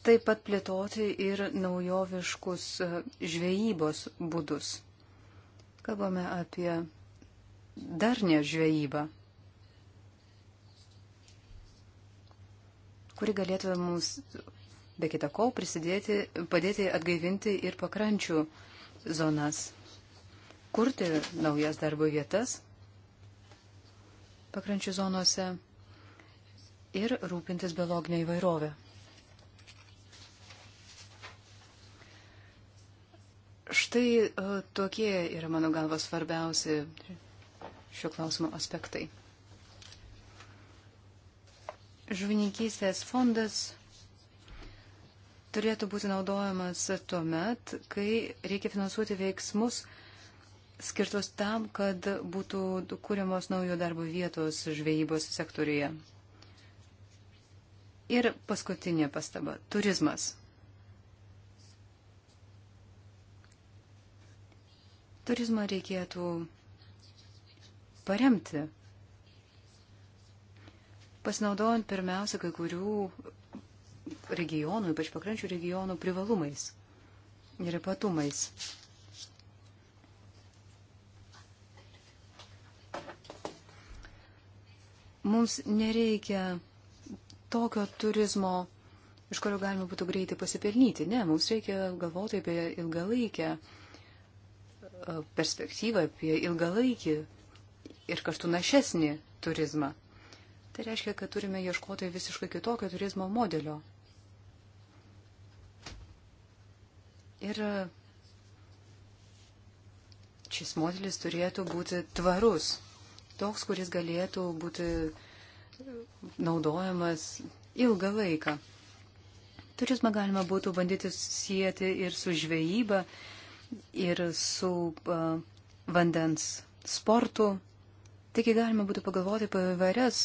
taip pat plėtoti ir naujoviškus e, žvejybos būdus. Kalbame apie darnę žvejybą, kuri galėtų mums be kita ko prisidėti, padėti atgaivinti ir pakrančių zonas, kurti naujas darbo vietas pakrančių zonose ir rūpintis biologinę įvairovę. Štai e, tokie yra mano galva svarbiausi šio klausimo aspektai. Žuvininkystės fondas turėtų būti naudojamas tuo met, kai reikia finansuoti veiksmus skirtus tam, kad būtų kūriamos naujo darbo vietos žvejybos sektoriuje. Ir paskutinė pastaba - turizmas. Turizmą reikėtų paremti, pasinaudojant pirmiausia kai kurių regionų, ypač pakrančių regionų privalumais ir ypatumais. Mums nereikia tokio turizmo, iš kurio galima būtų greitai pasipelnyti. Ne, mums reikia galvoti apie ilgalaikę E, perspektyvą, apie ilgalaikį ir kažtų našesnį turizmą. Tai reiškia, kad turime ieškoti visiškai kitokio turizmo modelio. Ir šis modelis turėtų būti tvarus, toks, kuris galėtų būti naudojamas ilgą laiką. Turizmą galima būtų bandyti sieti ir su žvejyba, ir su vandens sportu. Taigi galima būtų pagalvoti apie įvairias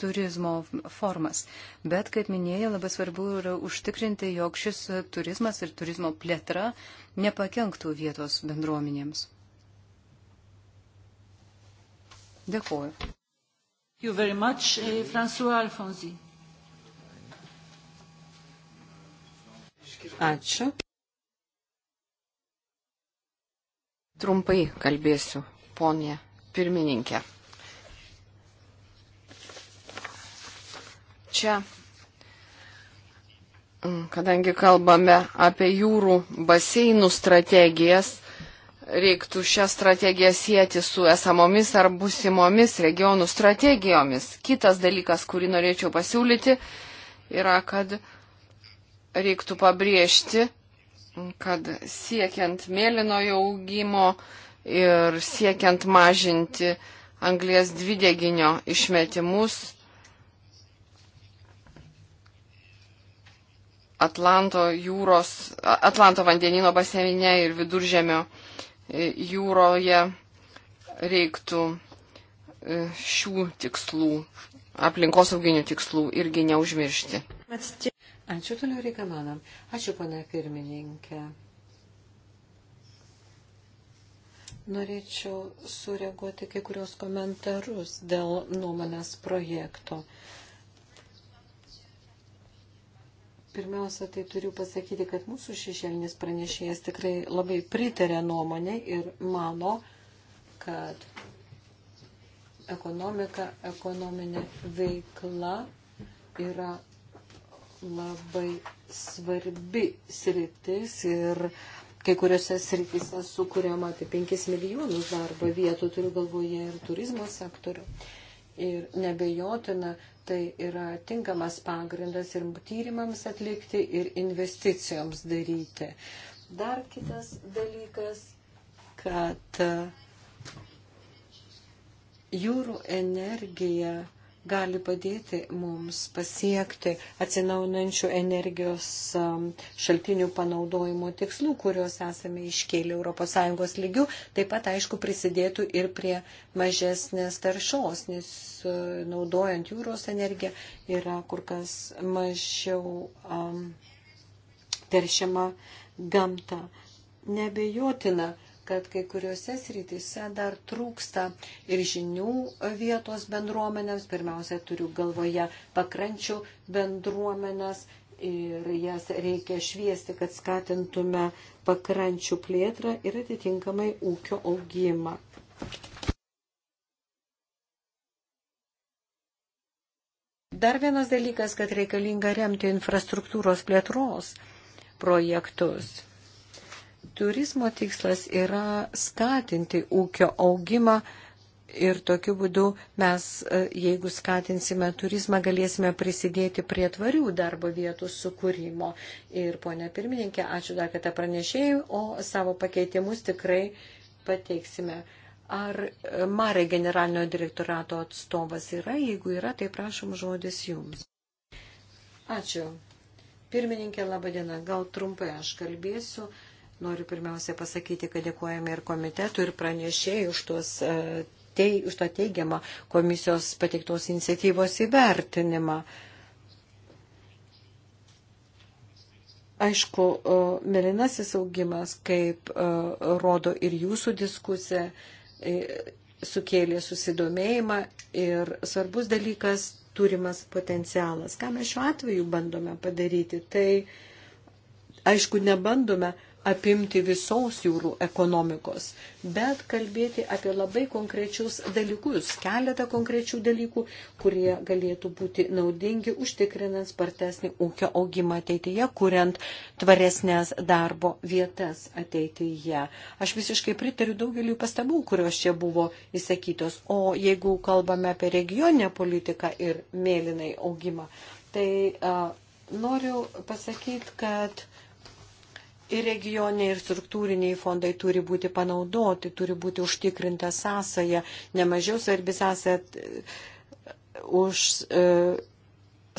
turizmo formas. Bet, kaip minėjau, labai svarbu yra užtikrinti, jog šis turizmas ir turizmo plėtra nepakenktų vietos bendruomenėms. Dėkuoju. You very much, eh, François Alfonsi. Ačiū. Trumpai kalbėsiu, ponė pirmininkė. Čia, mm, kadangi kalbame apie jūrų baseinų strategijas, reiktų šią strategiją sieti su esamomis ar busimomis regionų strategijomis. Kitas dalykas, kurį norėčiau pasiūlyti, yra, kad reiktų pabrėžti, kad siekiant mėlynojo augimo ir siekiant mažinti anglės dvideginio išmetimus Atlanto jūros, Atlanto vandenino baseine ir viduržėmio e, jūroje reiktų e, šių tikslų, aplinkosauginių tikslų irgi neužmiršti. Ačiū toliau reikamanam. Ačiū, pana pirmininkė. Norėčiau sureaguoti kai kurios komentarus dėl nuomonės projekto. Pirmiausia, tai turiu pasakyti, kad mūsų šešėlinis pranešėjas tikrai labai pritarė nuomonė ir mano, kad ekonomika, ekonominė veikla yra labai svarbi sritis ir kai kuriuose sritise sukūrėma apie 5 milijonus darbo vietų, turiu galvoje ir turizmo sektorių. Ir nebejotina, tai yra tinkamas pagrindas ir tyrimams atlikti, ir investicijoms daryti. Dar kitas dalykas, kad e, jūrų energija gali padėti mums pasiekti atsinaunančių energijos um, šaltinių panaudojimo tikslų, kuriuos esame iškėlę ES lygių, taip pat, aišku, prisidėtų ir prie mažesnės taršos, nes uh, naudojant jūros energiją yra kur kas mažiau um, teršiama gamta. Nebejotina, kad kai kuriuose srityse dar trūksta ir žinių vietos bendruomenėms. Pirmiausia, turiu galvoje pakrančių bendruomenės ir jas reikia šviesti, kad skatintume pakrančių plėtrą ir atitinkamai ūkio augimą. Dar vienas dalykas, kad reikalinga remti infrastruktūros plėtros projektus Turizmo tikslas yra skatinti ūkio augimą ir tokiu būdu mes, e, jeigu skatinsime turizmą, galėsime prisidėti prie tvarių darbo vietų sukūrimo. Ir ponia pirmininkė, ačiū dar kartą pranešėjai, o savo pakeitimus tikrai pateiksime. Ar e, Marai generalinio direktorato atstovas yra? Jeigu yra, tai prašom žodis jums. Ačiū. Pirmininkė, laba diena. Gal trumpai aš kalbėsiu. Noriu pirmiausia pasakyti, kad dėkojame ir komitetų, ir pranešėjai už tuos e, tei, už tą teigiamą komisijos pateiktos iniciatyvos įvertinimą. Aišku, e, melinasis augimas, kaip e, rodo ir jūsų diskusija, sukėlė susidomėjimą ir svarbus dalykas turimas potencialas. Ką mes šiuo atveju bandome padaryti, tai aišku, nebandome uh, apimti visos jūrų ekonomikos, bet kalbėti apie labai konkrečius dalykus, keletą konkrečių dalykų, kurie galėtų būti naudingi užtikrinant spartesnį ūkio augimą ateityje, kuriant tvaresnės darbo vietas ateityje. Aš visiškai pritariu daugeliu pastabų, kurios čia buvo įsakytos. O jeigu kalbame apie regioninę politiką ir mėlynai augimą, tai a, noriu pasakyti, kad ir regioniai, ir struktūriniai fondai turi būti panaudoti, turi būti užtikrinta sąsaja, nemažiau svarbi sąsaja už e,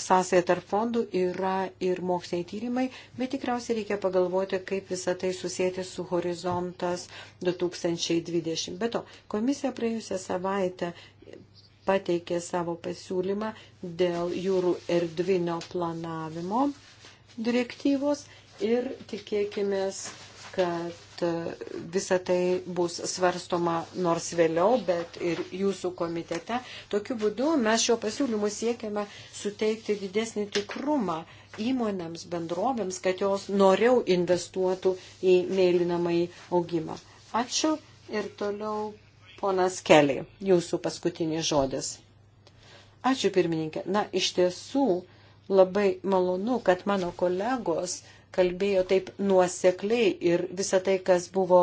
sąsaja tarp fondų yra ir moksliniai tyrimai, bet tikriausiai reikia pagalvoti, kaip visą tai susijęti su horizontas 2020. Be to, komisija praėjusią savaitę pateikė savo pasiūlymą dėl jūrų erdvinio planavimo direktyvos ir tikėkime, kad visa tai bus svarstoma nors vėliau, bet ir jūsų komitete. Tokiu būdu mes šio pasiūlymu siekiame suteikti didesnį tikrumą įmonėms, bendrovėms, kad jos noriau investuotų į mėlynamąjį augimą. Ačiū ir toliau ponas Keliai, jūsų paskutinis žodis. Ačiū pirmininkė. Na, iš tiesų labai malonu, kad mano kolegos kalbėjo taip nuosekliai ir visa tai, kas buvo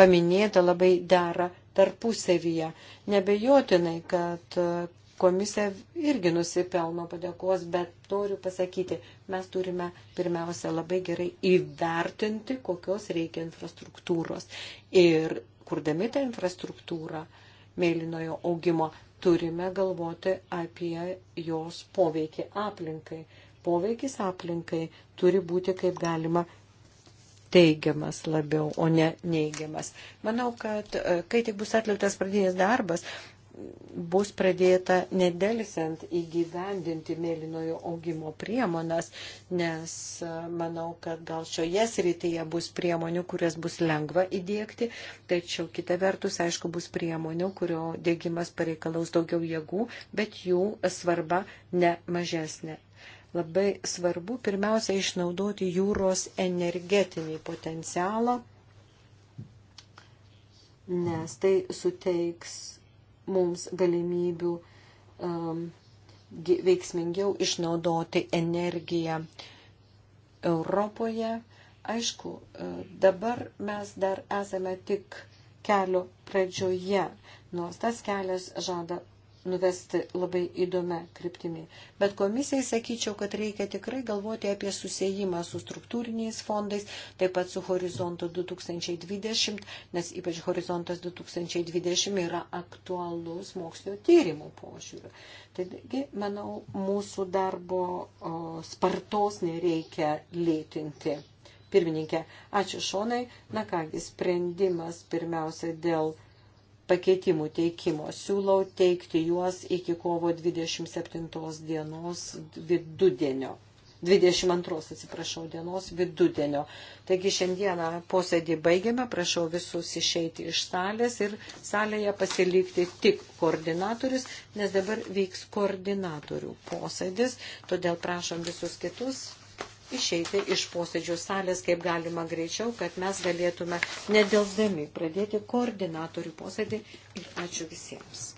paminėta, labai dera tarpusavyje. Nebejotinai, kad e, komisija irgi nusipelno padėkos, bet noriu pasakyti, mes turime pirmiausia labai gerai įvertinti, kokios reikia infrastruktūros. Ir kurdami tą infrastruktūrą mėlynojo augimo, turime galvoti apie jos poveikį aplinkai poveikis aplinkai turi būti kaip galima teigiamas labiau, o ne neigiamas. Manau, kad e, kai tik bus atliktas pradėjęs darbas, bus pradėta nedelsiant įgyvendinti mėlynojo augimo priemonas, nes e, manau, kad gal šioje srityje bus priemonių, kurias bus lengva įdėkti, tačiau kita vertus, aišku, bus priemonių, kurio dėgymas pareikalaus daugiau jėgų, bet jų svarba ne mažesnė labai svarbu pirmiausia išnaudoti jūros energetinį potencialą, nes tai suteiks mums galimybių um, veiksmingiau išnaudoti energiją Europoje. Aišku, e, dabar mes dar esame tik kelio pradžioje, nors tas kelias žada nuvesti labai įdomią kryptimį. Bet komisijai sakyčiau, kad reikia tikrai galvoti apie susijimą su struktūriniais fondais, taip pat su horizontu 2020, nes ypač horizontas 2020 yra aktualus mokslinio tyrimų požiūriu. Taigi, manau, mūsų darbo o, spartos nereikia lėtinti. Pirmininkė, ačiū Šonai. Na kągi, sprendimas pirmiausia dėl pakeitimų teikimo. Siūlau teikti juos iki kovo 27 dienos vidudienio. 22, atsiprašau, dienos vidudienio. Taigi šiandieną posėdį baigiame, prašau visus išeiti iš salės ir salėje pasilikti tik koordinatorius, nes dabar vyks koordinatorių posėdis, todėl prašom visus kitus išeiti iš posėdžių salės kaip galima greičiau, kad mes galėtume nedelsdami pradėti koordinatorių posėdį. Ir ačiū visiems.